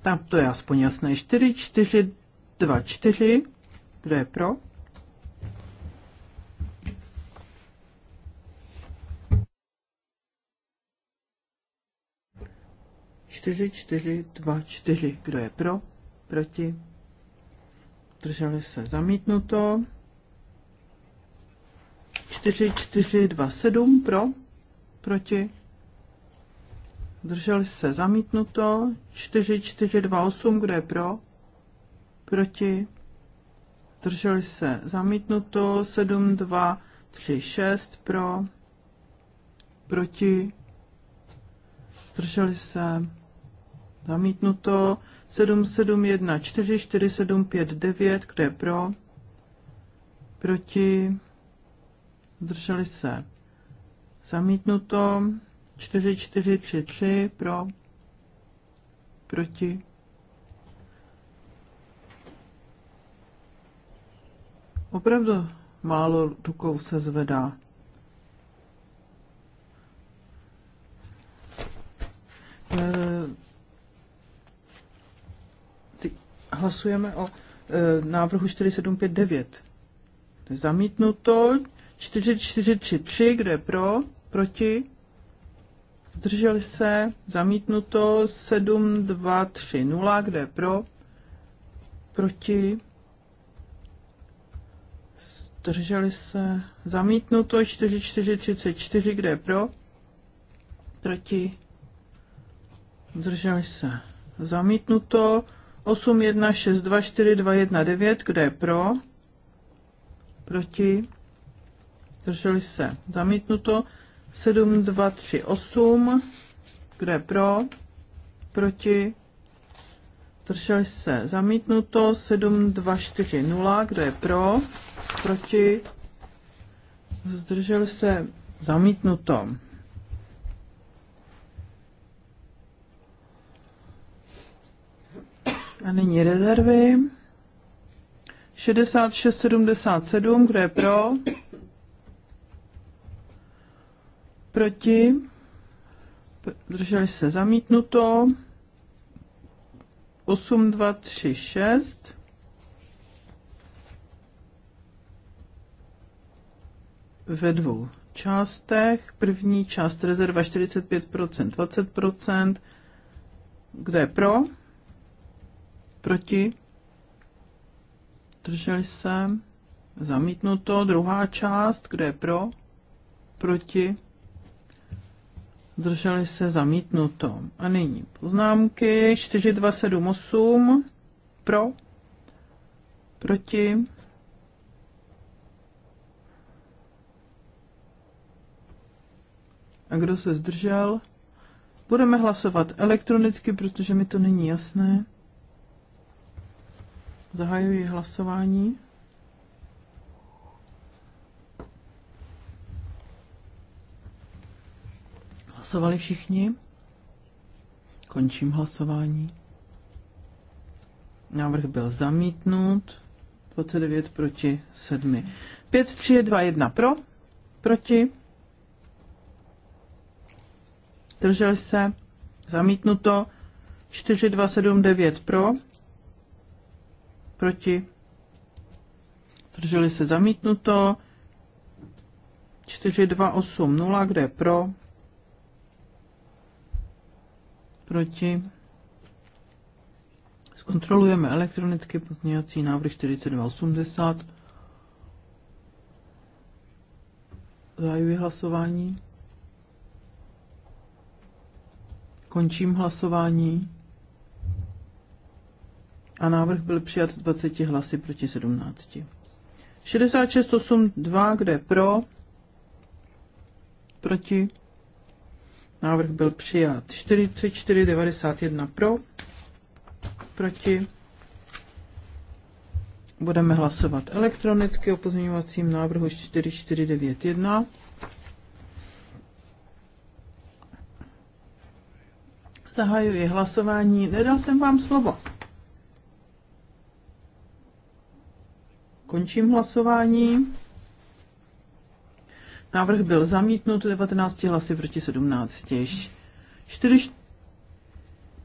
Tam to je aspoň jasné. 4, 4, 2, 4. Kdo je pro? Čtyři, čtyři, dva, čtyři. Kdo je pro? Proti? Drželi se zamítnuto. Čtyři, čtyři, dva, sedm. Pro? Proti? Drželi se zamítnuto. 4, 4, 2, 8, kdo je pro? Proti? Drželi se zamítnuto. 7, 2, 3, 6, pro? Proti? Drželi se zamítnuto. 7, 7, 1, 4, 4, 7, 5, 9, kdo je pro? Proti? Drželi se zamítnuto. 4433 pro, proti. Opravdu málo rukou se zvedá. Eh, hlasujeme o eh, návrhu 4759. Zamítnuto 4433, kdo je pro, proti? zdrželi se, zamítnuto 7, 2, 3, 0, kde je pro, proti, zdrželi se, zamítnuto 4, 4, 34, kde je pro, proti, zdrželi se, zamítnuto 8, 1, 6, 2, 4, 2, 1, 9, kde je pro, proti, zdrželi se, zamítnuto 7, 2, 3, 8. Kdo je pro? Proti? Drželi se zamítnuto. 7, 2, 4, 0. Kdo je pro? Proti? Zdržel se zamítnuto. A nyní rezervy. 66, 77. Kdo je pro? proti, drželi se zamítnuto, 8, 2, 3, 6, ve dvou částech. První část rezerva 45%, 20%. Kdo je pro? Proti? Drželi se? Zamítnuto. Druhá část, kdo je pro? Proti? zdrželi se zamítnuto. A nyní poznámky 4278 pro, proti, a kdo se zdržel. Budeme hlasovat elektronicky, protože mi to není jasné. Zahajuji hlasování. Hlasovali všichni? Končím hlasování. Návrh byl zamítnut. 29 proti 7. 5, 3, 2, 1 pro, proti. Držel se. Zamítnuto. 4, 2, 7, 9 pro, proti. Drželi se zamítnuto. 4, 2, 8, 0, kde je pro, proti. Zkontrolujeme elektronicky pozměňovací návrh 4280. Zahajuji hlasování. Končím hlasování. A návrh byl přijat 20 hlasy proti 17. 6682, kde pro, proti, Návrh byl přijat. 44,91 pro, proti. Budeme hlasovat elektronicky o pozměňovacím návrhu 4491. Zahajuji hlasování. Nedal jsem vám slovo. Končím hlasování. Návrh byl zamítnut 19 hlasy proti 17. 4,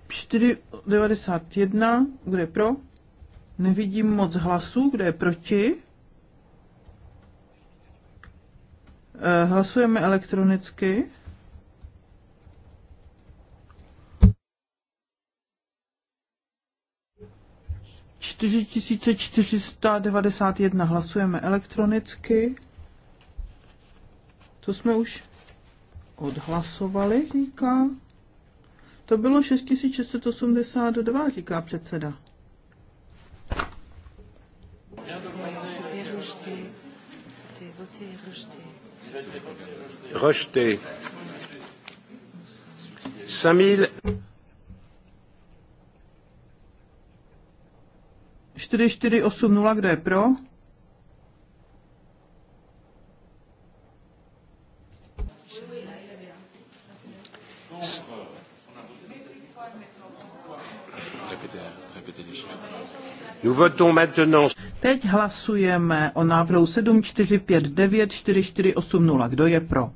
491, kdo je pro? Nevidím moc hlasů, kdo je proti? Eh, hlasujeme elektronicky. Čtyři tisíce čtyřista devadesát jedna hlasujeme elektronicky. To jsme už odhlasovali, říká. To bylo 6682, říká předseda. Rošty. Samil. 4480, kdo je pro? Teď hlasujeme o návrhu 7459 4480. Kdo je pro?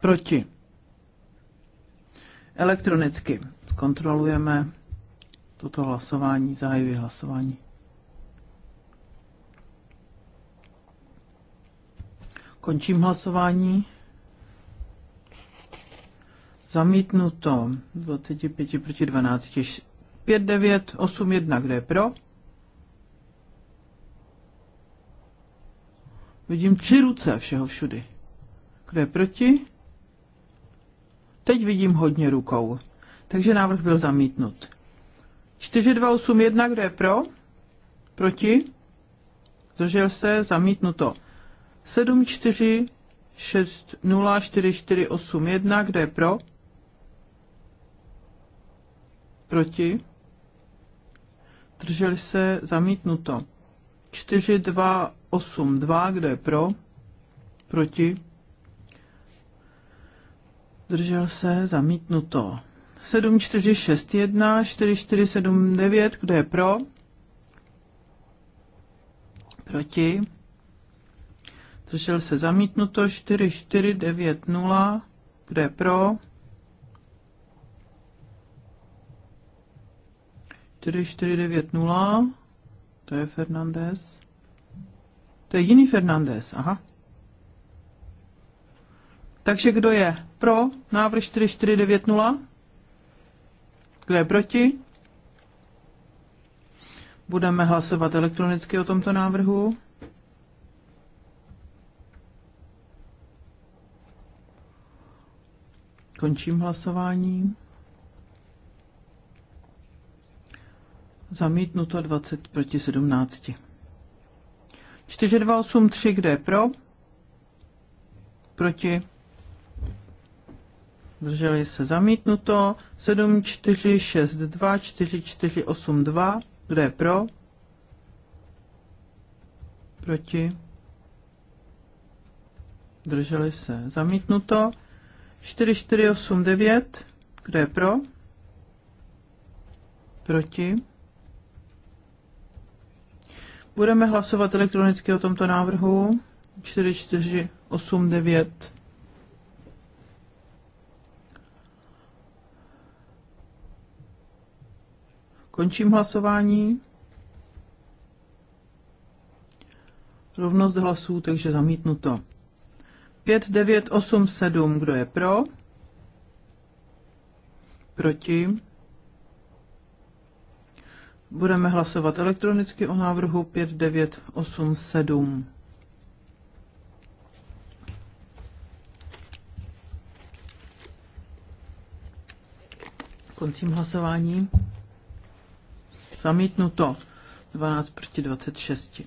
Proti. Elektronicky kontrolujeme toto hlasování, zahajuji hlasování. Končím hlasování. Zamítnuto 25 proti 12 5981, kde je pro? Vidím tři ruce všeho všudy. Kdo je proti? Teď vidím hodně rukou. Takže návrh byl zamítnut. 4281, kdo je pro? Proti? Zdržel se, zamítnuto. 74604481, kdo je pro? Proti? zdrželi se, zamítnuto. 4, 2, 8, 2, kdo je pro, proti, zdržel se, zamítnuto. 7, 4, 6, 1, 4, 4, 7, 9, kdo je pro, proti, zdržel se, zamítnuto. 4, 4, 9, 0, kdo je pro, Proti? 4490, to je Fernandez. To je jiný Fernandez, aha. Takže kdo je pro návrh 4490? Kdo je proti? Budeme hlasovat elektronicky o tomto návrhu. Končím hlasování. Zamítnuto 20 proti 17. 3, kde je pro? Proti? Drželi se zamítnuto. 8, 2, kde je pro? Proti? Drželi se zamítnuto. 9, kde je pro? Proti? Budeme hlasovat elektronicky o tomto návrhu 4489. Končím hlasování. Rovnost hlasů, takže zamítnuto. 5987, kdo je pro? Proti? Budeme hlasovat elektronicky o návrhu 5987. Koncím hlasování. Zamítnuto 12 proti 26.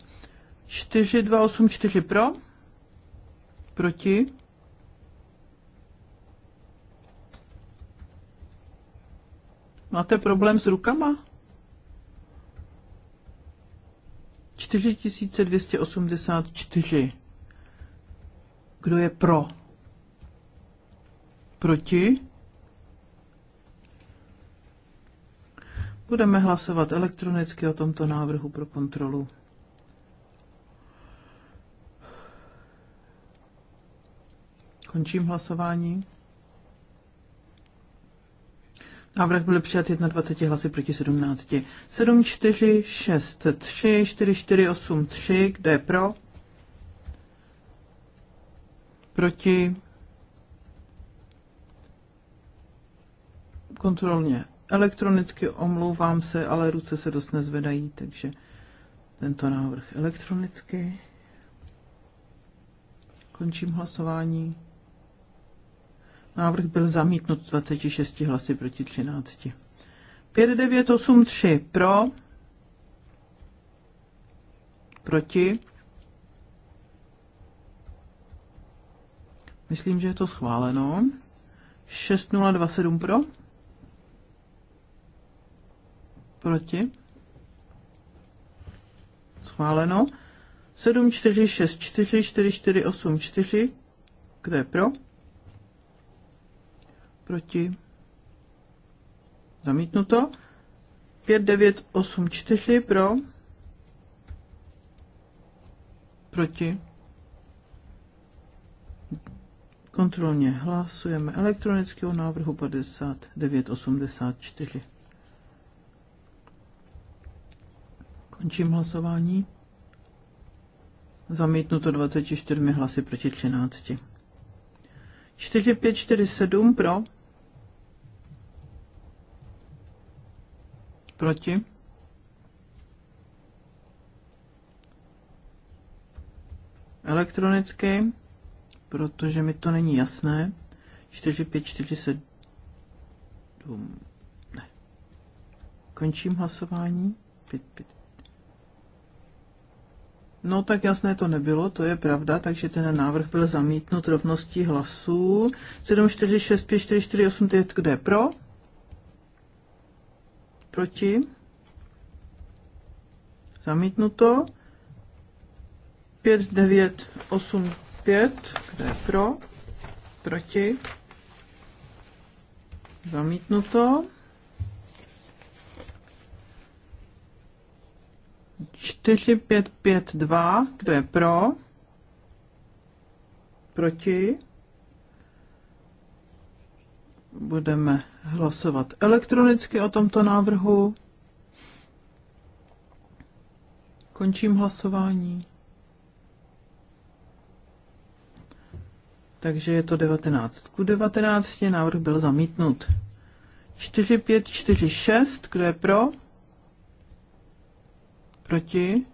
4, 2, 8, 4 pro. Proti. Máte problém s rukama? 4284. Kdo je pro? Proti? Budeme hlasovat elektronicky o tomto návrhu pro kontrolu. Končím hlasování. Návrh byl přijat 21 hlasy proti 17. 7, 4, 6, 3, 4, 4, 8, 3. Kdo je pro? Proti? Kontrolně. Elektronicky omlouvám se, ale ruce se dost nezvedají, takže tento návrh elektronicky. Končím hlasování. Návrh byl zamítnut 26 hlasy proti 13. 5983 pro, proti. Myslím, že je to schváleno. 6027 pro, proti. Schváleno. 746 4448 4 4. Kdo je pro? proti, zamítnuto. 5, 9, 8, 4 pro, proti. Kontrolně hlasujeme elektronicky o návrhu 5984. Končím hlasování. Zamítnuto 24 hlasy proti 13. 4547 pro. Proti? Elektronicky, protože mi to není jasné. 4, 5, 4, 7. Ne. Končím hlasování. 5, 5. No tak jasné to nebylo, to je pravda, takže ten návrh byl zamítnut rovností hlasů. 7, 4, 6, 5, 4, 4, 8, 5, kde je pro? Proti? Zamítnuto. 5, 9, 8, 5. Kdo je pro? Proti? Zamítnuto. 4, 5, 5, 2. Kdo je pro? Proti? budeme hlasovat elektronicky o tomto návrhu. Končím hlasování. Takže je to 19 ku 19, návrh byl zamítnut. 4, 5, 4, 6, kdo je pro? Proti?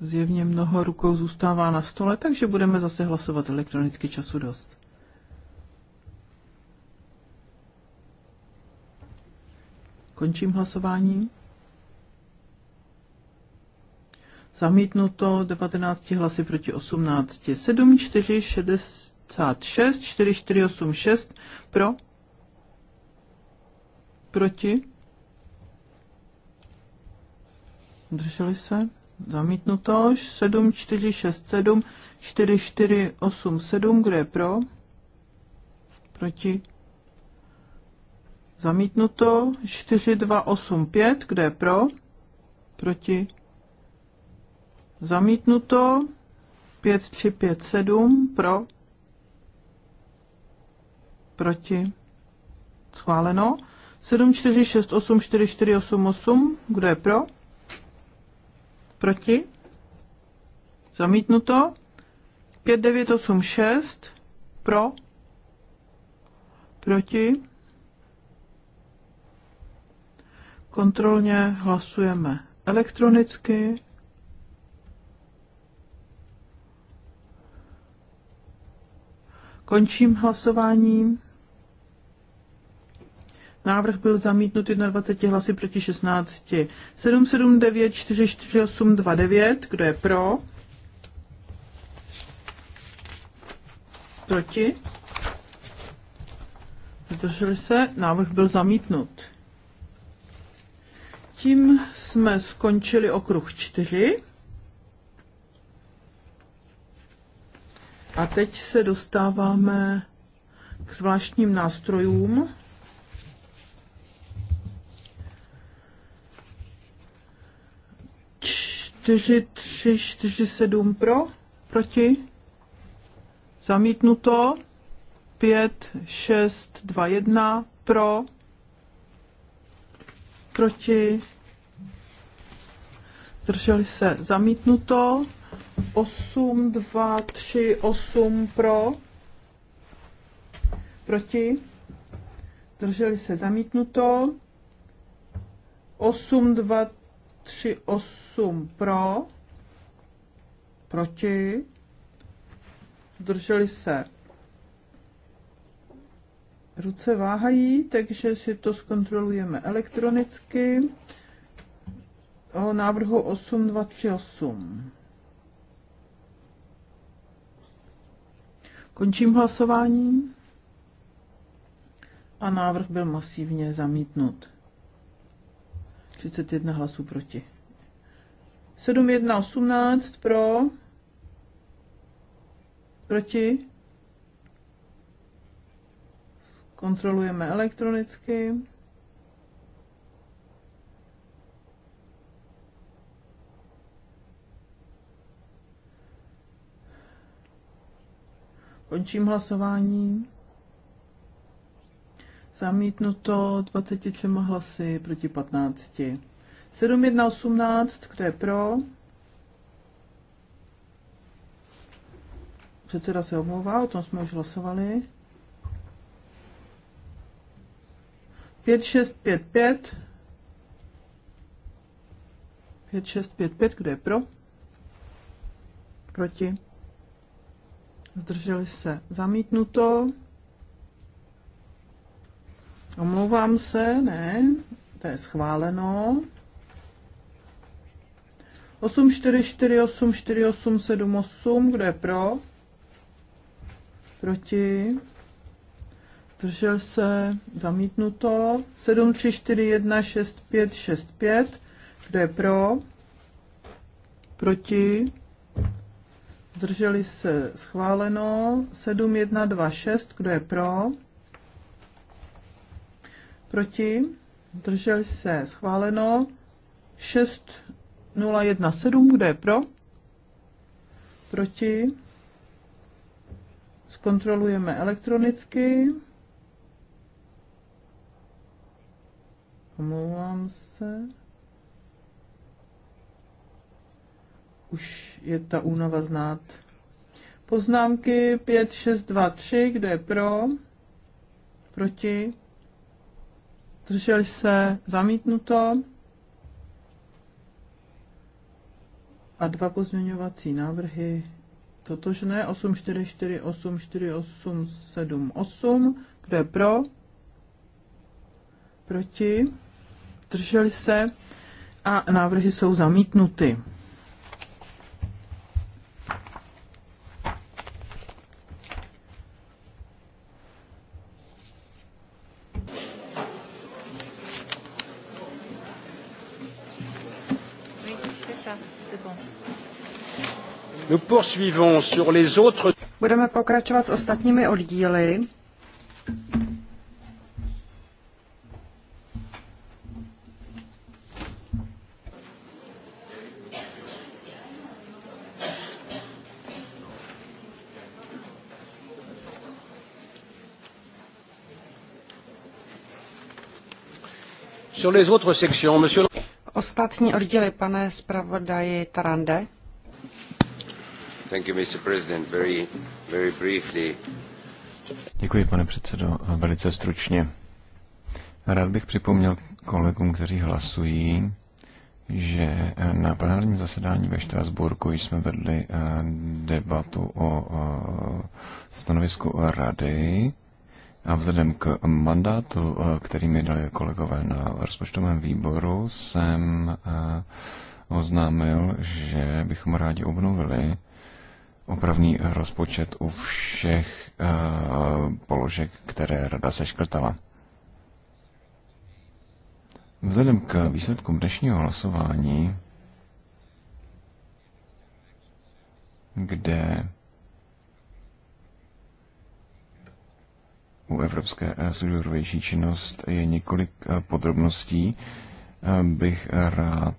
Zjevně mnoho rukou zůstává na stole, takže budeme zase hlasovat elektronicky času dost. Končím hlasování. Zamítnuto 19 hlasy proti 18. 7, 4, 66, 4, 4, 8, 6 pro. Proti. Drželi se zamítnuto, 7467 4487, kdo je pro, proti, zamítnuto, 4285, kdo je pro, proti, zamítnuto, 5357, pro, proti, schváleno, 7468 4488, kdo je pro, Proti? Zamítnuto. 5986 pro? Proti? Kontrolně hlasujeme elektronicky. Končím hlasováním. Návrh byl zamítnut 21 hlasy proti 16. 779 448 Kdo je pro? Proti? Zdrželi se? Návrh byl zamítnut. Tím jsme skončili okruh 4. A teď se dostáváme k zvláštním nástrojům. 4, 3, 4, 7 pro, proti, zamítnuto, 5, 6, 2, 1 pro, proti, drželi se, zamítnuto, 8, 2, 3, 8 pro, proti, drželi se, zamítnuto, 8, 2, 3, 8 pro, proti, zdrželi se. Ruce váhají, takže si to zkontrolujeme elektronicky o návrhu 8238. Končím hlasování a návrh byl masivně zamítnut. 31 hlasů proti. 7118 pro, proti. Kontrolujeme elektronicky. Končím hlasování zamítnuto 23 hlasy proti 15. 7 1, 18, kdo je pro? Předseda se omlouvá, o tom jsme už hlasovali. 5, 6, 5, 5. 5, 6, 5, 5, kdo je pro? Proti? Zdrželi se zamítnuto. Omlouvám se, ne, to je schváleno. 8448, kdo je pro? Proti? Držel se, zamítnuto. 7341, 6565, kdo je pro? Proti? Drželi se, schváleno. 7126, kdo je pro? proti, drželi se schváleno, 6017, kdo je pro, proti, zkontrolujeme elektronicky, omlouvám se, už je ta únava znát. Poznámky 5, 6, 2, 3, kdo je pro, proti, zdrželi se, zamítnuto. A dva pozměňovací návrhy totožné, 844, Kdo je pro? Proti? zdrželi se? A návrhy jsou zamítnuty. Budeme pokračovat ostatními oddíly. Ostatní oddíly, pane zpravodaji Tarande. Děkuji, pane předsedo, velice stručně. Rád bych připomněl kolegům, kteří hlasují, že na plenárním zasedání ve Štrasburku jsme vedli eh, debatu o eh, stanovisku rady a vzhledem k mandátu, eh, který mi dali kolegové na rozpočtovém výboru, jsem oznámil, že bychom rádi obnovili opravný rozpočet u všech eh, položek, které rada seškrtala. Vzhledem k výsledkům dnešního hlasování, kde u Evropské eh, služby činnost je několik eh, podrobností, bych rád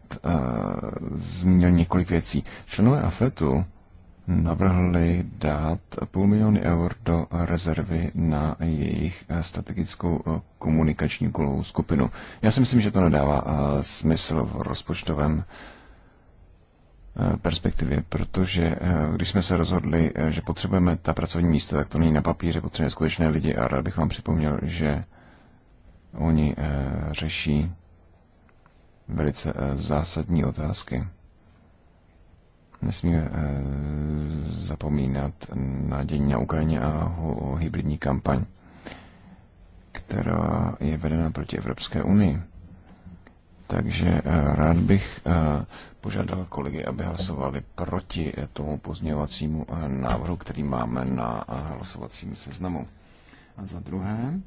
zmínil několik věcí. Členové AFETu navrhli dát půl miliony eur do rezervy na jejich eh, strategickou eh, komunikační kulovou skupinu. Já si myslím, že to nedává eh, smysl v rozpočtovém perspektivě, protože když jsme se rozhodli, že potřebujeme ta pracovní místa, tak to není na papíře, potřebujeme skutečné lidi a rád bych vám připomněl, že oni řeší velice zásadní otázky. Nesmíme eh, zapomínat na dění na Ukrajině a o hybridní kampaň, která je vedena proti Evropské unii. Takže eh, rád bych eh, požádal kolegy, aby hlasovali proti tomu pozměňovacímu návrhu, který máme na hlasovacím seznamu. A za druhé,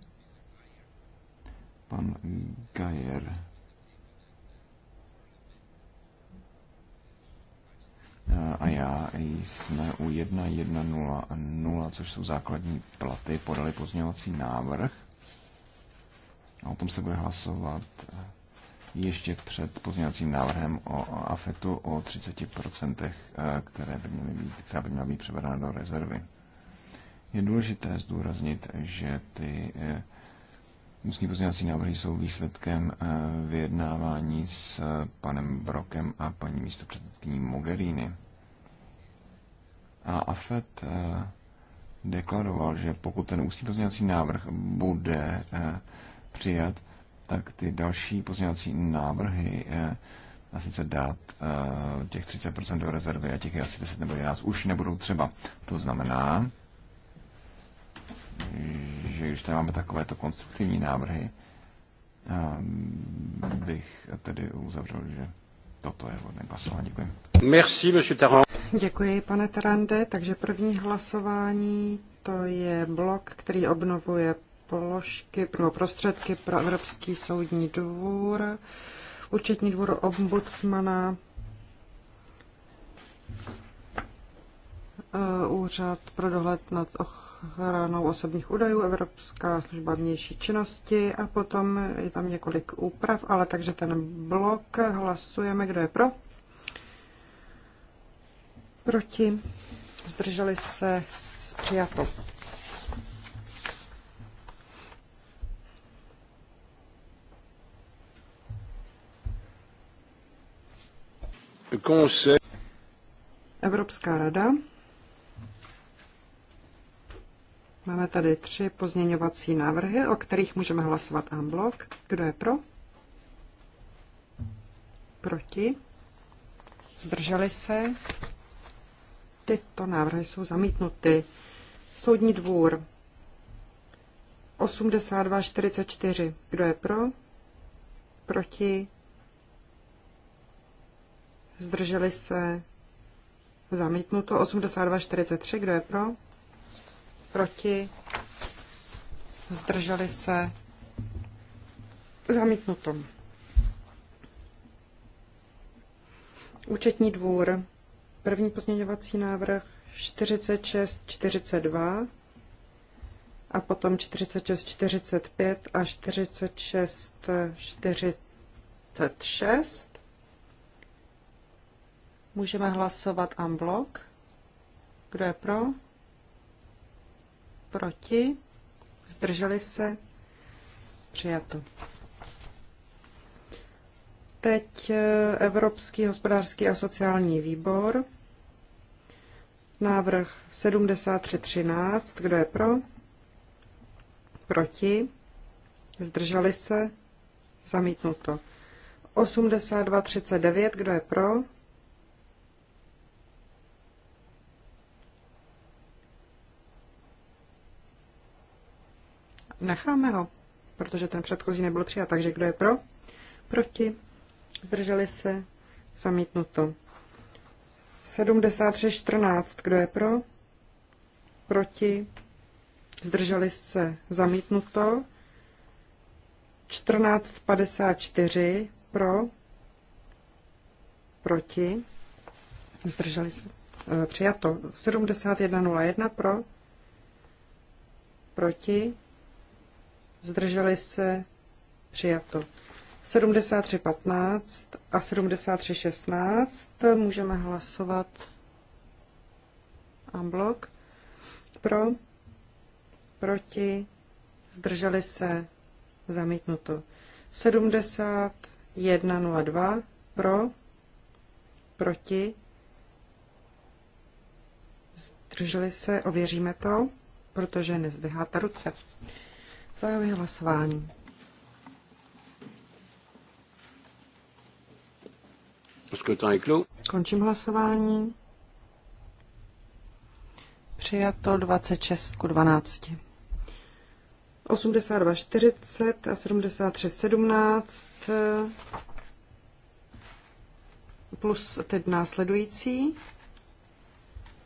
pan Gajer a já jsme u 1.1.0.0, což jsou základní platy, podali pozměňovací návrh. A o tom se bude hlasovat ještě před pozměňovacím návrhem o AFETu o 30%, eh, které by měly být, která by měla být převedena do rezervy. Je důležité zdůraznit, že ty eh, ústní pozměňovací návrhy jsou výsledkem eh, vyjednávání s panem Brokem a paní místopředsedkyní Mogherini. A AFET eh, deklaroval, že pokud ten ústní pozměňovací návrh bude eh, přijat, tak ty další pozměňovací návrhy eh, a sice dát těch 30% do rezervy a těch asi 10 nebo 11 už nebudou třeba. To znamená, že když tady máme takovéto konstruktivní návrhy, bych tedy uzavřel, že toto je vhodné hlasování. Děkuji. Merci, Děkuji, pane Tarande. Takže první hlasování to je blok, který obnovuje položky pro prostředky pro Evropský soudní dvůr, účetní dvůr ombudsmana, eh, úřad pro dohled nad ochranou ochranou osobních údajů, Evropská služba vnější činnosti a potom je tam několik úprav, ale takže ten blok hlasujeme, kdo je pro. Proti. Zdrželi se přijato. Evropská rada. Máme tady tři pozměňovací návrhy, o kterých můžeme hlasovat en bloc. Kdo je pro? Proti? Zdrželi se? Tyto návrhy jsou zamítnuty. Soudní dvůr 8244. Kdo je pro? Proti? Zdrželi se? Zamítnuto 8243. Kdo je pro? proti, zdrželi se, zamítnuto. Účetní dvůr, první pozměňovací návrh 46, 42 a potom 46, 45 a 46, 46. Můžeme hlasovat en bloc. Kdo je pro? proti, zdrželi se, přijato. Teď eh, Evropský hospodářský a sociální výbor. Návrh 7313. Kdo je pro? Proti? Zdrželi se? Zamítnuto. 8239. Kdo je pro? Necháme ho, protože ten předchozí nebyl přijat. Takže kdo je pro? Proti? Zdrželi se? Zamítnuto. 73.14. Kdo je pro? Proti? Zdrželi se? Zamítnuto. 14.54. Pro? Proti? Zdrželi se? Eh, přijato. 71.01. Pro? Proti? zdrželi se, přijato. 73.15 a 73.16 můžeme hlasovat unblock. Pro, proti, zdrželi se, zamítnuto. 71.02 pro, proti, zdrželi se, ověříme to, protože ta ruce. Zahajuji hlasování. Končím hlasování. Přijato 26 ku 12. 82 40 a 73 17 eh, plus teď následující.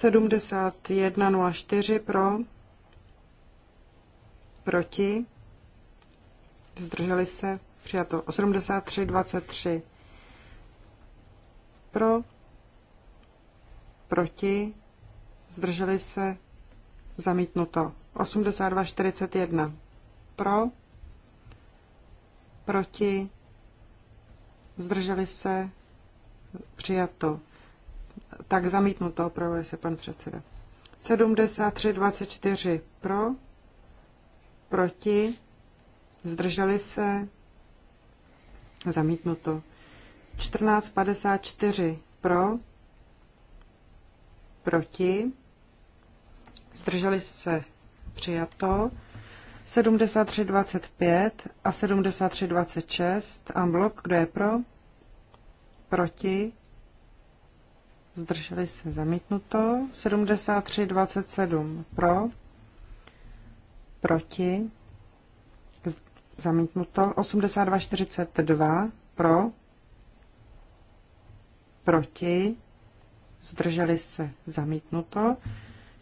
7104 pro, proti, zdrželi se, přijato 8323 pro, proti, zdrželi se, zamítnuto 8241 pro, proti, zdrželi se, přijato tak zamítnuto, opravuje se pan předseda. 73-24 pro, proti, zdrželi se, zamítnuto. 1454 pro, proti, zdrželi se, přijato. 73.25 a 73.26 a blok, kdo je pro, proti, zdrželi se zamítnuto, 73,27 pro, proti, zamítnuto, 82,42 pro, proti, zdrželi se zamítnuto,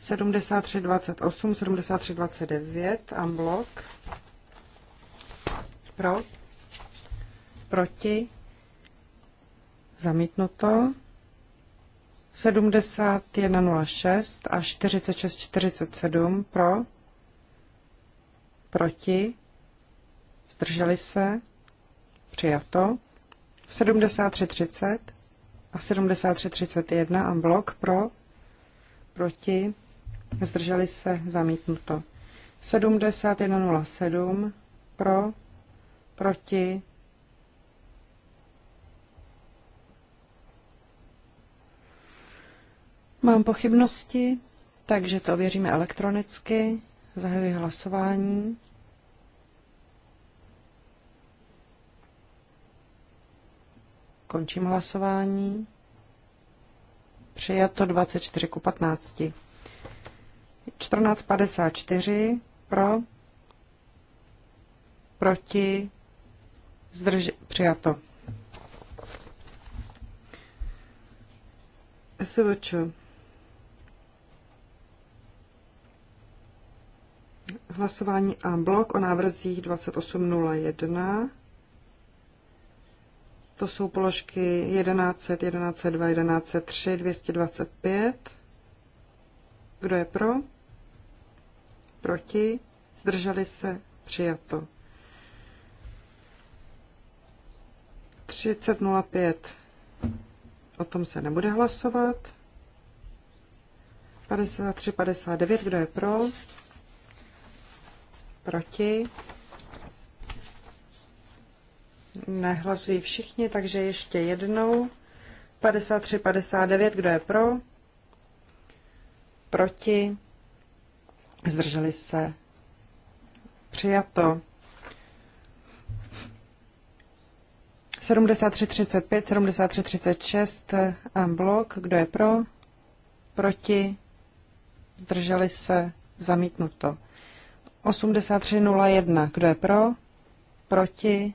73,28, 73,29 amblok pro, proti, zamítnuto, 7106 a 4647 pro, proti, zdrželi se, přijato. 7330 a 7331 a blok pro, proti, zdrželi se, zamítnuto. 7107 pro, proti, Mám pochybnosti, takže to ověříme elektronicky. Zahajuji hlasování. Končím hlasování. Přijato 24 ku 15. 1454 pro, proti, zdrž, přijato. SVČ hlasování a blok o návrzích 2801. To jsou položky 11, 1102, 1103, 225. Kdo je pro? Proti? Zdrželi se? Přijato. 3005. O tom se nebude hlasovat. 5359, kdo je pro? proti. Nehlasují všichni, takže ještě jednou. 53, 59, kdo je pro? Proti? Zdrželi se? Přijato. 7335, 7336 blok. Kdo je pro? Proti? Zdrželi se? Zamítnuto. 8301. Kdo je pro? Proti?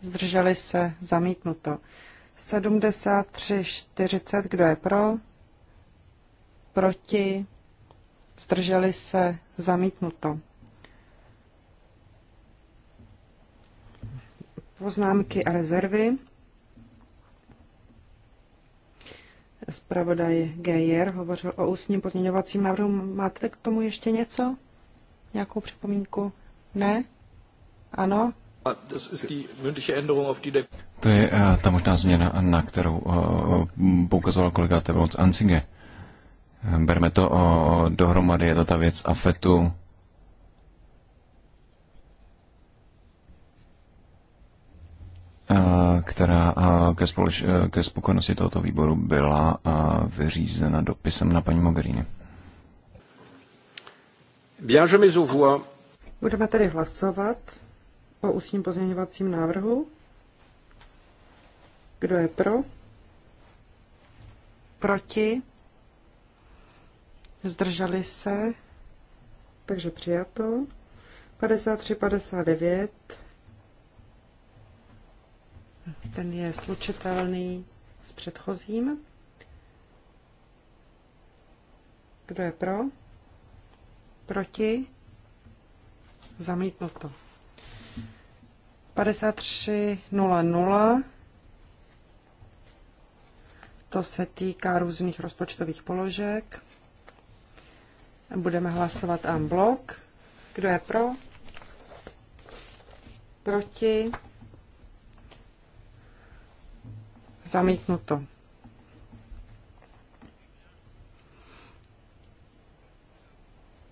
Zdrželi se? Zamítnuto. 7340. Kdo je pro? Proti? Zdrželi se? Zamítnuto. Poznámky a rezervy. Zpravodaj Gejer hovořil o ústním pozměňovacím návrhu. Máte k tomu ještě něco? nějakou připomínku? Ne? Ano? To je eh, ta možná změna, eh, na kterou eh, poukazoval kolega Tevelc Ancinge. Berme to dohromady, je to ta věc AFETu. která ke, společ- ke spokojenosti tohoto výboru byla vyřízena dopisem na paní Mogherini. Bien, je mets aux Budeme tedy hlasovat o ústním pozměňovacím návrhu. Kdo je pro? Proti? Zdrželi se? Takže přijato. 53, 59. Ten je slučitelný s předchozím. Kdo je pro? Proti? Zamítnuto. 53.00. To se týká různých rozpočtových položek. Budeme hlasovat en blok. Kdo je pro? Proti? Zamítnuto.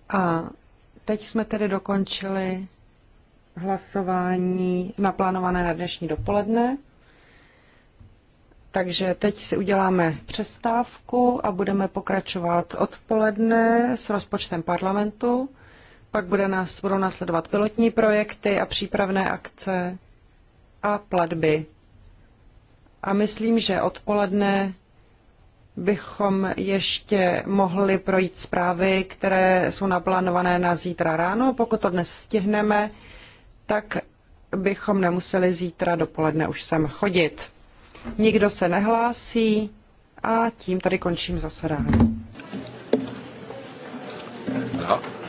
A teď jsme tedy dokončili hlasování naplánované na dnešní dopoledne. Takže teď si uděláme přestávku a budeme pokračovat odpoledne s rozpočtem parlamentu. Pak bude nás, budou následovat pilotní projekty a přípravné akce a platby. A myslím, že odpoledne bychom ještě mohli projít zprávy, které jsou naplánované na zítra ráno. Pokud to dnes stihneme, tak bychom nemuseli zítra dopoledne už sem chodit. Nikdo se nehlásí a tím tady končím zasedání. Aha.